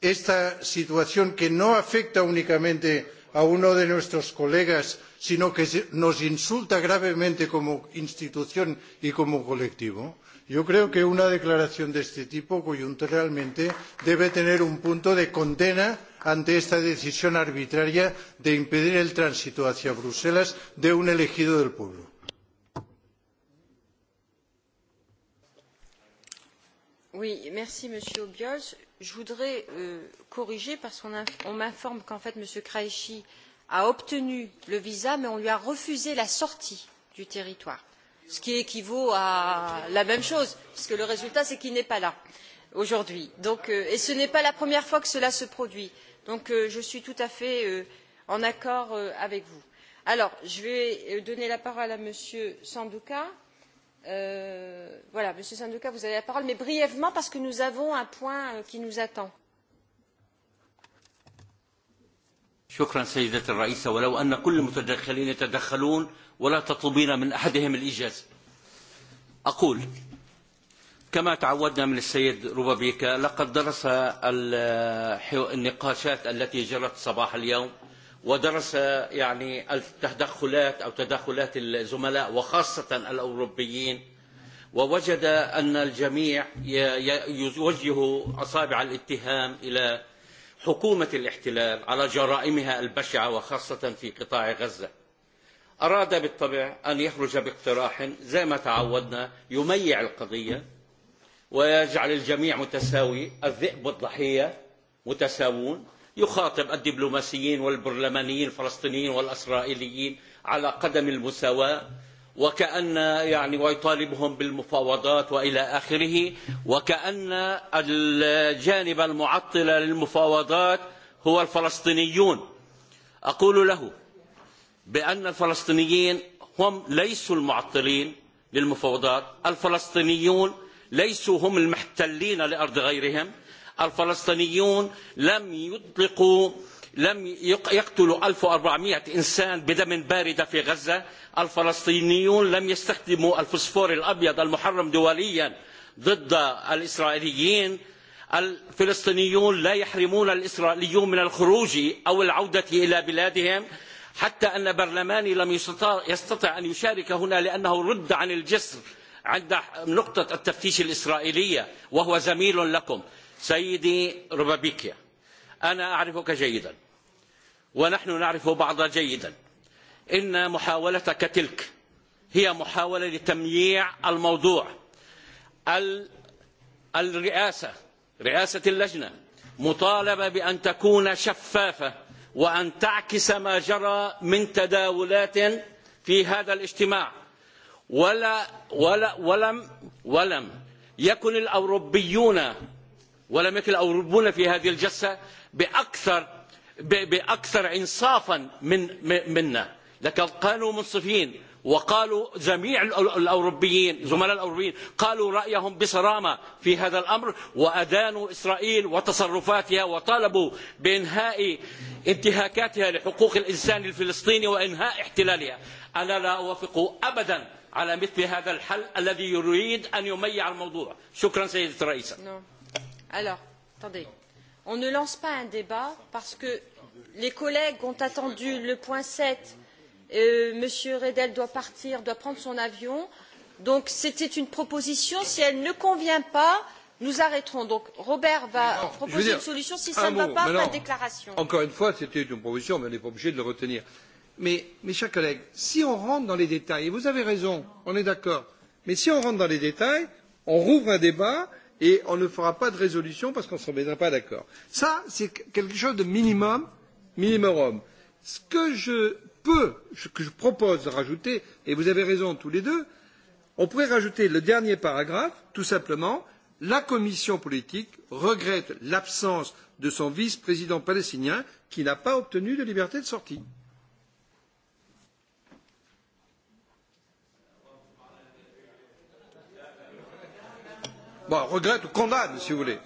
esta situación que no afecta únicamente a uno de nuestros colegas, sino que nos insulta gravemente como institución y como colectivo. Yo creo que una declaración de este tipo, coyunturalmente, debe tener un punto de condena ante esta decisión arbitraria de impedir el tránsito hacia Bruselas de un elegido del pueblo. Oui, merci Monsieur Obiols je voudrais corriger parce qu'on m'informe qu'en fait m. qureshi a obtenu le visa mais on lui a refusé la sortie du territoire ce qui équivaut à la même chose puisque le résultat c'est qu'il n'est pas là aujourd'hui et ce n'est pas la première fois que cela se produit donc je suis tout à fait en accord avec vous. alors je vais donner la parole à m. Sanduka. Monsieur Sanduka, vous avez la parole, mais brièvement parce que nous avons un point qui nous attend. أقول كما تعودنا من السيد روبابيكا لقد درس النقاشات التي جرت صباح اليوم ودرس يعني التدخلات او تدخلات الزملاء وخاصه الاوروبيين ووجد ان الجميع يوجه اصابع الاتهام الى حكومه الاحتلال على جرائمها البشعه وخاصه في قطاع غزه. اراد بالطبع ان يخرج باقتراح زي ما تعودنا يميع القضيه ويجعل الجميع متساوي الذئب والضحيه متساوون يخاطب الدبلوماسيين والبرلمانيين الفلسطينيين والاسرائيليين على قدم المساواة وكأن يعني ويطالبهم بالمفاوضات والى اخره وكأن الجانب المعطل للمفاوضات هو الفلسطينيون اقول له بان الفلسطينيين هم ليسوا المعطلين للمفاوضات الفلسطينيون ليسوا هم المحتلين لارض غيرهم الفلسطينيون لم يطلقوا لم يقتلوا 1400 انسان بدم بارده في غزه، الفلسطينيون لم يستخدموا الفسفور الابيض المحرم دوليا ضد الاسرائيليين، الفلسطينيون لا يحرمون الاسرائيليون من الخروج او العوده الى بلادهم حتى ان برلماني لم يستطع ان يشارك هنا لانه رد عن الجسر عند نقطه التفتيش الاسرائيليه وهو زميل لكم سيدي روبابيكيا أنا أعرفك جيدا ونحن نعرف بعض جيدا إن محاولتك تلك هي محاولة لتمييع الموضوع الرئاسة رئاسة اللجنة مطالبة بأن تكون شفافة وأن تعكس ما جرى من تداولات في هذا الاجتماع ولا ولا ولم ولم يكن الأوروبيون ولم يكن الاوروبيون في هذه الجلسه باكثر باكثر انصافا من منا لكن كانوا منصفين وقالوا جميع الاوروبيين زملاء الاوروبيين قالوا رايهم بصرامه في هذا الامر وادانوا اسرائيل وتصرفاتها وطالبوا بانهاء انتهاكاتها لحقوق الانسان الفلسطيني وانهاء احتلالها انا لا اوافق ابدا على مثل هذا الحل الذي يريد ان يميع الموضوع شكرا سيده الرئيسه no. Alors, attendez. On ne lance pas un débat parce que les collègues ont attendu le point sept. Monsieur Redel doit partir, doit prendre son avion. Donc c'était une proposition. Si elle ne convient pas, nous arrêterons. Donc Robert va proposer une solution. Si ça ne va pas, pas de déclaration. Encore une fois, c'était une proposition, mais on n'est pas obligé de le retenir. Mais, mes chers collègues, si on rentre dans les détails, et vous avez raison, on est d'accord, mais si on rentre dans les détails, on rouvre un débat et on ne fera pas de résolution parce qu'on ne se mettra pas d'accord. Ça, c'est quelque chose de minimum, minimum. Ce que je peux, ce que je propose de rajouter, et vous avez raison tous les deux, on pourrait rajouter le dernier paragraphe, tout simplement, la commission politique regrette l'absence de son vice-président palestinien qui n'a pas obtenu de liberté de sortie. bon, regrette ou condamne, si vous voulez.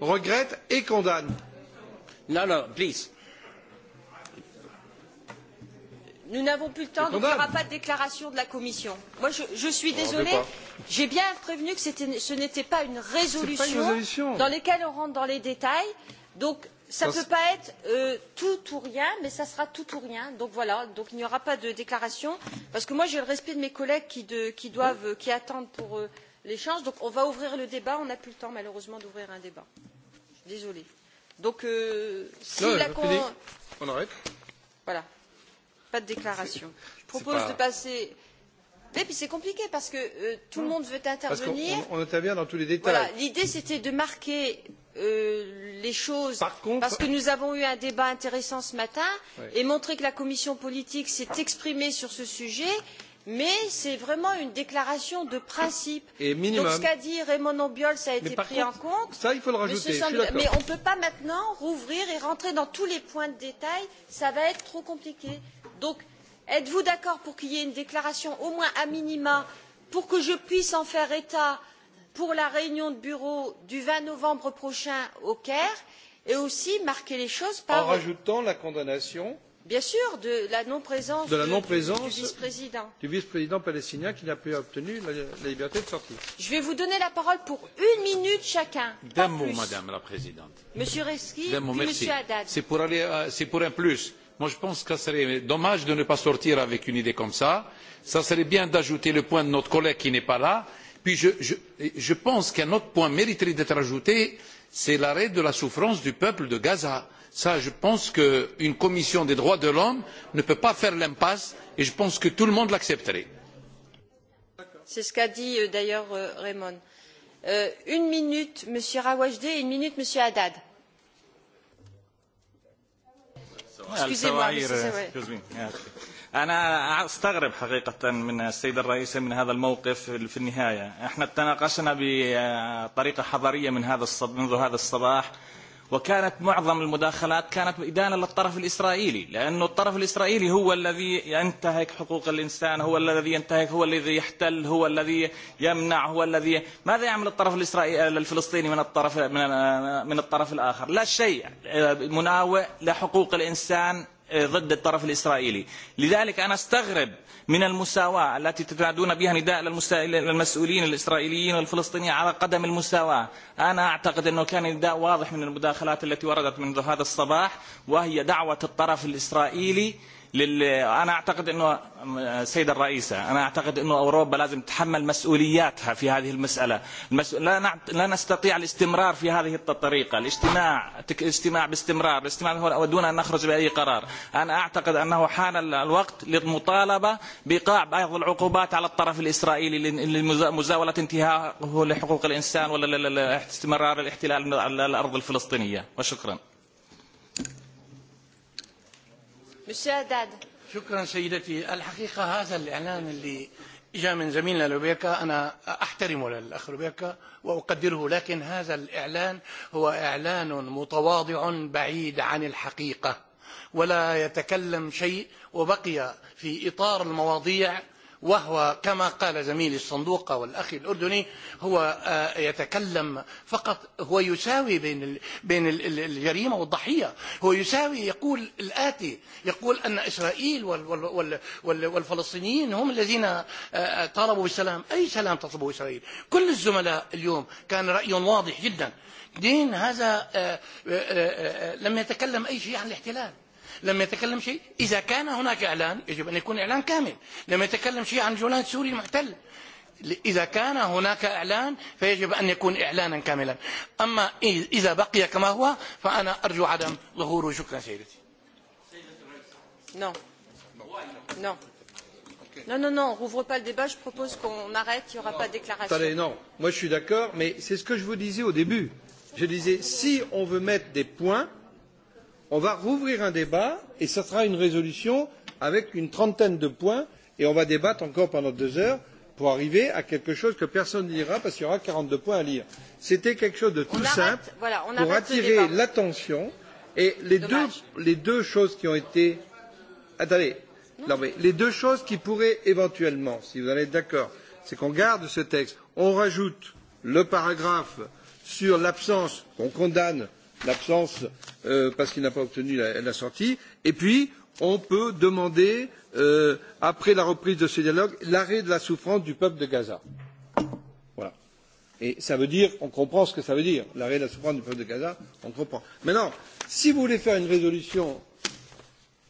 Regrette et condamne. Non, non, please. Nous n'avons plus le temps, donc il n'y aura pas de déclaration de la Commission. Moi, je, suis désolée. J'ai bien prévenu que ce n'était pas une résolution dans laquelle on rentre dans les détails. Donc, ça ne peut pas être tout ou rien, mais ça sera tout ou rien. Donc voilà, donc il n'y aura pas de déclaration. Parce que moi, j'ai le respect de mes collègues qui, attendent pour l'échange. Donc on va ouvrir le débat. On n'a plus le temps malheureusement d'ouvrir un débat. Désolée. Donc euh, si la con... on arrête. Voilà. Pas de déclaration. Je propose de passer. Mais puis c'est compliqué parce que euh, tout le monde veut intervenir. Parce on, on intervient dans tous les détails. Voilà. L'idée c'était de marquer euh, les choses Par contre... parce que nous avons eu un débat intéressant ce matin ouais. et montrer que la commission politique s'est exprimée sur ce sujet mais c'est vraiment une déclaration de principe. Donc ce qu'a dit Raymond Obiols a été pris en compte. Ça, il faut le rajouter. mais on ne peut pas maintenant rouvrir et rentrer dans tous les points de détail. Ça va être trop compliqué. Donc êtes vous d'accord pour qu'il y ait une déclaration au moins a minima pour que je puisse en faire état pour la réunion de bureau du vingt novembre prochain au caire et aussi marquer les choses par. en rajoutant la condamnation Bien sûr, de la non-présence du vice-président palestinien qui n'a pas obtenu la, liberté de sortie. Je vais vous donner la parole pour une minute chacun. D'un mot, Madame la Présidente. Monsieur Reski, Monsieur Haddad. C'est pour, pour un plus. Moi, je pense que ce serait dommage de ne pas sortir avec une idée comme ça. Ça serait bien d'ajouter le point de notre collègue qui n'est pas là. Puis, je pense qu'un autre point mériterait d'être ajouté, c'est l'arrêt de la souffrance du peuple de Gaza je pense qu'une commission des droits de l'homme ne peut pas faire l'impasse et je pense que tout le monde l'accepterait. c'est ce qu'a dit d'ailleurs reimon. une minute monsieur rawajdi et une minute monsieur haddad. أنا أستغرب حقيقة من من هذا الموقف في النهاية، إحنا تناقشنا بطريقة من هذا منذ هذا الصباح وكانت معظم المداخلات كانت إدانة للطرف الإسرائيلي لأن الطرف الإسرائيلي هو الذي ينتهك حقوق الإنسان هو الذي ينتهك هو الذي يحتل هو الذي يمنع هو الذي ماذا يعمل الطرف الإسرائيلي الفلسطيني من الطرف من, من الطرف الآخر لا شيء مناوئ لحقوق الإنسان ضد الطرف الإسرائيلي لذلك أنا استغرب من المساواة التي تتنادون بها نداء للمسؤولين الإسرائيليين والفلسطينيين على قدم المساواة أنا أعتقد أنه كان نداء واضح من المداخلات التي وردت منذ هذا الصباح وهي دعوة الطرف الإسرائيلي لل... أنا أعتقد أنه سيد الرئيسة أنا أعتقد أنه أوروبا لازم تحمل مسؤولياتها في هذه المسألة المس... لا, نع... لا نستطيع الاستمرار في هذه الطريقة الاجتماع تك... اجتماع باستمرار الاجتماع ودون أن نخرج بأي قرار أنا أعتقد أنه حان الوقت للمطالبة بإيقاع بعض العقوبات على الطرف الإسرائيلي لمزاولة انتهاءه لحقوق الإنسان ولا استمرار الاحتلال على الأرض الفلسطينية وشكرا Monsieur Haddad. شكرا سيدتي الحقيقة هذا الإعلان اللي جاء من زميلنا لوبيكا أنا أحترمه للأخ لوبيكا وأقدره لكن هذا الإعلان هو إعلان متواضع بعيد عن الحقيقة ولا يتكلم شيء وبقي في إطار المواضيع وهو كما قال زميلي الصندوق والأخ الأردني هو يتكلم فقط هو يساوي بين بين الجريمة والضحية هو يساوي يقول الآتي يقول أن إسرائيل والفلسطينيين هم الذين طلبوا بالسلام أي سلام تطلبه إسرائيل كل الزملاء اليوم كان رأي واضح جدا دين هذا لم يتكلم أي شيء عن الاحتلال لم يتكلم شيء إذا كان هناك إعلان يجب أن يكون إعلان كامل لم يتكلم شيء عن جولان سوري محتل إذا كان هناك إعلان فيجب أن يكون إعلانا كاملا أما إذا بقي كما هو فأنا أرجو عدم ظهوره شكرا سيدتي نعم نعم Non, non, non, on rouvre pas le débat, je propose qu'on arrête, il n'y aura pas de déclaration. Attendez, non, moi je suis d'accord, mais c'est ce que je vous disais au début. Je disais, si on veut mettre des points, on va rouvrir un débat et ce sera une résolution avec une trentaine de points et on va débattre encore pendant deux heures pour arriver à quelque chose que personne ne lira parce qu'il y aura quarante deux points à lire. C'était quelque chose de tout simple pour attirer l'attention et les deux, choses qui ont été attendez les deux choses qui pourraient éventuellement, si vous allez être d'accord, c'est qu'on garde ce texte, on rajoute le paragraphe sur l'absence qu'on condamne l'absence parce qu'il n'a pas obtenu la, sortie. Et puis, on peut demander, après la reprise de ce dialogue, l'arrêt de la souffrance du peuple de Gaza. Voilà. Et ça veut dire, on comprend ce que ça veut dire, l'arrêt de la souffrance du peuple de Gaza, on comprend. Maintenant, si vous voulez faire une résolution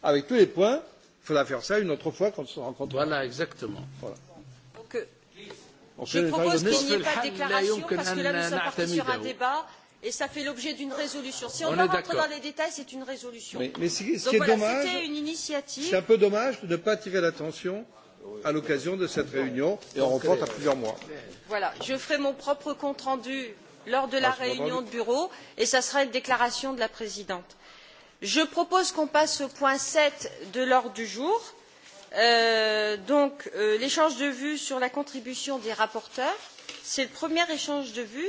avec tous les points, il faudra faire ça une autre fois quand on se rencontrera. Voilà, exactement. Voilà. Donc, je propose qu'il n'y ait pas de déclaration parce que là, nous sommes partis sur un débat et ça fait l'objet d'une résolution. Si on, rentre rentrer dans les détails, c'est une résolution. Mais, ce qui est dommage, c'est un peu dommage de ne pas attirer l'attention à l'occasion de cette réunion et on reporte à plusieurs mois. Voilà, je ferai mon propre compte rendu lors de la réunion de bureau et ce sera une déclaration de la présidente. Je propose qu'on passe au point sept de l'ordre du jour, donc l'échange de vues sur la contribution des rapporteurs. C'est le premier échange de vues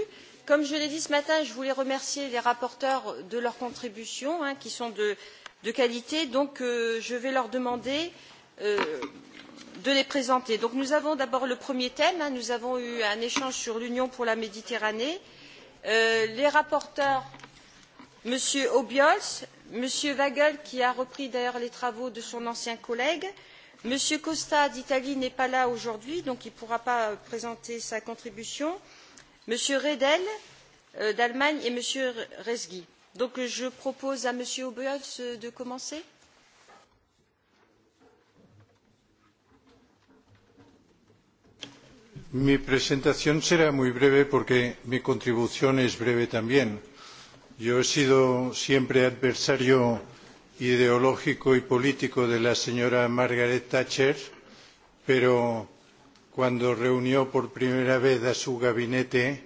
comme je l'ai dit ce matin je voulais remercier les rapporteurs de leurs contributions qui sont de qualité donc je vais leur demander de les présenter. nous avons d'abord le premier thème nous avons eu un échange sur l'union pour la méditerranée. les rapporteurs m. obiols m. vajgl qui a repris d'ailleurs les travaux de son ancien collègue m. costa d'italie n'est pas là aujourd'hui donc il ne pourra pas présenter sa contribution et m. redel d'allemagne et m. rezgui. je propose à m. obiols de commencer. mi presentación será muy breve porque mi contribución es breve también. yo he sido siempre adversario ideológico y político de la señora margaret thatcher pero cuando reunió por primera vez a su gabinete,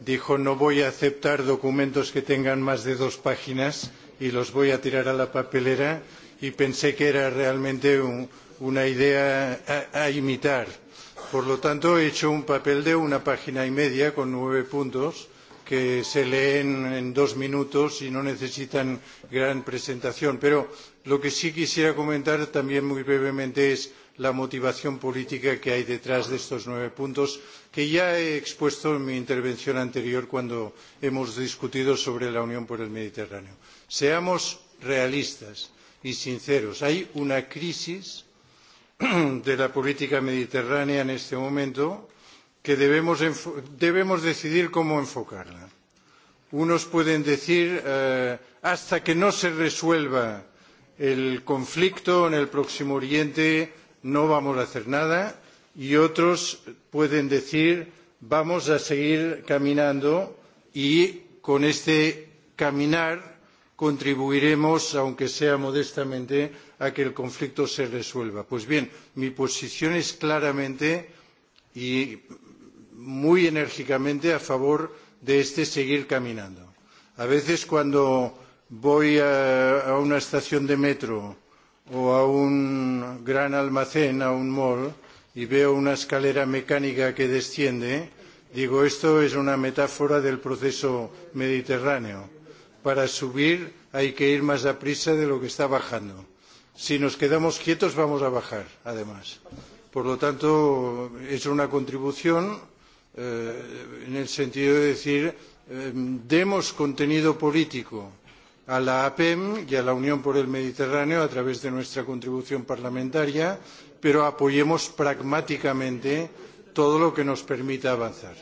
dijo no voy a aceptar documentos que tengan más de dos páginas y los voy a tirar a la papelera y pensé que era realmente una idea a, imitar. Por lo tanto, he hecho un papel de una página y media con nueve puntos que se leen en dos minutos y no necesitan gran presentación. Pero lo que sí quisiera comentar también muy brevemente es la motivación política que hay detrás de estos nueve puntos que ya he expuesto en mi intervención anterior cuando hemos discutido sobre la Unión por el Mediterráneo. Seamos realistas y sinceros. Hay una crisis de la política mediterránea en este momento que debemos, decidir cómo enfocarla. Unos pueden decir hasta que no se resuelva el conflicto en el Próximo Oriente no vamos a hacer nada y otros pueden decir vamos a seguir caminando y con este caminar contribuiremos, aunque sea modestamente, a que el conflicto se resuelva. Pues bien, mi posición es claramente y muy enérgicamente a favor de este seguir caminando. A veces cuando voy a, una estación de metro o a un gran almacén, a un mall, y veo una escalera mecánica que desciende, digo, esto es una metáfora del proceso mediterráneo. Para subir hay que ir más a prisa de lo que está bajando. Si nos quedamos quietos vamos a bajar, además. Por lo tanto, es una contribución en el sentido de decir, demos contenido político a la APEM y a la Unión por el Mediterráneo a través de nuestra contribución parlamentaria, pero apoyemos pragmáticamente todo lo que nos permita avanzar.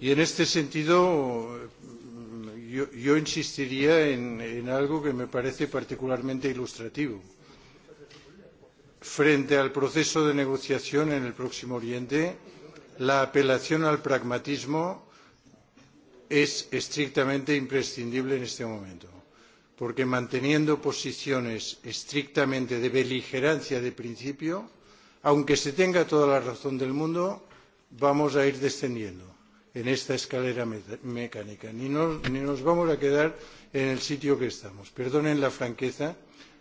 Y en este sentido, yo, insistiría en algo que me parece particularmente ilustrativo. Frente al proceso de negociación en el Próximo Oriente, la apelación al pragmatismo es estrictamente imprescindible en este momento porque manteniendo posiciones estrictamente de beligerancia de principio, aunque se tenga toda la razón del mundo, vamos a ir descendiendo en esta escalera mecánica, ni, nos vamos a quedar en el sitio que estamos. Perdonen la franqueza,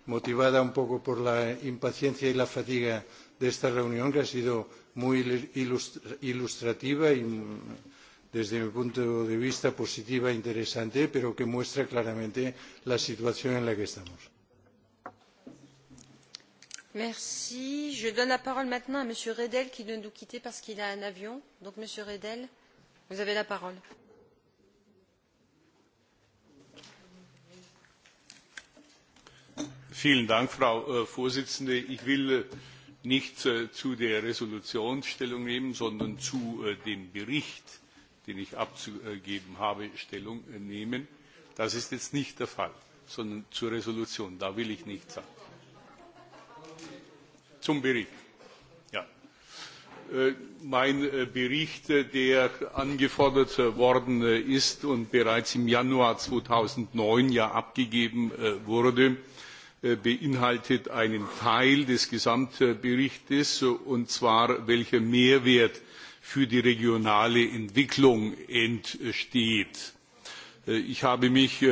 motivada un poco por la impaciencia y la fatiga de esta reunión, que ha sido muy ilustrativa y desde mi punto de vista positiva e interesante, pero que muestra claramente la situación en la que estamos. Merci. Je donne la parole maintenant à Monsieur Redel qui doit nous quitter parce qu'il a un avion. Donc Monsieur Redel, vous avez la parole. frau präsidentin! ich will nicht zu der entschließung nehmen sondern zu dem bericht den ich abzugeben habe, Stellung nehmen. Das ist jetzt nicht der Fall, sondern zur Resolution. Da will ich nichts sagen. Zum Bericht. Ja. Mein Bericht, der angefordert worden ist und bereits im Januar 2009 ja abgegeben wurde, beinhaltet einen Teil des Gesamtberichts, und zwar welcher Mehrwert für die regionale Entwicklung entsteht. Ich habe mich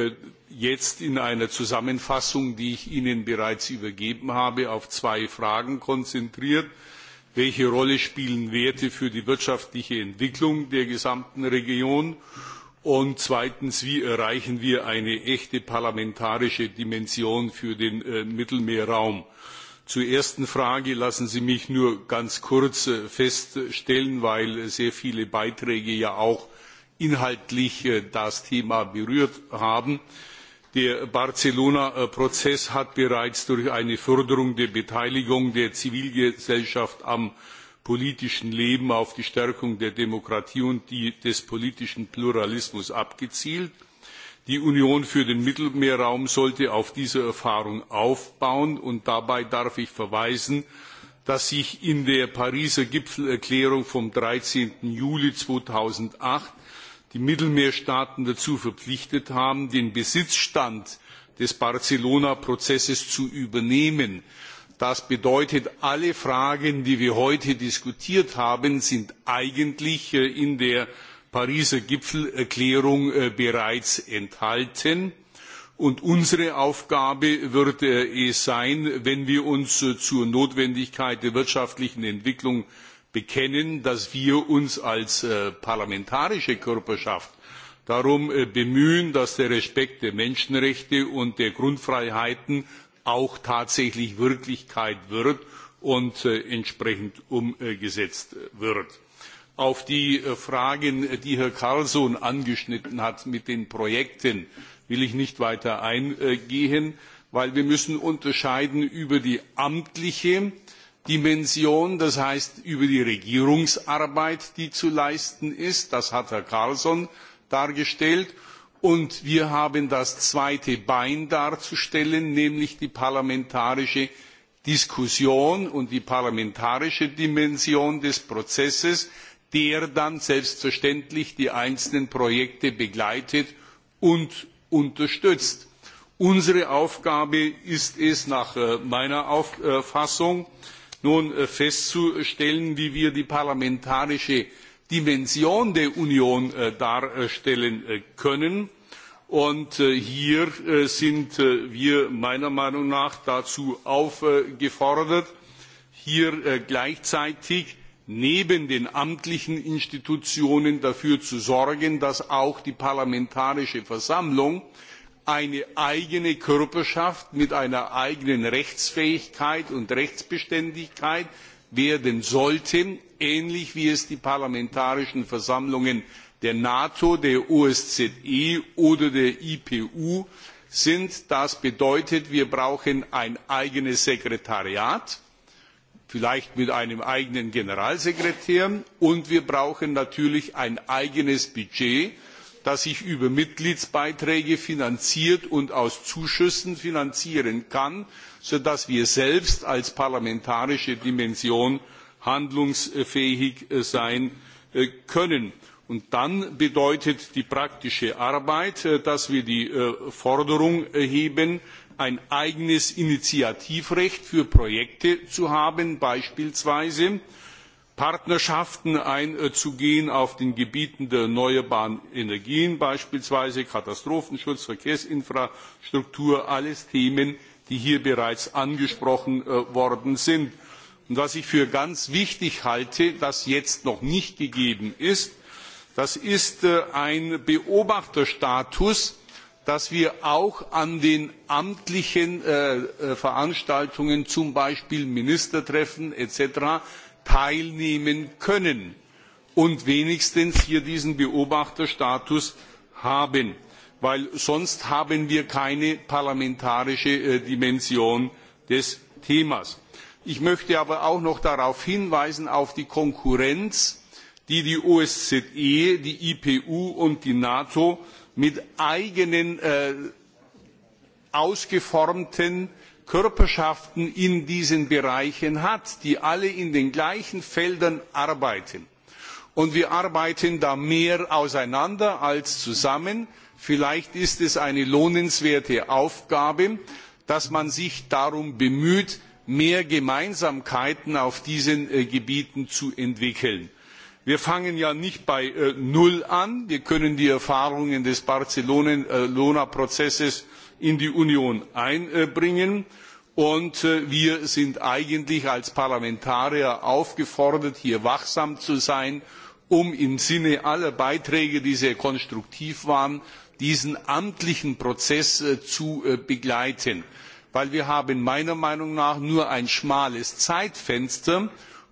jetzt in einer Zusammenfassung, die ich Ihnen bereits übergeben habe, auf zwei Fragen konzentriert. Welche Rolle spielen Werte für die wirtschaftliche Entwicklung der gesamten Region? Und zweitens, wie erreichen wir eine echte parlamentarische Dimension für den Mittelmeerraum? Zur ersten Frage lassen Sie mich nur ganz kurz feststellen, weil sehr viele Beiträge ja auch inhaltlich das Thema berührt haben. Der Barcelona-Prozess hat bereits durch eine Förderung der Beteiligung der Zivilgesellschaft am politischen Leben auf die Stärkung der Demokratie und des politischen Pluralismus abgezielt. Die Union für den Mittelmeerraum sollte auf dieser Erfahrung aufbauen und dabei darf ich verweisen, dass sich in der Pariser Gipfelerklärung vom 13. Juli 2008 die Mittelmeerstaaten dazu verpflichtet haben, den Besitzstand des Barcelona-Prozesses zu übernehmen. Das bedeutet, alle Fragen, die wir heute diskutiert haben, sind eigentlich in der Pariser Gipfelerklärung bereits enthalten. Und unsere Aufgabe wird es sein, wenn wir uns zur Notwendigkeit der wirtschaftlichen Entwicklung bekennen, dass wir uns als parlamentarische Körperschaft darum bemühen, dass der Respekt der Menschenrechte und der Grundfreiheiten auch tatsächlich Wirklichkeit wird und entsprechend umgesetzt wird auf die Fragen, die Herr Carlsson angeschnitten hat mit den Projekten, will ich nicht weiter eingehen, weil wir müssen unterscheiden über die amtliche Dimension, das heißt über die Regierungsarbeit, die zu leisten ist. Das hat Herr Carlsson dargestellt. Und wir haben das zweite Bein darzustellen, nämlich die parlamentarische Diskussion und die parlamentarische Dimension des Prozesses der dann selbstverständlich die einzelnen Projekte begleitet und unterstützt. Unsere Aufgabe ist es nach meiner Auffassung, nun festzustellen, wie wir die parlamentarische Dimension der Union darstellen können. Und hier sind wir meiner Meinung nach dazu aufgefordert, hier gleichzeitig neben den amtlichen institutionen dafür zu sorgen dass auch die parlamentarische versammlung eine eigene körperschaft mit einer eigenen rechtsfähigkeit und rechtsbeständigkeit werden sollte ähnlich wie es die parlamentarischen versammlungen der nato der osze oder der ipu sind. das bedeutet wir brauchen ein eigenes sekretariat vielleicht mit einem eigenen generalsekretär und wir brauchen natürlich ein eigenes budget das sich über mitgliedsbeiträge finanziert und aus zuschüssen finanzieren kann sodass wir selbst als parlamentarische dimension handlungsfähig sein können. dann bedeutet die praktische arbeit dass wir die forderung erheben ein eigenes Initiativrecht für Projekte zu haben, beispielsweise Partnerschaften einzugehen auf den Gebieten der erneuerbaren Energien, beispielsweise Katastrophenschutz, Verkehrsinfrastruktur, alles Themen, die hier bereits angesprochen worden sind. was ich für ganz wichtig halte, das jetzt noch nicht gegeben ist, das ist ein Beobachterstatus, dass wir auch an den amtlichen veranstaltungen zum beispiel ministertreffen etc. teilnehmen können und wenigstens hier diesen beobachterstatus haben denn sonst haben wir keine parlamentarische dimension des themas. ich möchte aber auch noch darauf hinweisen auf die konkurrenz die die osze die ipu und die nato mit eigenen ausgeformten körperschaften in diesen bereichen hat die alle in den gleichen feldern arbeiten. und wir arbeiten da mehr auseinander als zusammen. vielleicht ist es eine lohnenswerte aufgabe dass man sich darum bemüht mehr gemeinsamkeiten auf diesen gebieten zu entwickeln wir fangen ja nicht bei null an wir können die erfahrungen des barcelona prozesses in die union einbringen und wir sind eigentlich als parlamentarier aufgefordert hier wachsam zu sein um im sinne aller beiträge die sehr konstruktiv waren diesen amtlichen prozess zu begleiten denn wir haben meiner meinung nach nur ein schmales zeitfenster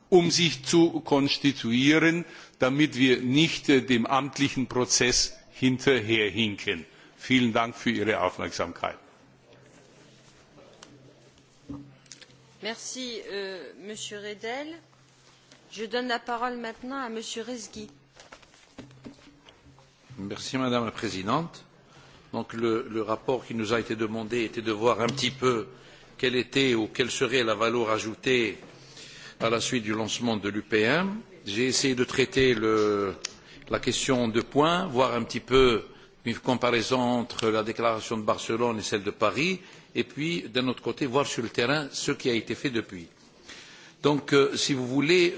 um sich zu konstituieren damit wir nicht dem amtlichen prozess hinterherhinken. vielen dank für ihre aufmerksamkeit. la madame la le rapport qui nous a été demandé était de voir un petit peu quelle était ou quelle serait la valeur ajoutée à la suite du lancement de l'upm. j'ai essayé de traiter la question en deux points voir un petit peu une comparaison entre la déclaration de barcelone et celle de paris et puis d'un autre côté voir sur le terrain ce qui a été fait depuis. donc si vous voulez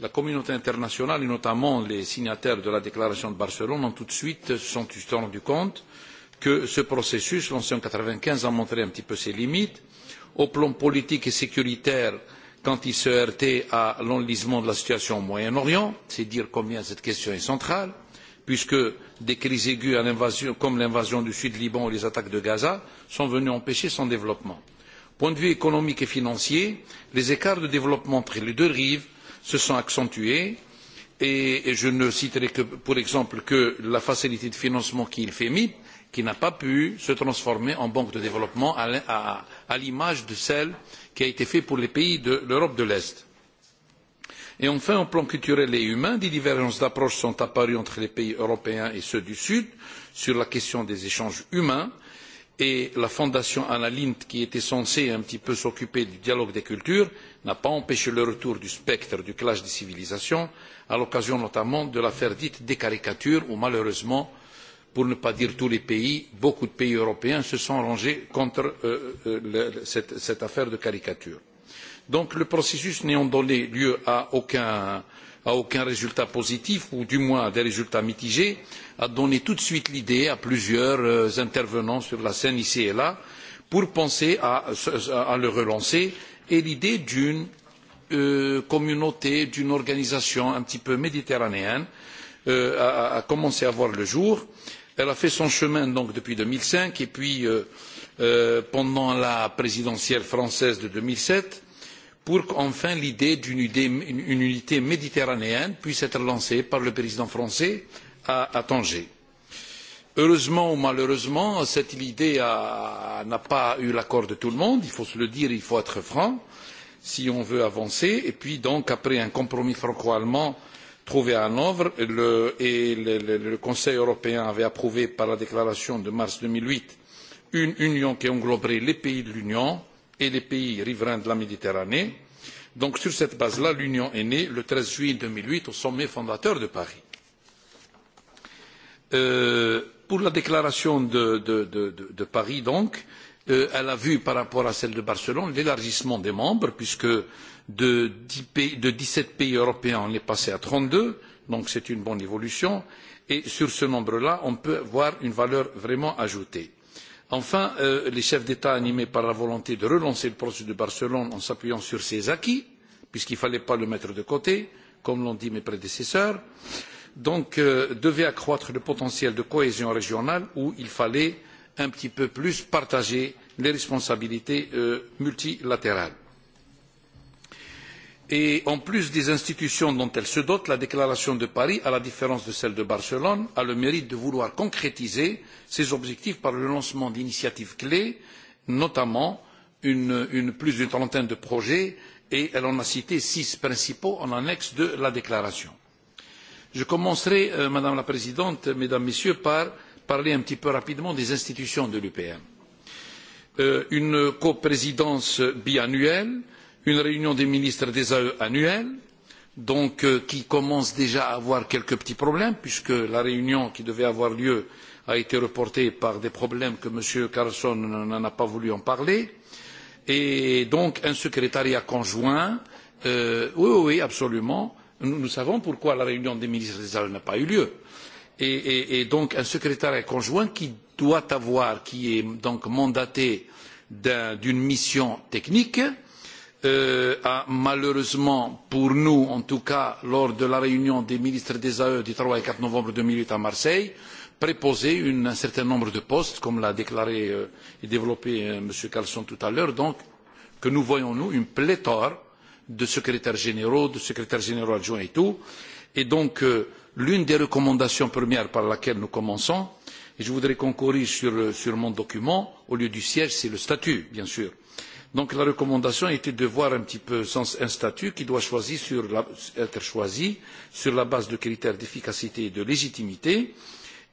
la communauté internationale et notamment les signataires de la déclaration de barcelone ont tout de suite se sont rendus compte que ce processus lancé en mille neuf cent quatre vingt quinze a montré un petit peu ses limites au plan politique et sécuritaire quand il se heurtait à l'enlisement de la situation au Moyen Orient, c'est dire combien cette question est centrale, puisque des crises aiguës comme l'invasion du Sud Liban ou les attaques de Gaza sont venues empêcher son développement. Du Point de vue économique et financier, les écarts de développement entre les deux rives se sont accentués et je ne citerai que pour exemple que la facilité de financement qui est le FEMIP, qui n'a pas pu se transformer en banque de développement à à l'image de celle qui a été faite pour les pays de l'europe de l'est. et enfin au plan culturel et humain des divergences d'approche sont apparues entre les pays européens et ceux du sud sur la question des échanges humains et la fondation anna lindh qui était censée un petit peu s'occuper du dialogue des cultures n'a pas empêché le retour du spectre du clash des civilisations à l'occasion notamment de l'affaire dite des caricatures où malheureusement pour ne pas dire tous les pays, beaucoup de pays européens se sont rangés contre cette, affaire de caricature. Donc le processus n'ayant donné lieu à aucun, résultat positif, ou du moins à des résultats mitigés, a donné tout de suite l'idée à plusieurs intervenants sur la scène ici et là pour penser à le relancer et l'idée d'une communauté, d'une organisation un petit peu méditerranéenne a commencé à voir le jour elle a fait son chemin donc depuis deux mille cinq et puis pendant la présidentielle française de deux mille sept pour qu'enfin l'idée d'une unité méditerranéenne puisse être lancée par le président français à Tanger. Heureusement ou malheureusement, cette idée n'a pas eu l'accord de tout le monde, il faut se le dire, il faut être franc, si on veut avancer. Et puis donc, après un compromis franco-allemand trouvé à Hanovre et le, Conseil européen avait approuvé par la déclaration de mars deux mille huit une union qui engloberait les pays de l'Union et les pays riverains de la Méditerranée. Donc sur cette base-là, l'Union est née le treize juillet deux mille huit au sommet fondateur de Paris. pour la déclaration de, Paris, donc, elle a vu par rapport à celle de Barcelone l'élargissement des membres puisque de dix sept pays européens on est passé à trente deux donc c'est une bonne évolution et sur ce nombre là on peut voir une valeur vraiment ajoutée. enfin les chefs d'état animés par la volonté de relancer le processus de barcelone en s'appuyant sur ses acquis puisqu'il ne fallait pas le mettre de côté comme l'ont dit mes prédécesseurs devaient accroître le potentiel de cohésion régionale où il fallait un petit peu plus partager les responsabilités multilatérales. Et en plus des institutions dont elle se dote, la déclaration de Paris, à la différence de celle de Barcelone, a le mérite de vouloir concrétiser ses objectifs par le lancement d'initiatives clés, notamment plus d'une trentaine de projets, et elle en a cité six principaux en annexe de la déclaration. Je commencerai, Madame la Présidente, Mesdames, et Messieurs, par parler un petit peu rapidement des institutions de l'UPM. une coprésidence biannuelle, une réunion des ministres des ae annuelle qui commence déjà à avoir quelques petits problèmes puisque la réunion qui devait avoir lieu a été reportée par des problèmes que m. carlsson n'a pas voulu parler et donc un secrétariat conjoint oui oui absolument nous savons pourquoi la réunion des ministres des ae n'a pas eu lieu et donc un secrétariat conjoint qui doit avoir qui est donc mandaté d'une mission technique a malheureusement pour nous en tout cas lors de la réunion des ministres des ae du trois et quatre novembre deux mille huit à marseille préposé un certain nombre de postes comme l'a déclaré et développé m. carlsson tout à l'heure donc que nous voyons nous une pléthore de secrétaires généraux de secrétaires généraux adjoints et tout et donc l'une des recommandations premières par laquelle nous commençons et je voudrais qu'on corrige sur mon document au lieu du siège c'est le statut bien sûr Donc la recommandation était de voir un petit peu un statut qui doit être choisi sur la base de critères d'efficacité et de légitimité.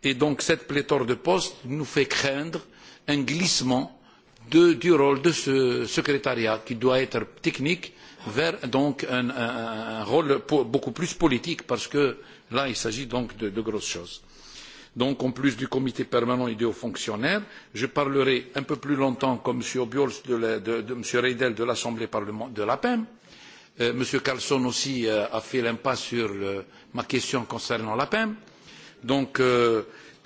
Et donc cette pléthore de postes nous fait craindre un glissement du rôle de ce secrétariat qui doit être technique vers donc un, rôle beaucoup plus politique parce que là il s'agit donc de grosses choses donc en plus du comité permanent et des hauts fonctionnaires je parlerai un peu plus longtemps comme m. obiols m. reidel de l'assemblée de la pem m. carlsson aussi a fait l'impasse sur ma question concernant la pem donc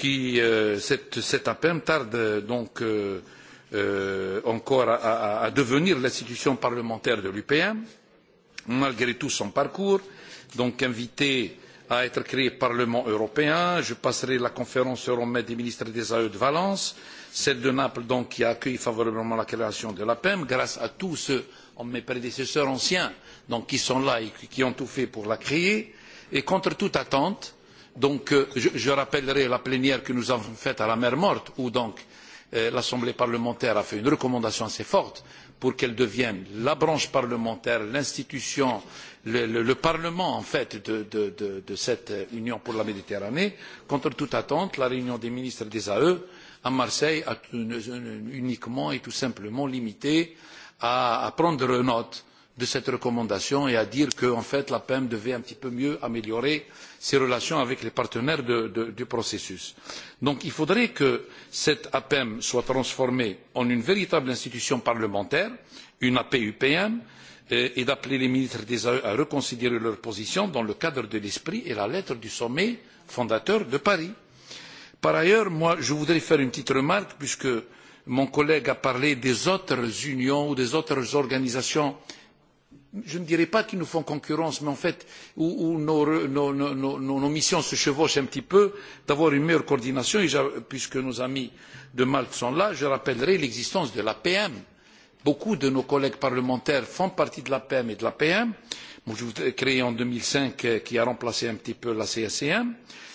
cette apem tarde donc encore à devenir l'institution parlementaire de l'upm malgré tout son parcours donc invitée à être créé Parlement européen. Je passerai la conférence Euromed des ministres des AE de Valence, celle de Naples donc qui a accueilli favorablement la création de l'APEM, grâce à tous ceux, mes prédécesseurs anciens, donc qui sont là et qui ont tout fait pour la créer. Et contre toute attente, donc je, rappellerai la plénière que nous avons faite à la mer Morte, où donc l'Assemblée parlementaire a fait une recommandation assez forte pour qu'elle devienne la branche parlementaire, l'institution, le, Parlement en fait de, cette Union pour la Méditerranée. Contre toute attente, la réunion des ministres des AE à Marseille a uniquement et tout simplement limité à prendre note de cette recommandation et à dire qu'en fait la PEM devait un petit peu mieux améliorer ses relations avec les partenaires du processus. Donc il faudrait que cette APEM soit transformée en une véritable institution parlementaire, une APUPM, et d'appeler les ministres des AE à reconsidérer leur position dans le cadre de l'esprit et la lettre du sommet fondateur de Paris. Par ailleurs, je voudrais faire une petite remarque puisque mon collègue a parlé des autres unions ou des autres organisations je ne dirais pas qu'ils nous font concurrence, mais en fait où, nos, missions se chevauchent un petit peu, d'avoir une meilleure coordination. Et puisque nos amis de Malte sont là, je rappellerai l'existence de l'APM. Beaucoup de nos collègues parlementaires font partie de l'APM et de l'APM, créée en deux mille cinq, qui a remplacé un petit peu la CSCM,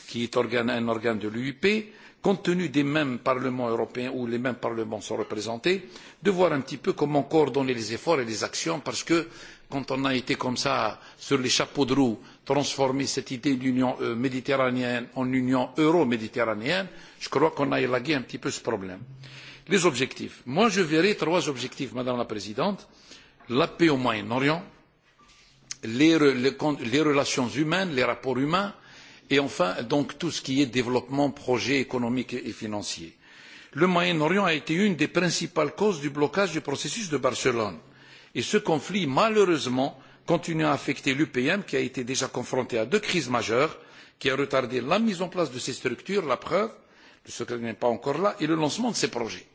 qui est un organe de l'UIP compte tenu des mêmes parlements européens où les mêmes parlements sont représentés, de voir un petit peu comment coordonner les efforts et les actions, parce que quand on a été comme ça, sur les chapeaux de roue, transformer cette idée d'union méditerranéenne en union euro-méditerranéenne, je crois qu'on a élagué un petit peu ce problème. Les objectifs. Moi, je verrai trois objectifs, Madame la Présidente. La paix au Moyen-Orient, les relations humaines, les rapports humains, et enfin donc tout ce qui est développement, projet économique et financier. Le Moyen-Orient a été une des principales causes du blocage du processus de Barcelone. Et ce conflit, malheureusement, continue à affecter l'UPM qui a été déjà confronté à deux crises majeures qui ont retardé la mise en place de ces structures, la preuve, le secret n'est pas encore là, et le lancement de ces projets.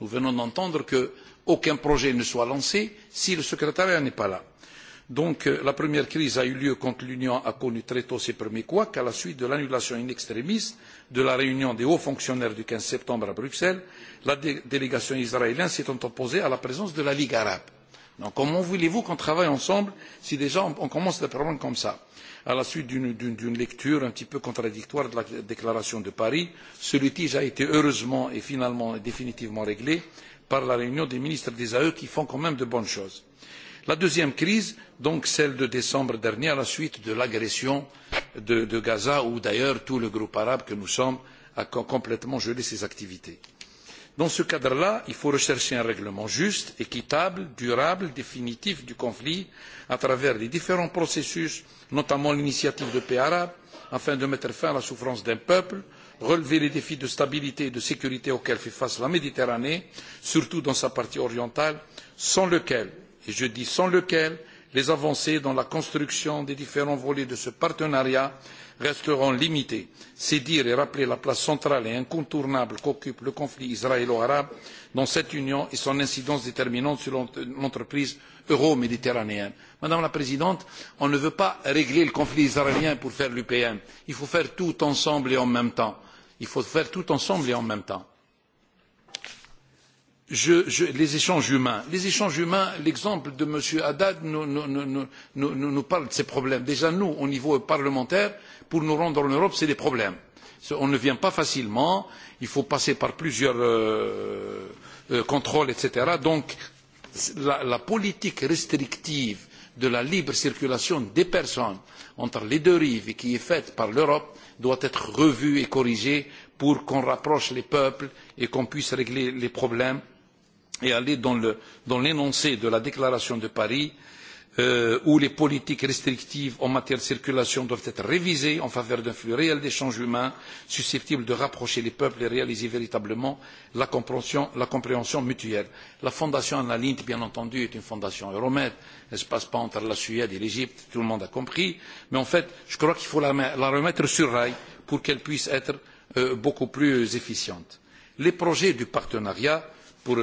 Nous venons d'entendre qu'aucun projet ne soit lancé si le secrétariat n'est pas là. Donc la première crise a eu lieu quand l'Union a connu très tôt ses premiers couacs à la suite de l'annulation in extremis de la réunion des hauts fonctionnaires du quinze septembre à Bruxelles. La délégation israélienne s'étant opposée à la présence de la Ligue arabe. Donc comment voulez-vous qu'on travaille ensemble si déjà on, commence des problèmes comme cela? à la suite d'une lecture un petit peu contradictoire de la déclaration de Paris, ce litige a été heureusement et finalement définitivement réglé par la réunion des ministres des AE qui font quand même de bonnes choses la deuxième crise donc celle de décembre dernier à la suite de l'agression de gaza où d'ailleurs tout le groupe arabe que nous sommes a complètement gelé ses activités. dans ce cadre là il faut rechercher un règlement juste équitable durable définitif du conflit à travers les différents processus notamment l'initiative de paix arabe afin de mettre fin à la souffrance d'un peuple relever les défis de stabilité et de sécurité auxquels fait face la méditerranée surtout dans sa partie orientale sans lesquels et je dis sans lequel les avancées dans la construction des différents volets de ce partenariat resteront limitées. c'est dire et rappeler la place centrale et incontournable qu'occupe le conflit israélo arabe dans cette union et son incidence déterminante sur l'entreprise euro méditerranéenne. madame la présidente on ne veut pas régler le conflit israélien pour faire l'upm il faut faire tout ensemble et en même temps les échanges humains. Les échanges humains, l'exemple de M. Haddad nous, parle de ces problèmes. Déjà, nous, au niveau parlementaire, pour nous rendre en Europe, c'est des problèmes. On ne vient pas facilement, il faut passer par plusieurs contrôles, etc. Donc, la politique restrictive de la libre circulation des personnes entre les deux rives et qui est faite par l'Europe doit être revue et corrigée pour qu'on rapproche les peuples et qu'on puisse régler les problèmes et aller dans l'énoncé de la déclaration de Paris où les politiques restrictives en matière de circulation doivent être révisées en faveur d'un flux réel d'échanges humains susceptible de rapprocher les peuples et réaliser véritablement la compréhension, mutuelle. La fondation Anna lindh bien entendu, est une fondation Euromed. Elle ne se passe pas entre la Suède et l'Égypte, tout le monde a compris. Mais en fait, je crois qu'il faut la remettre sur rail pour qu'elle puisse être beaucoup plus efficiente. Les projets du partenariat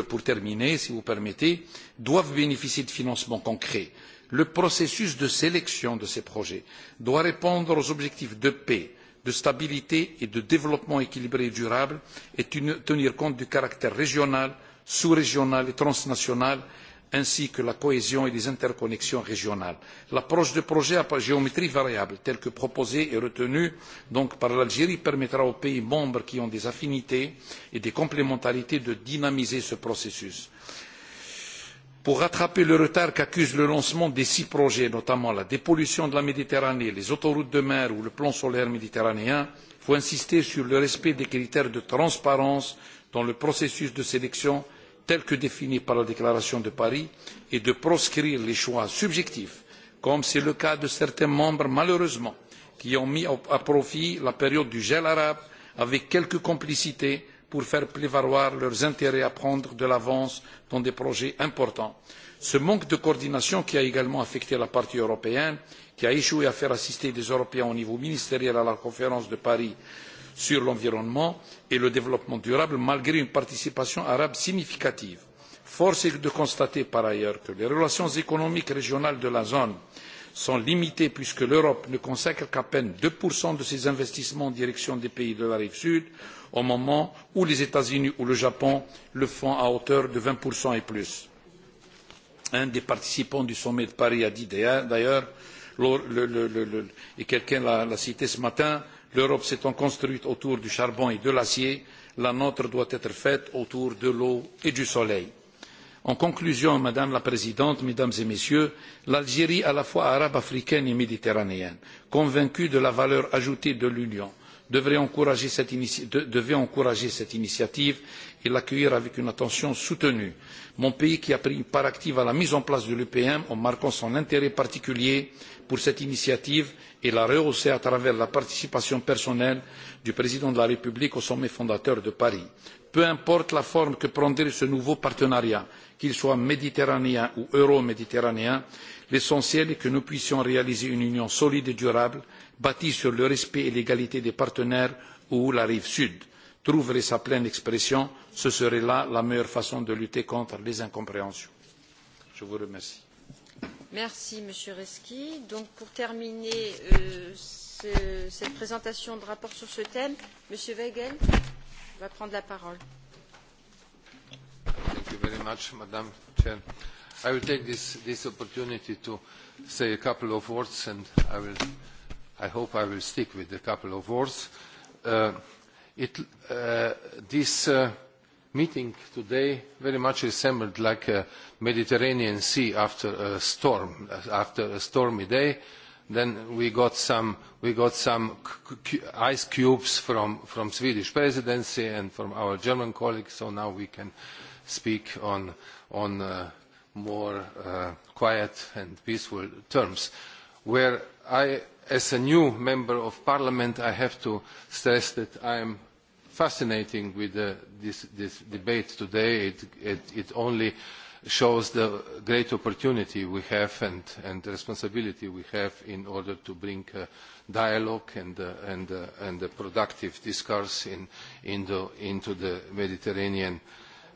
pour, terminer, si vous permettez, doivent bénéficier de financements concrets. Le processus de sélection de ces projets doit répondre aux objectifs de paix, de stabilité et de développement équilibré et durable et tenir compte du caractère régional, sous régional et transnational ainsi que la cohésion et les interconnexions régionales. L'approche de projets à géométrie variable, telle que proposée et retenue par l'Algérie, permettra aux pays membres qui ont des affinités et des complémentarités de dynamiser ce processus. Pour rattraper le retard qu'accuse le lancement des six projets, notamment la dépollution de la Méditerranée, les autoroutes de mer ou le plan solaire méditerranéen, il faut insister sur le respect des critères de transparence dans le processus de sélection telle que définie par la déclaration de paris et de proscrire les choix subjectifs comme c'est le cas de certains membres malheureusement qui ont mis à profit la période du gel arabe avec quelque complicité pour faire prévaloir leurs intérêts à prendre de l'avance dans des projets importants. ce manque de coordination qui a également affecté la partie européenne qui a échoué à faire assister des européens au niveau ministériel à la conférence de paris sur l'environnement et le développement durable malgré une participation arabe significative. force est de constater par ailleurs que les relations économiques régionales de la zone sont limitées puisque l'europe ne consacre qu'à peine deux de ses investissements en direction des pays de la rive sud au moment où les états unis ou le japon le font à hauteur de vingt et plus. un des participants du sommet de paris a dit d'ailleurs et quelqu'un l'a cité ce matin l'europe s'étant construite autour du charbon et de l'acier la nôtre doit être faite autour de l'eau et du soleil. en conclusion madame la présidente mesdames et messieurs l'algérie à la fois arabe africaine et méditerranéenne convaincue de la valeur ajoutée de l'union devait encourager cette initiative et l'accueillir avec une attention soutenue. Mon pays, qui a pris une part active à la mise en place de l'UPM en marquant son intérêt particulier pour cette initiative et l'a rehaussée à travers la participation personnelle du président de la République au sommet fondateur de Paris. Peu importe la forme que prendrait ce nouveau partenariat, qu'il soit méditerranéen ou euroméditerranéen, l'essentiel est que nous puissions réaliser une union solide et durable bâtie sur le respect et l'égalité des partenaires où la rive sud trouverait sa pleine expression ce serait là la meilleure façon de lutter contre les incompréhensions. je vous remercie. merci monsieur reski. pour terminer cette présentation de rapport sur ce thème m. va prendre la parole. I hope I will stick with a couple of words. this meeting today very much resembled like a Mediterranean Sea after a storm, after a stormy day. Then we got some, we got some ice cubes from, from Swedish presidency and from our German colleagues, so now we can speak on, on uh, more uh, quiet and peaceful terms. Where I as a new member of parliament, I have to stress that I am fascinated with this, debate today. It, only shows the great opportunity we have and, the responsibility we have in order to bring dialogue and, a productive discourse into the Mediterranean,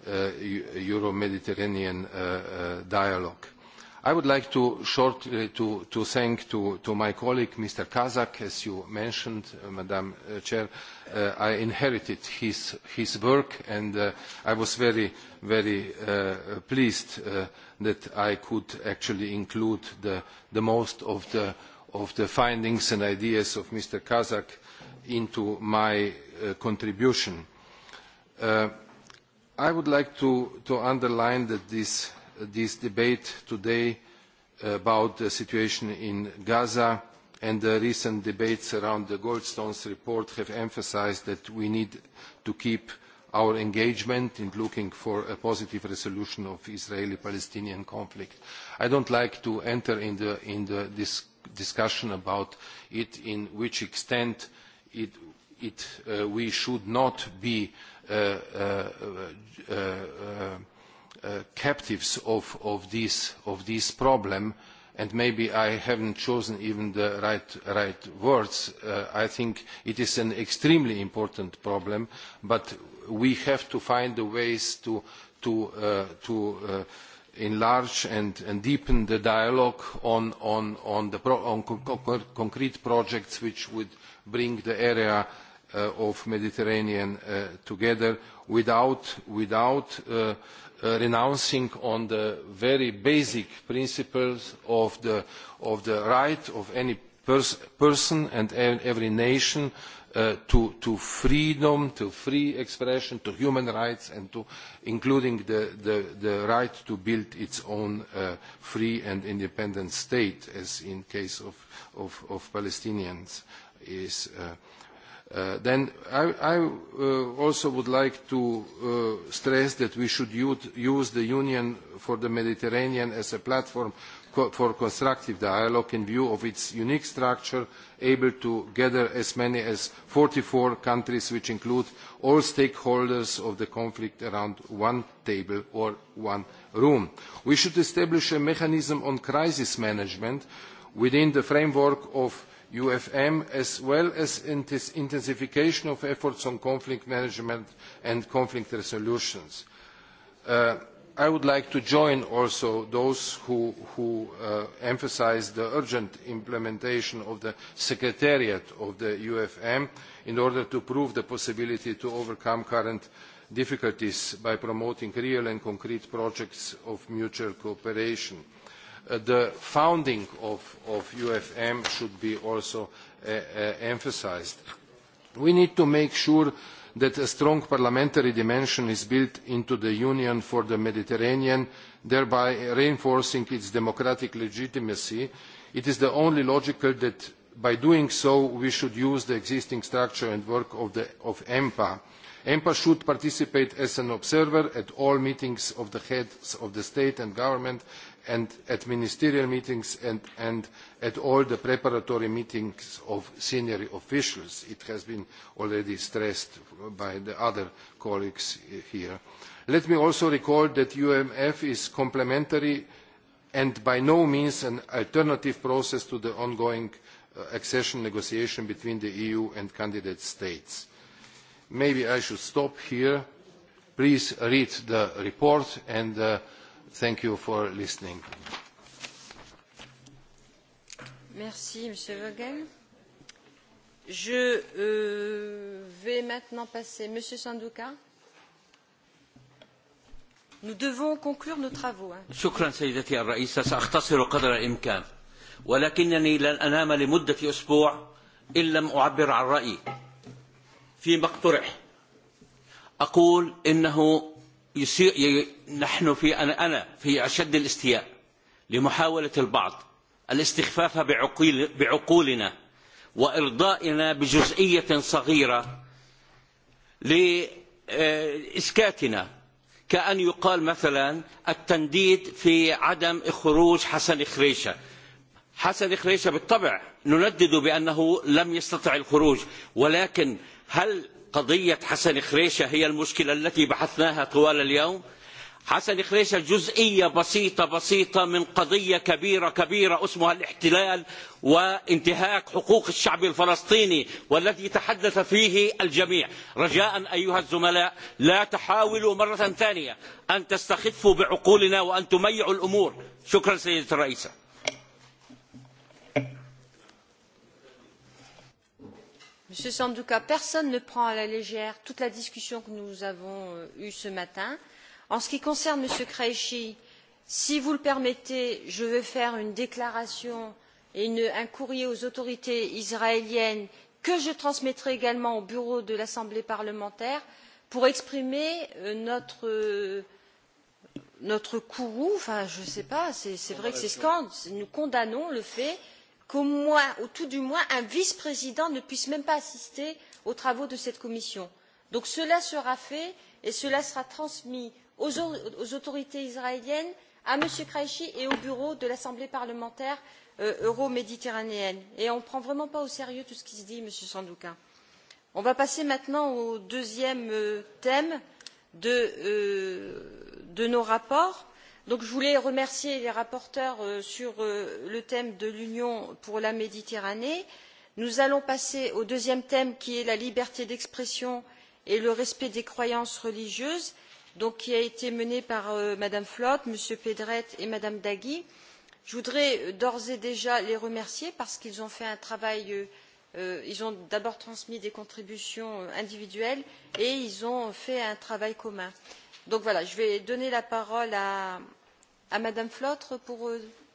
Euro-Mediterranean dialogue I would like to shortly to, thank to, my colleague, Mr. Kazak, as you mentioned, Madam Chair. I inherited his, his work and I was very, very pleased that I could actually include the, the most of the, of the findings and ideas of Mr. Kazak into my contribution. I would like to, underline that this this debate today about the situation in Gaza and the recent debates around the Goldstones report have emphasised that we need to keep our engagement in looking for a positive resolution of the Israeli-Palestinian conflict. I do not like to enter into this discussion about it in which extent we should not be captives of, of, this, of this problem, and maybe I haven't chosen even the right, right words, I think it is an extremely important problem, but we have to find ways to, to, enlarge and, deepen the dialogue on, concrete projects which would bring the area of the Mediterranean together without, renouncing on the very basic principles of the, right of any person and every nation to, freedom, to free expression, to human rights, and to including the, right to build its own free and independent state, as in the case of, Palestinians is then I, also would like to stress that we should use the Union for the Mediterranean as a platform for constructive dialogue in view of its unique structure, able to gather as many as forty four countries, which include all stakeholders of the conflict around one table or one room. We should establish a mechanism on crisis management within the framework of UFM, as well as intensification of efforts on conflict management and conflict resolutions. I would like to join also those who, emphasise the urgent implementation of the Secretariat of the UFM in order to prove the possibility to overcome current difficulties by promoting real and concrete projects of mutual cooperation the founding of, UFM should be also emphasised. We need to make sure that a strong parliamentary dimension is built into the Union for the Mediterranean, thereby reinforcing its democratic legitimacy. It is only logical that by doing so we should use the existing structure and work of, EMPA. EMPA should participate as an observer at all meetings of the heads of the state and government and at ministerial meetings and at all the preparatory meetings of senior officials. It has been already stressed by the other colleagues here. Let me also recall that UMF is complementary and by no means an alternative process to the ongoing accession negotiation between the EU and candidate states. Maybe I should stop here. Please read the report and Thank you for listening. Merci, Monsieur Vogel. Je euh, vais maintenant passer, Monsieur Sanduka. Nous devons conclure nos travaux. شكرا سيدتي ولكنني لن أنام لمدة أسبوع إن لم أعبر عن رأيي فيما اقترح أقول إنه نحن في أنا, أنا في أشد الاستياء لمحاولة البعض الاستخفاف بعقول بعقولنا وإرضائنا بجزئية صغيرة لإسكاتنا كأن يقال مثلا التنديد في عدم خروج حسن خريشة حسن خريشة بالطبع نندد بأنه لم يستطع الخروج ولكن هل قضية حسن خريشة هي المشكلة التي بحثناها طوال اليوم حسن خريشة جزئية بسيطة بسيطة من قضية كبيرة كبيرة اسمها الاحتلال وانتهاك حقوق الشعب الفلسطيني والذي تحدث فيه الجميع رجاء أيها الزملاء لا تحاولوا مرة ثانية أن تستخفوا بعقولنا وأن تميعوا الأمور شكرا سيدة الرئيسة monsieur sanduka personne ne prend à la légère toute la discussion que nous avons eue ce matin. en ce qui concerne m. qureshi si vous le permettez je vais faire une déclaration et un courrier aux autorités israéliennes que je transmettrai également au bureau de l'assemblée parlementaire pour exprimer notre courroux enfin je ne sais pas c'est vrai que c'est scandaleux nous condamnons le fait qu'au moins tout du moins un vice président ne puisse même pas assister aux travaux de cette commission. Donc cela sera fait et cela sera transmis aux autorités israéliennes à m. qureshi et au bureau de l'assemblée parlementaire euroméditerranéenne. on ne prend vraiment pas au sérieux tout ce qui se dit monsieur sandoka. on va passer maintenant au deuxième thème de nos rapports Donc, je voulais remercier les rapporteurs sur le thème de l'union pour la méditerranée. nous allons passer au deuxième thème qui est la liberté d'expression et le respect des croyances religieuses qui a été mené par mme flautre m. pedret et mme dagui. je voudrais d'ores et déjà les remercier parce qu'ils ont fait un travail ils ont d'abord transmis des contributions individuelles et ils ont fait un travail commun. donc voilà je vais donner la parole à à Madame Flotre pour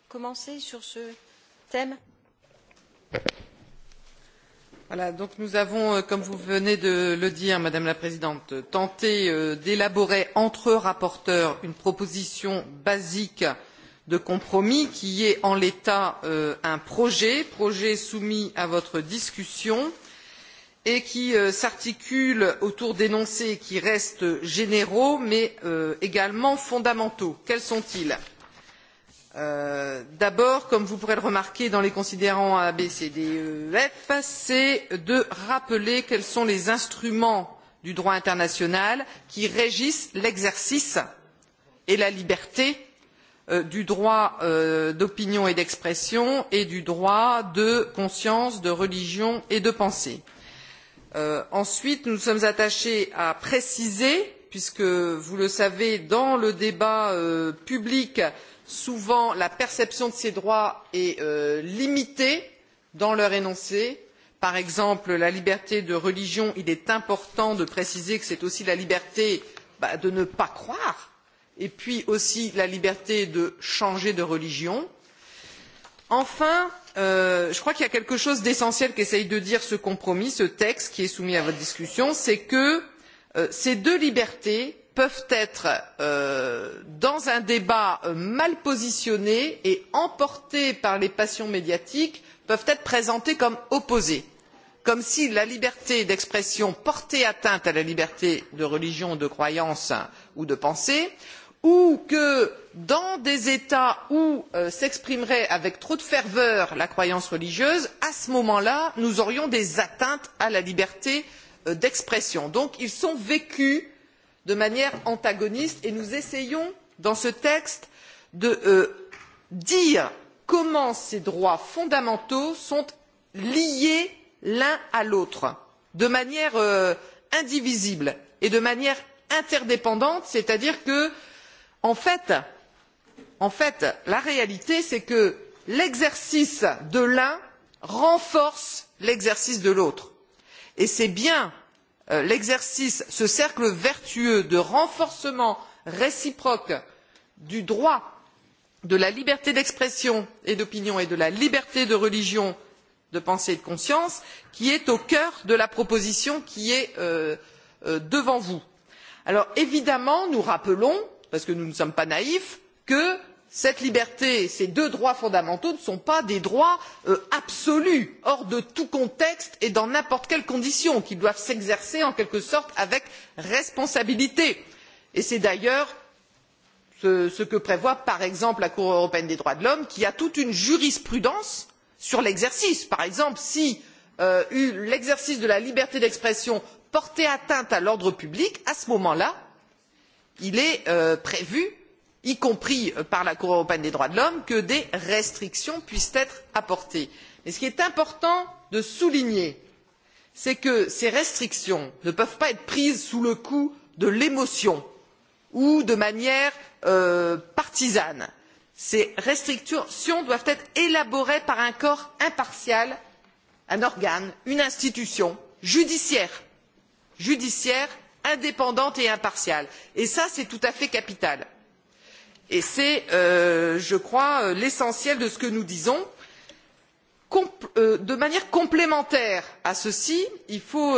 commencer sur ce thème. nous avons, comme vous venez de le dire, Madame la Présidente, tenté d'élaborer entre rapporteurs une proposition basique de compromis qui est en l'état un projet, projet soumis à votre discussion et qui s'articule autour d'énoncés qui restent généraux mais également fondamentaux. Quels sont ils? D'abord, comme vous pourrez le remarquer dans les considérants A, B, C, D, E, F, c'est de rappeler quels sont les instruments du droit international qui régissent l'exercice et la liberté du droit d'opinion et d'expression et du droit de conscience, de religion et de pensée ensuite nous nous sommes attachés à préciser puisque vous le savez dans le débat public souvent la perception de ces droits est limitée dans leur énoncé par exemple la liberté de religion il est important de préciser que c'est aussi la liberté de ne pas croire et puis aussi la liberté de changer de religion. enfin je crois qu'il y a quelque chose d'essentiel qu'essaie de dire ce compromis ce texte qui est soumis à votre discussion c'est que ces deux libertés peuvent être dans un débat mal positionné et emporté par les passions médiatiques peuvent être présentées comme opposées comme si la liberté d'expression portait atteinte à la liberté de religion de croyance ou de pensée ou que dans des états où s'exprimerait avec trop de ferveur la croyance religieuse à ce moment là nous aurions des atteintes à la liberté d'expression. donc ils sont vécus de manière antagoniste et nous essayons dans ce texte de dire comment ces droits fondamentaux sont liés l'un à l'autre de manière indivisible et de manière interdépendante c'est à dire que en fait la réalité c'est que l'exercice de l'un renforce l'exercice de l'autre et c'est bien l'exercice ce cercle vertueux de renforcement réciproque du droit de la liberté d'expression et d'opinion et de la liberté de religion de pensée et de conscience qui est au cœur de la proposition qui est devant vous. alors évidemment nous rappelons parce que nous ne sommes pas naïfs que cette liberté ces deux droits fondamentaux ne sont pas des droits absolus hors de tout contexte et dans n'importe quelles conditions qu'ils doivent s'exercer en quelque sorte avec responsabilité et c'est d'ailleurs ce que prévoit par exemple la cour européenne des droits de l'homme qui a toute une jurisprudence sur l'exercice. par exemple si l'exercice de la liberté d'expression portait atteinte à l'ordre public à ce moment là il est prévu y compris par la cour européenne des droits de l'homme que des restrictions puissent être apportées. mais ce qui est important de souligner c'est que ces restrictions ne peuvent pas être prises sous le coup de l'émotion ou de manière partisane. ces restrictions doivent être élaborées par un corps impartial un organe une institution judiciaire indépendante et impartiale et ça c'est tout à fait capital et c'est je crois l'essentiel de ce que nous disons. de manière complémentaire à ceci il faut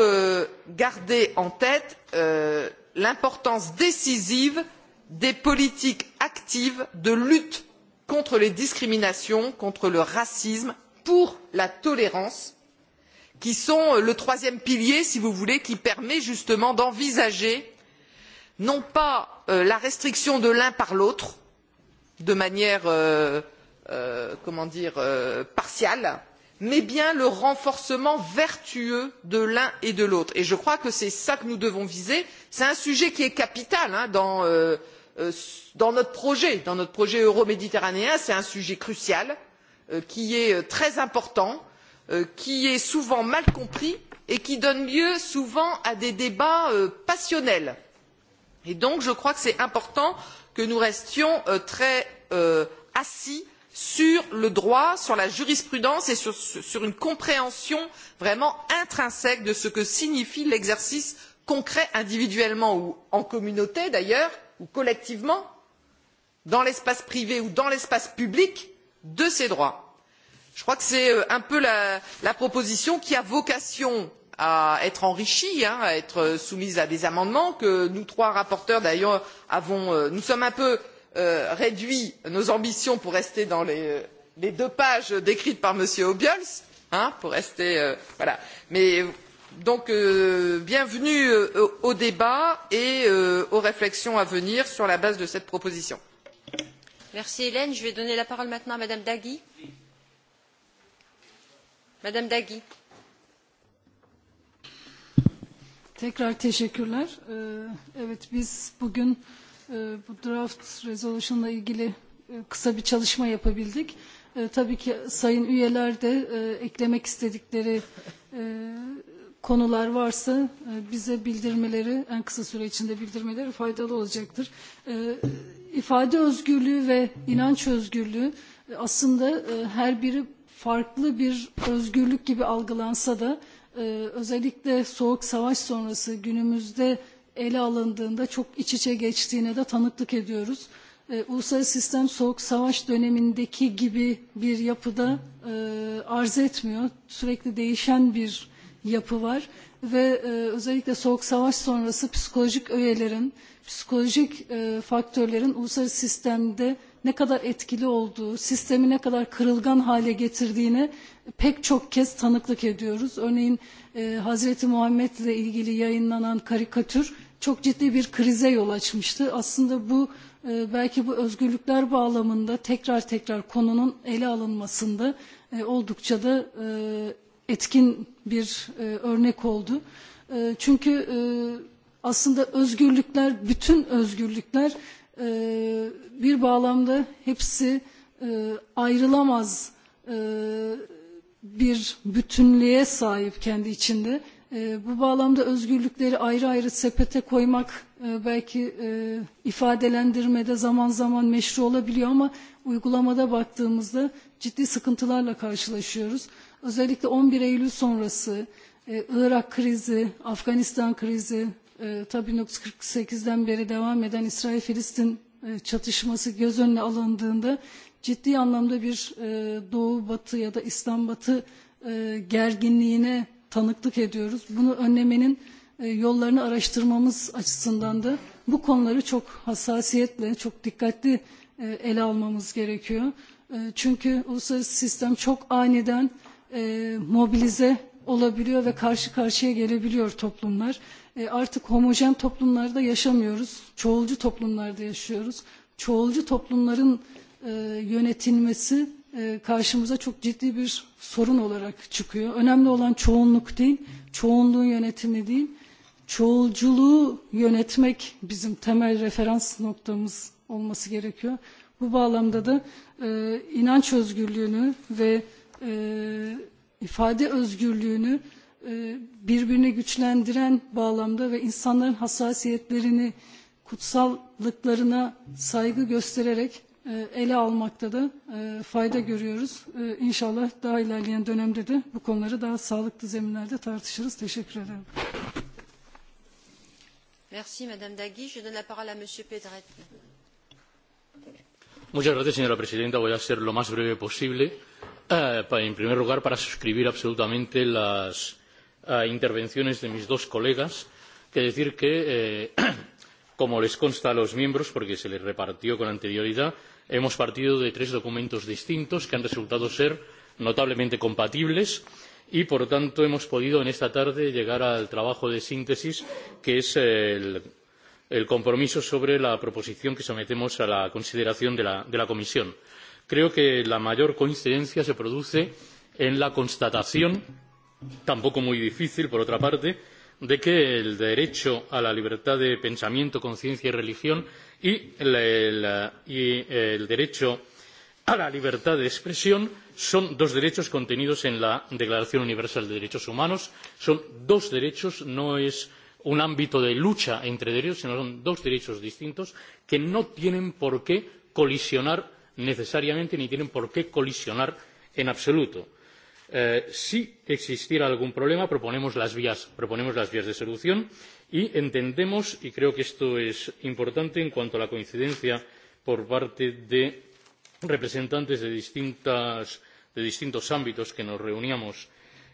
garder en tête l'importance décisive des politiques actives de lutte contre les discriminations contre le racisme pour la tolérance qui sont le troisième pilier si vous voulez qui permet justement d'envisager non pas la restriction de l'un par l'autre de manière comment dire partiale mais bien le renforcement vertueux de l'un et de l'autre et je crois que c'est cela que nous devons viser. c'est un sujet qui est capital dans notre projet dans notre projet euroméditerranéen c'est un sujet crucial qui est très important qui est souvent mal compris et qui donne lieu souvent à des débats passionnels. je crois qu'il est important que nous restions très assis sur le droit sur la jurisprudence et sur une compréhension vraiment intrinsèque de ce que signifie l'exercice concret individuellement ou en communauté d'ailleurs ou collectivement dans l'espace privé ou dans l'espace public de ces droits je crois que c'est un peu la proposition qui a vocation à être enrichie à être soumise à des amendements que nous trois rapporteurs d'ailleurs avons nous sommes un peu réduits nos ambitions pour rester dans les deux pages décrites par m. obiols pour rester voilà mais donc bienvenue au débat et aux réflexions à venir sur la base de cette proposition. merci hélène. je vais donner la parole maintenant à mme dagui. Madame Dagui. Tekrar teşekkürler. Evet biz bugün bu draft resolution'la ilgili kısa bir çalışma yapabildik. Tabii ki sayın üyeler de eklemek istedikleri konular varsa bize bildirmeleri en kısa süre içinde bildirmeleri faydalı olacaktır. İfade özgürlüğü ve inanç özgürlüğü aslında her biri farklı bir özgürlük gibi algılansa da özellikle soğuk savaş sonrası günümüzde ele alındığında çok iç içe geçtiğine de tanıklık ediyoruz. Uluslararası sistem soğuk savaş dönemindeki gibi bir yapıda e, arz etmiyor. Sürekli değişen bir yapı var ve e, özellikle soğuk savaş sonrası psikolojik öğelerin, psikolojik e, faktörlerin uluslararası sistemde ne kadar etkili olduğu, sistemi ne kadar kırılgan hale getirdiğine pek çok kez tanıklık ediyoruz. Örneğin e, Hazreti Muhammed ile ilgili yayınlanan karikatür çok ciddi bir krize yol açmıştı. Aslında bu e, belki bu özgürlükler bağlamında tekrar tekrar konunun ele alınmasında e, oldukça da e, etkin bir e, örnek oldu. E, Çünkü e, aslında özgürlükler, bütün özgürlükler bir bağlamda hepsi ayrılamaz bir bütünlüğe sahip kendi içinde. Bu bağlamda özgürlükleri ayrı ayrı sepete koymak belki ifadelendirmede zaman zaman meşru olabiliyor ama uygulamada baktığımızda ciddi sıkıntılarla karşılaşıyoruz. Özellikle 11 Eylül sonrası Irak krizi, Afganistan krizi, tabii 1948'den beri devam eden İsrail-Filistin çatışması göz önüne alındığında ciddi anlamda bir Doğu Batı ya da İslam Batı gerginliğine tanıklık ediyoruz. Bunu önlemenin yollarını araştırmamız açısından da bu konuları çok hassasiyetle, çok dikkatli ele almamız gerekiyor. Çünkü uluslararası sistem çok aniden mobilize olabiliyor ve karşı karşıya gelebiliyor toplumlar artık homojen toplumlarda yaşamıyoruz. Çoğulcu toplumlarda yaşıyoruz. Çoğulcu toplumların yönetilmesi karşımıza çok ciddi bir sorun olarak çıkıyor. Önemli olan çoğunluk değil, çoğunluğun yönetimi değil. Çoğulculuğu yönetmek bizim temel referans noktamız olması gerekiyor. Bu bağlamda da e, inanç özgürlüğünü ve e, ifade özgürlüğünü birbirini güçlendiren bağlamda ve insanların hassasiyetlerini kutsallıklarına saygı göstererek ele almakta da fayda görüyoruz. İnşallah daha ilerleyen dönemde de bu konuları daha sağlıklı zeminlerde tartışırız. Teşekkür ederim. Merci Madame Dagui. Je donne la parole à Monsieur Pedret. Muchas gracias, señora presidenta. Voy a ser lo más breve posible. Eh, en primer lugar, para suscribir absolutamente las intervenciones de mis dos colegas que decir que como les consta a los miembros porque se les repartió con anterioridad hemos partido de tres documentos distintos que han resultado ser notablemente compatibles y por tanto hemos podido en esta tarde llegar al trabajo de síntesis que es el compromiso sobre la proposición que sometemos a la consideración de la comisión. creo que la mayor coincidencia se produce en la constatación de tampoco muy difícil por otra parte de que el derecho a la libertad de pensamiento conciencia y religión y el derecho a la libertad de expresión son dos derechos contenidos en la declaración universal de derechos humanos son dos derechos no es un ámbito de lucha entre derechos sino son dos derechos distintos que no tienen por qué colisionar necesariamente ni tienen por qué colisionar en absoluto si existiera algún problema proponemos las vías de solución y entendemos y creo que esto es importante en cuanto a la coincidencia por parte de representantes de distintos ámbitos que nos reuníamos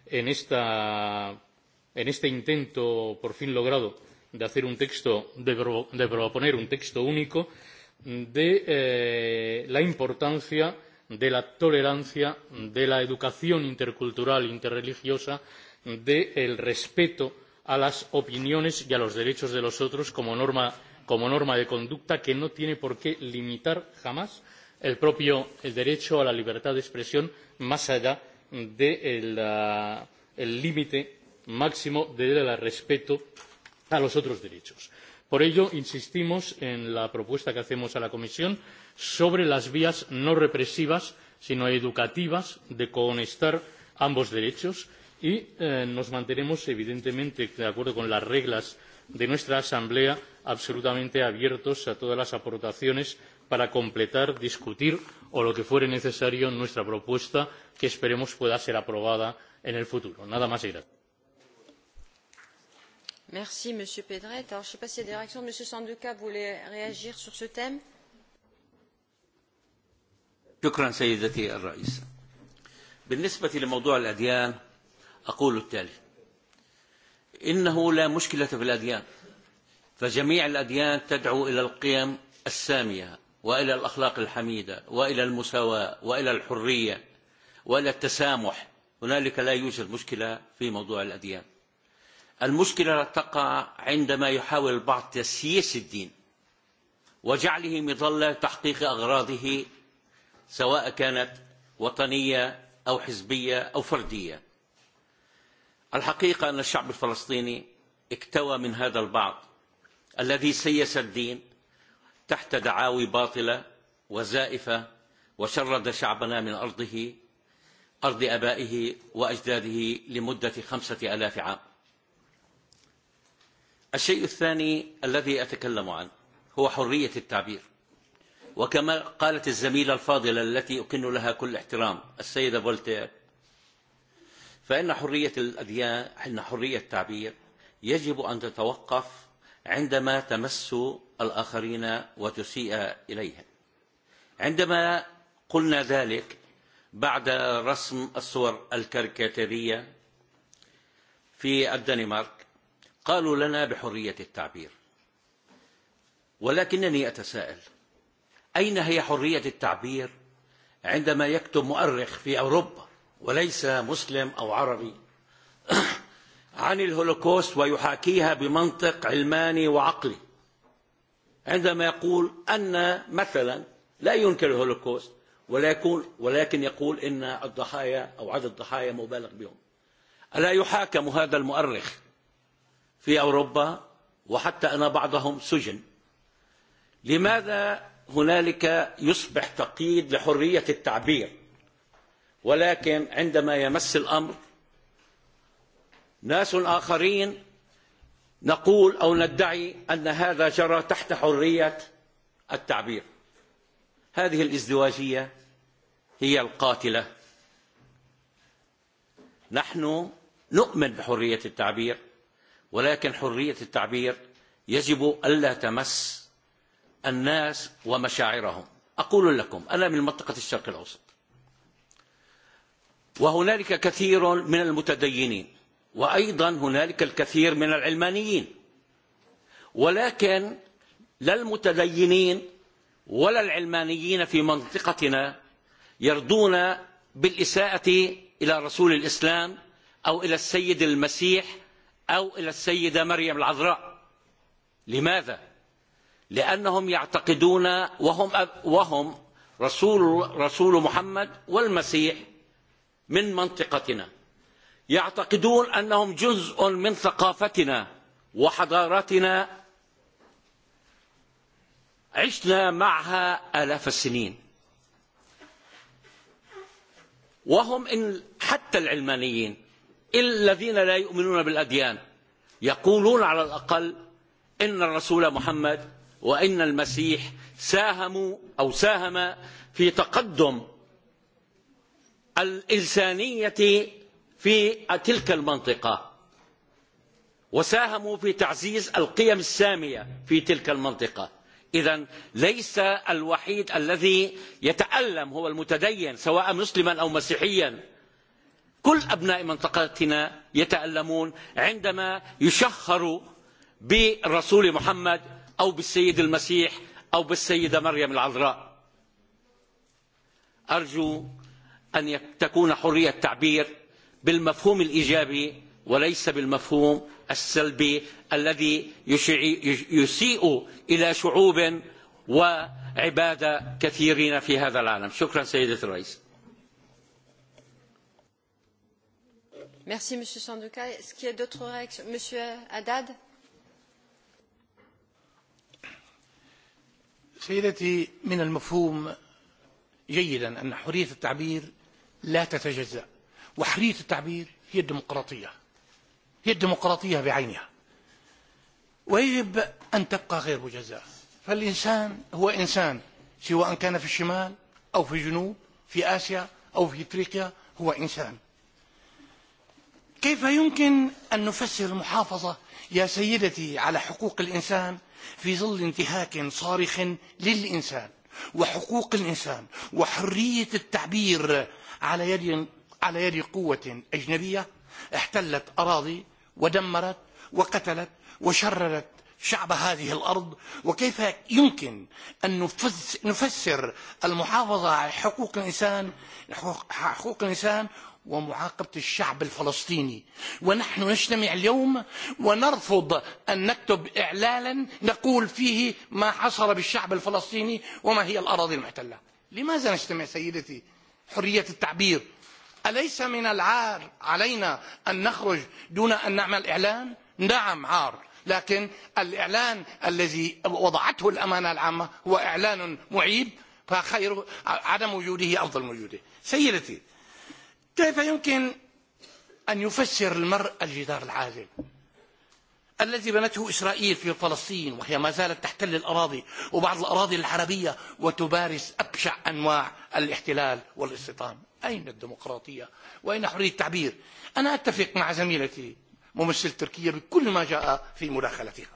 en este intento por fin logrado de hacer un texto de proponer un texto único de la importancia de de la tolerancia, de la educación intercultural e interreligiosa, del respeto a las opiniones y a los derechos de los otros como norma, de conducta que no tiene por qué limitar jamás el propio derecho a la libertad de expresión más allá del límite máximo del respeto a los otros derechos por ello insistimos en la propuesta que hacemos a la comisión sobre las vías no represivas sino educativas de conectar ambos derechos y nos mantenemos evidentemente de acuerdo con las reglas de nuestra asamblea absolutamente abiertos a todas las aportaciones para completar discutir o lo que fuere necesario nuestra propuesta que esperemos pueda ser aprobada en el futuro. nada más y gracias. Merci, Monsieur Pedret. je ne sais pas si la direction de Monsieur Sanduka voulait réagir sur ce thème. بالنسبة لموضوع الأديان أقول التالي إنه لا مشكلة في الأديان فجميع الأديان تدعو إلى القيم السامية وإلى الأخلاق الحميدة وإلى المساواة وإلى الحرية وإلى التسامح هنالك لا يوجد مشكلة في موضوع الأديان المشكلة تقع عندما يحاول البعض تسييس الدين وجعله مظلة تحقيق أغراضه سواء كانت وطنية أو حزبية أو فردية الحقيقة أن الشعب الفلسطيني اكتوى من هذا البعض الذي سيس الدين تحت دعاوي باطلة وزائفة وشرد شعبنا من أرضه أرض أبائه وأجداده لمدة خمسة ألاف عام الشيء الثاني الذي أتكلم عنه هو حرية التعبير وكما قالت الزميلة الفاضلة التي أكن لها كل احترام السيدة فولتير فإن حرية الأديان إن حرية التعبير يجب أن تتوقف عندما تمس الآخرين وتسيء إليهم عندما قلنا ذلك بعد رسم الصور الكاريكاتيرية في الدنمارك قالوا لنا بحرية التعبير ولكنني أتساءل أين هي حرية التعبير عندما يكتب مؤرخ في أوروبا وليس مسلم أو عربي عن الهولوكوست ويحاكيها بمنطق علماني وعقلي عندما يقول أن مثلا لا ينكر الهولوكوست ولكن ولكن يقول ان الضحايا او عدد الضحايا مبالغ بهم. الا يحاكم هذا المؤرخ في أوروبا وحتى أن بعضهم سجن لماذا هنالك يصبح تقييد لحرية التعبير ولكن عندما يمس الأمر ناس آخرين نقول أو ندعي أن هذا جرى تحت حرية التعبير هذه الإزدواجية هي القاتلة نحن نؤمن بحرية التعبير ولكن حرية التعبير يجب ألا تمس الناس ومشاعرهم أقول لكم أنا من منطقة الشرق الأوسط وهنالك كثير من المتدينين وأيضا هنالك الكثير من العلمانيين ولكن لا المتدينين ولا العلمانيين في منطقتنا يرضون بالإساءة إلى رسول الإسلام أو إلى السيد المسيح أو إلى السيدة مريم العذراء لماذا؟ لأنهم يعتقدون وهم وهم رسول رسول محمد والمسيح من منطقتنا يعتقدون أنهم جزء من ثقافتنا وحضارتنا عشنا معها آلاف السنين وهم إن حتى العلمانيين الذين لا يؤمنون بالأديان يقولون على الأقل إن الرسول محمد وإن المسيح ساهموا أو ساهم في تقدم الإنسانية في تلك المنطقة وساهموا في تعزيز القيم السامية في تلك المنطقة إذا ليس الوحيد الذي يتألم هو المتدين سواء مسلما أو مسيحيا كل أبناء منطقتنا يتألمون عندما يشهروا برسول محمد أو بالسيد المسيح أو بالسيدة مريم العذراء أرجو أن تكون حرية التعبير بالمفهوم الإيجابي وليس بالمفهوم السلبي الذي يسيء إلى شعوب وعبادة كثيرين في هذا العالم شكرا سيدة الرئيس merci monsieur sandoka. est ce qu'il y a d'autres réactions? monsieur haddad سيدتي من المفهوم جيدا ان حريه التعبير لا تتجزا وحريه التعبير هي الديمقراطيه هي الديمقراطيه بعينها ويجب ان تبقى غير مجزاه فالانسان هو انسان سواء كان في الشمال او في الجنوب في اسيا او في افريقيا هو انسان كيف يمكن أن نفسر المحافظة يا سيدتي على حقوق الإنسان في ظل انتهاك صارخ للإنسان وحقوق الإنسان وحرية التعبير على يد على يد قوة أجنبية احتلت أراضي ودمرت وقتلت وشررت شعب هذه الأرض وكيف يمكن أن نفسر المحافظة على حقوق الإنسان حقوق الإنسان ومعاقبة الشعب الفلسطيني ونحن نجتمع اليوم ونرفض أن نكتب إعلانا نقول فيه ما حصل بالشعب الفلسطيني وما هي الأراضي المحتلة لماذا نجتمع سيدتي حرية التعبير أليس من العار علينا أن نخرج دون أن نعمل إعلان نعم عار لكن الإعلان الذي وضعته الأمانة العامة هو إعلان معيب فخير عدم وجوده أفضل من وجوده سيدتي كيف يمكن أن يفسر المرء الجدار العازل الذي بنته إسرائيل في فلسطين وهي ما زالت تحتل الأراضي وبعض الأراضي العربية وتبارز أبشع أنواع الاحتلال والاستيطان أين الديمقراطية وأين حرية التعبير أنا أتفق مع زميلتي ممثل تركيا بكل ما جاء في مداخلتها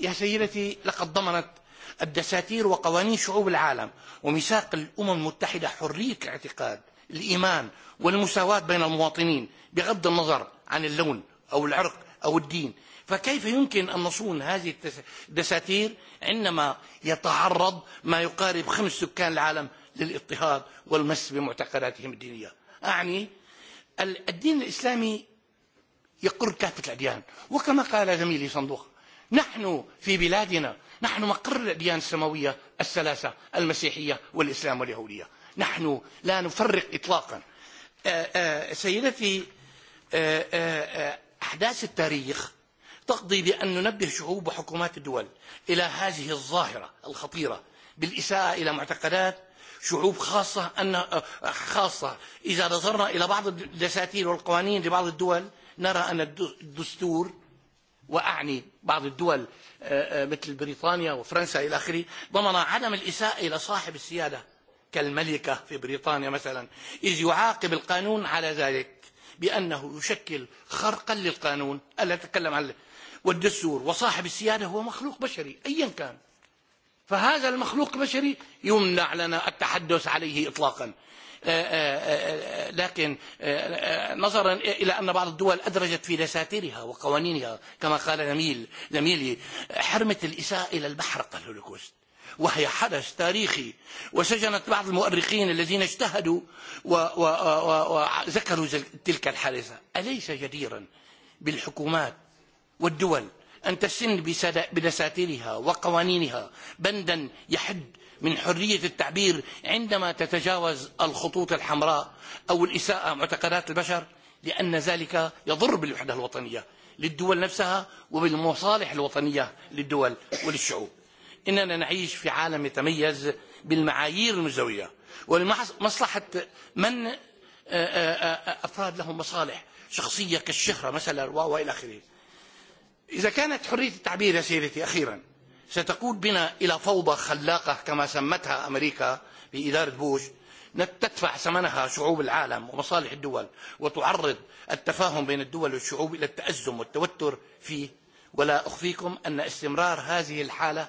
يا سيدتي لقد ضمنت الدساتير وقوانين شعوب العالم وميثاق الأمم المتحدة حرية الاعتقاد الإيمان والمساواة بين المواطنين بغض النظر عن اللون أو العرق أو الدين فكيف يمكن أن نصون هذه الدساتير عندما يتعرض ما يقارب خمس سكان العالم للاضطهاد والمس بمعتقداتهم الدينية أعني الدين الإسلامي يقر كافة الأديان وكما قال زميلي صندوق نحن في بلادنا نحن مقر الأديان السماوية الثلاثة المسيحية والإسلام واليهودية نحن لا نفرق إطلاقا سيدتي أحداث التاريخ تقضي بأن ننبه شعوب وحكومات الدول إلى هذه الظاهرة الخطيرة بالإساءة إلى معتقدات شعوب خاصة أن خاصة إذا نظرنا إلى بعض الدساتير والقوانين لبعض الدول نرى أن الدستور وأعني بعض الدول مثل بريطانيا وفرنسا إلى آخره ضمن عدم الإساءة إلى صاحب السيادة كالملكة في بريطانيا مثلا إذ يعاقب القانون على ذلك بأنه يشكل خرقا للقانون ألا تتكلم عن والدستور وصاحب السيادة هو مخلوق بشري أيا كان فهذا المخلوق البشري يمنع لنا التحدث عليه إطلاقا لكن نظرا إلى أن بعض الدول أدرجت في دساتيرها وقوانينها كما قال زميل زميلي حرمة الإساءة إلى البحر قال هولوكوست وهي حدث تاريخي وسجنت بعض المؤرخين الذين اجتهدوا وذكروا تلك الحادثة أليس جديرا بالحكومات والدول أن تسن بدساتيرها وقوانينها بندا يحد من حرية التعبير عندما تتجاوز الخطوط الحمراء أو الإساءة معتقدات البشر لأن ذلك يضر بالوحدة الوطنية للدول نفسها وبالمصالح الوطنية للدول وللشعوب اننا نعيش في عالم يتميز بالمعايير المزويه ولمصلحه من افراد لهم مصالح شخصيه كالشهره مثلا والى اخره. اذا كانت حريه التعبير يا سيدتي اخيرا ستقود بنا الى فوضى خلاقه كما سمتها امريكا في اداره بوش تدفع ثمنها شعوب العالم ومصالح الدول وتعرض التفاهم بين الدول والشعوب الى التازم والتوتر فيه ولا اخفيكم ان استمرار هذه الحاله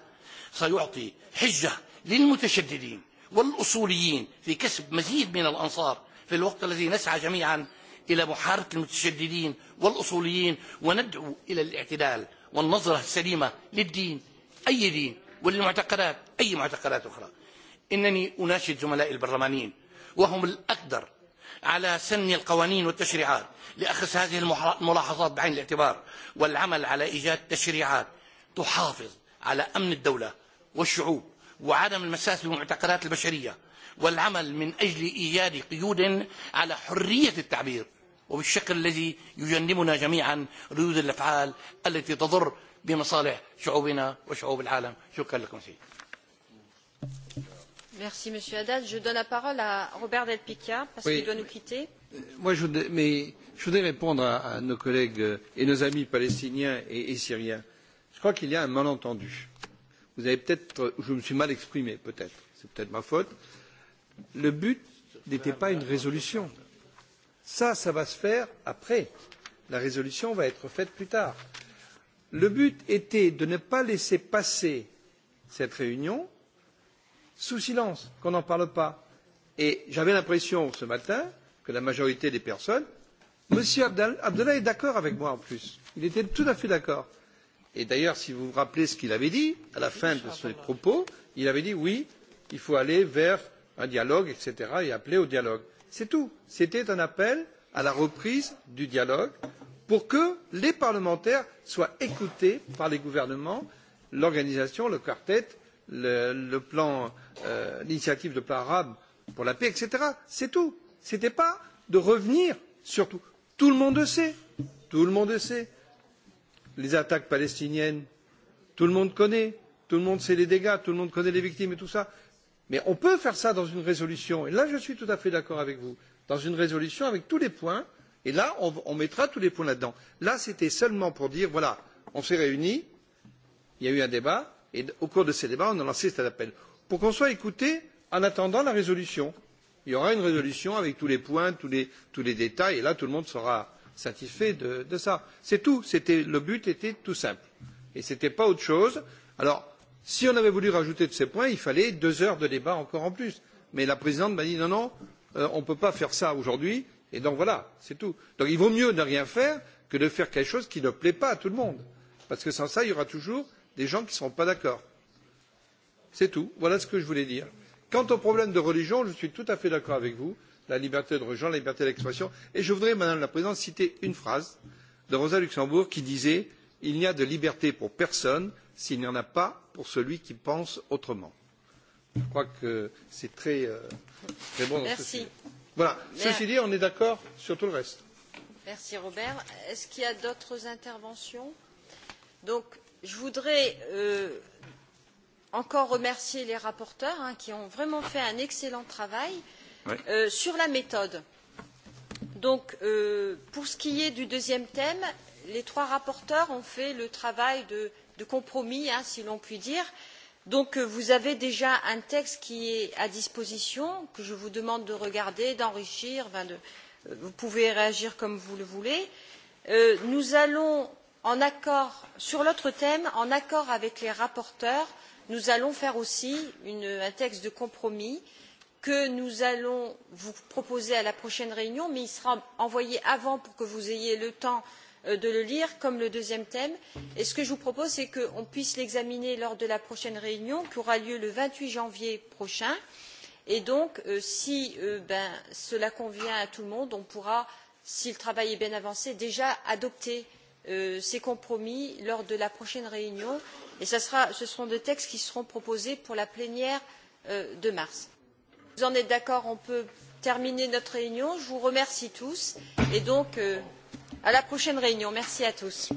سيعطي حجة للمتشددين والأصوليين في كسب مزيد من الأنصار في الوقت الذي نسعى جميعا إلى محاربة المتشددين والأصوليين وندعو إلى الاعتدال والنظرة السليمة للدين أي دين وللمعتقدات أي معتقدات أخرى إنني أناشد زملائي البرلمانيين وهم الأقدر على سن القوانين والتشريعات لأخذ هذه الملاحظات بعين الاعتبار والعمل على إيجاد تشريعات تحافظ على أمن الدولة والشعوب وعدم المساس بمعتقدات البشرية والعمل من أجل إيجاد قيود على حرية التعبير وبالشكل الذي يجنبنا جميعا ردود الأفعال التي تضر بمصالح شعوبنا وشعوب العالم شكرا لكم سيدي Merci Monsieur Haddad. Je donne la parole à Robert Delpica parce oui, qu'il doit nous quitter. Moi, je voudrais, mais je voudrais répondre à, à nos collègues et nos amis palestiniens et, et syriens. Je crois qu'il y a un malentendu Euh, Vous avez peut-être, je me suis mal exprimé, peut-être, c'est peut-être ma faute. Le but n'était pas une résolution. Ça, ça va se faire après. La résolution va être faite plus tard. Le but était de ne pas laisser passer cette réunion sous silence, qu'on n'en parle pas. Et j'avais l'impression ce matin que la majorité des personnes, M. Abdallah est d'accord avec moi en plus. Il était tout à fait d'accord et d'ailleurs si vous vous rappelez ce qu'il avait dit à la fin de ses propos il avait dit oui il faut aller vers un dialogue etc. et appeler au dialogue. c'est tout. c'était un appel à la reprise du dialogue pour que les parlementaires soient écoutés par les gouvernements l'organisation le quartet le plan l'initiative de plan arabe pour la paix etc. c'est tout. ce n'était pas de revenir sur tout. tout le monde le sait. tout le monde le sait les attaques palestiniennes, tout le monde connaît, tout le monde sait les dégâts, tout le monde connaît les victimes et tout ça. Mais on peut faire ça dans une résolution, et là je suis tout à fait d'accord avec vous, dans une résolution avec tous les points, et là on, mettra tous les points là-dedans. Là c'était seulement pour dire, voilà, on s'est réunis, il y a eu un débat, et au cours de ces débats on a lancé cet appel, pour qu'on soit écouté en attendant la résolution. Il y aura une résolution avec tous les points, tous les, détails, et là tout le monde saura, satisfait de, de ça. C'est tout. C'était, le but était tout simple. Et ce n'était pas autre chose. Alors, si on avait voulu rajouter de ces points, il fallait deux heures de débat encore en plus. Mais la présidente m'a dit non, non, on ne peut pas faire ça aujourd'hui. Et donc voilà, c'est tout. Donc il vaut mieux ne rien faire que de faire quelque chose qui ne plaît pas à tout le monde. Parce que sans ça, il y aura toujours des gens qui ne seront pas d'accord. C'est tout. Voilà ce que je voulais dire. Quant au problème de religion, je suis tout à fait d'accord avec vous la liberté de religion, la liberté d'expression. Et je voudrais, Madame la Présidente, citer une phrase de Rosa Luxembourg qui disait Il n'y a de liberté pour personne s'il n'y en a pas pour celui qui pense autrement. Je crois que c'est très, bon dans ce sujet. Voilà. Ceci dit, on est d'accord sur tout le reste. Merci Robert. Est-ce qu'il y a d'autres interventions Donc, je voudrais encore remercier les rapporteurs qui ont vraiment fait un excellent travail sur la méthode, donc pour ce qui est du deuxième thème, les trois rapporteurs ont fait le travail de, compromis, si l'on peut dire. Donc vous avez déjà un texte qui est à disposition, que je vous demande de regarder, d'enrichir, vous pouvez réagir comme vous le voulez. nous allons, en accord sur l'autre thème, en accord avec les rapporteurs, nous allons faire aussi un texte de compromis euh, que nous allons vous proposer à la prochaine réunion mais il sera envoyé avant pour que vous ayez le temps de le lire comme le deuxième thème et ce que je vous propose c'est qu'on puisse l'examiner lors de la prochaine réunion qui aura lieu le vingt huit janvier prochain et donc si cela convient à tout le monde on pourra si le travail est bien avancé déjà adopter ces compromis lors de la prochaine réunion et ce seront des textes qui seront proposés pour la plénière de mars vous en êtes d'accord on peut terminer notre réunion. je vous remercie tous et donc à la prochaine réunion. merci à tous.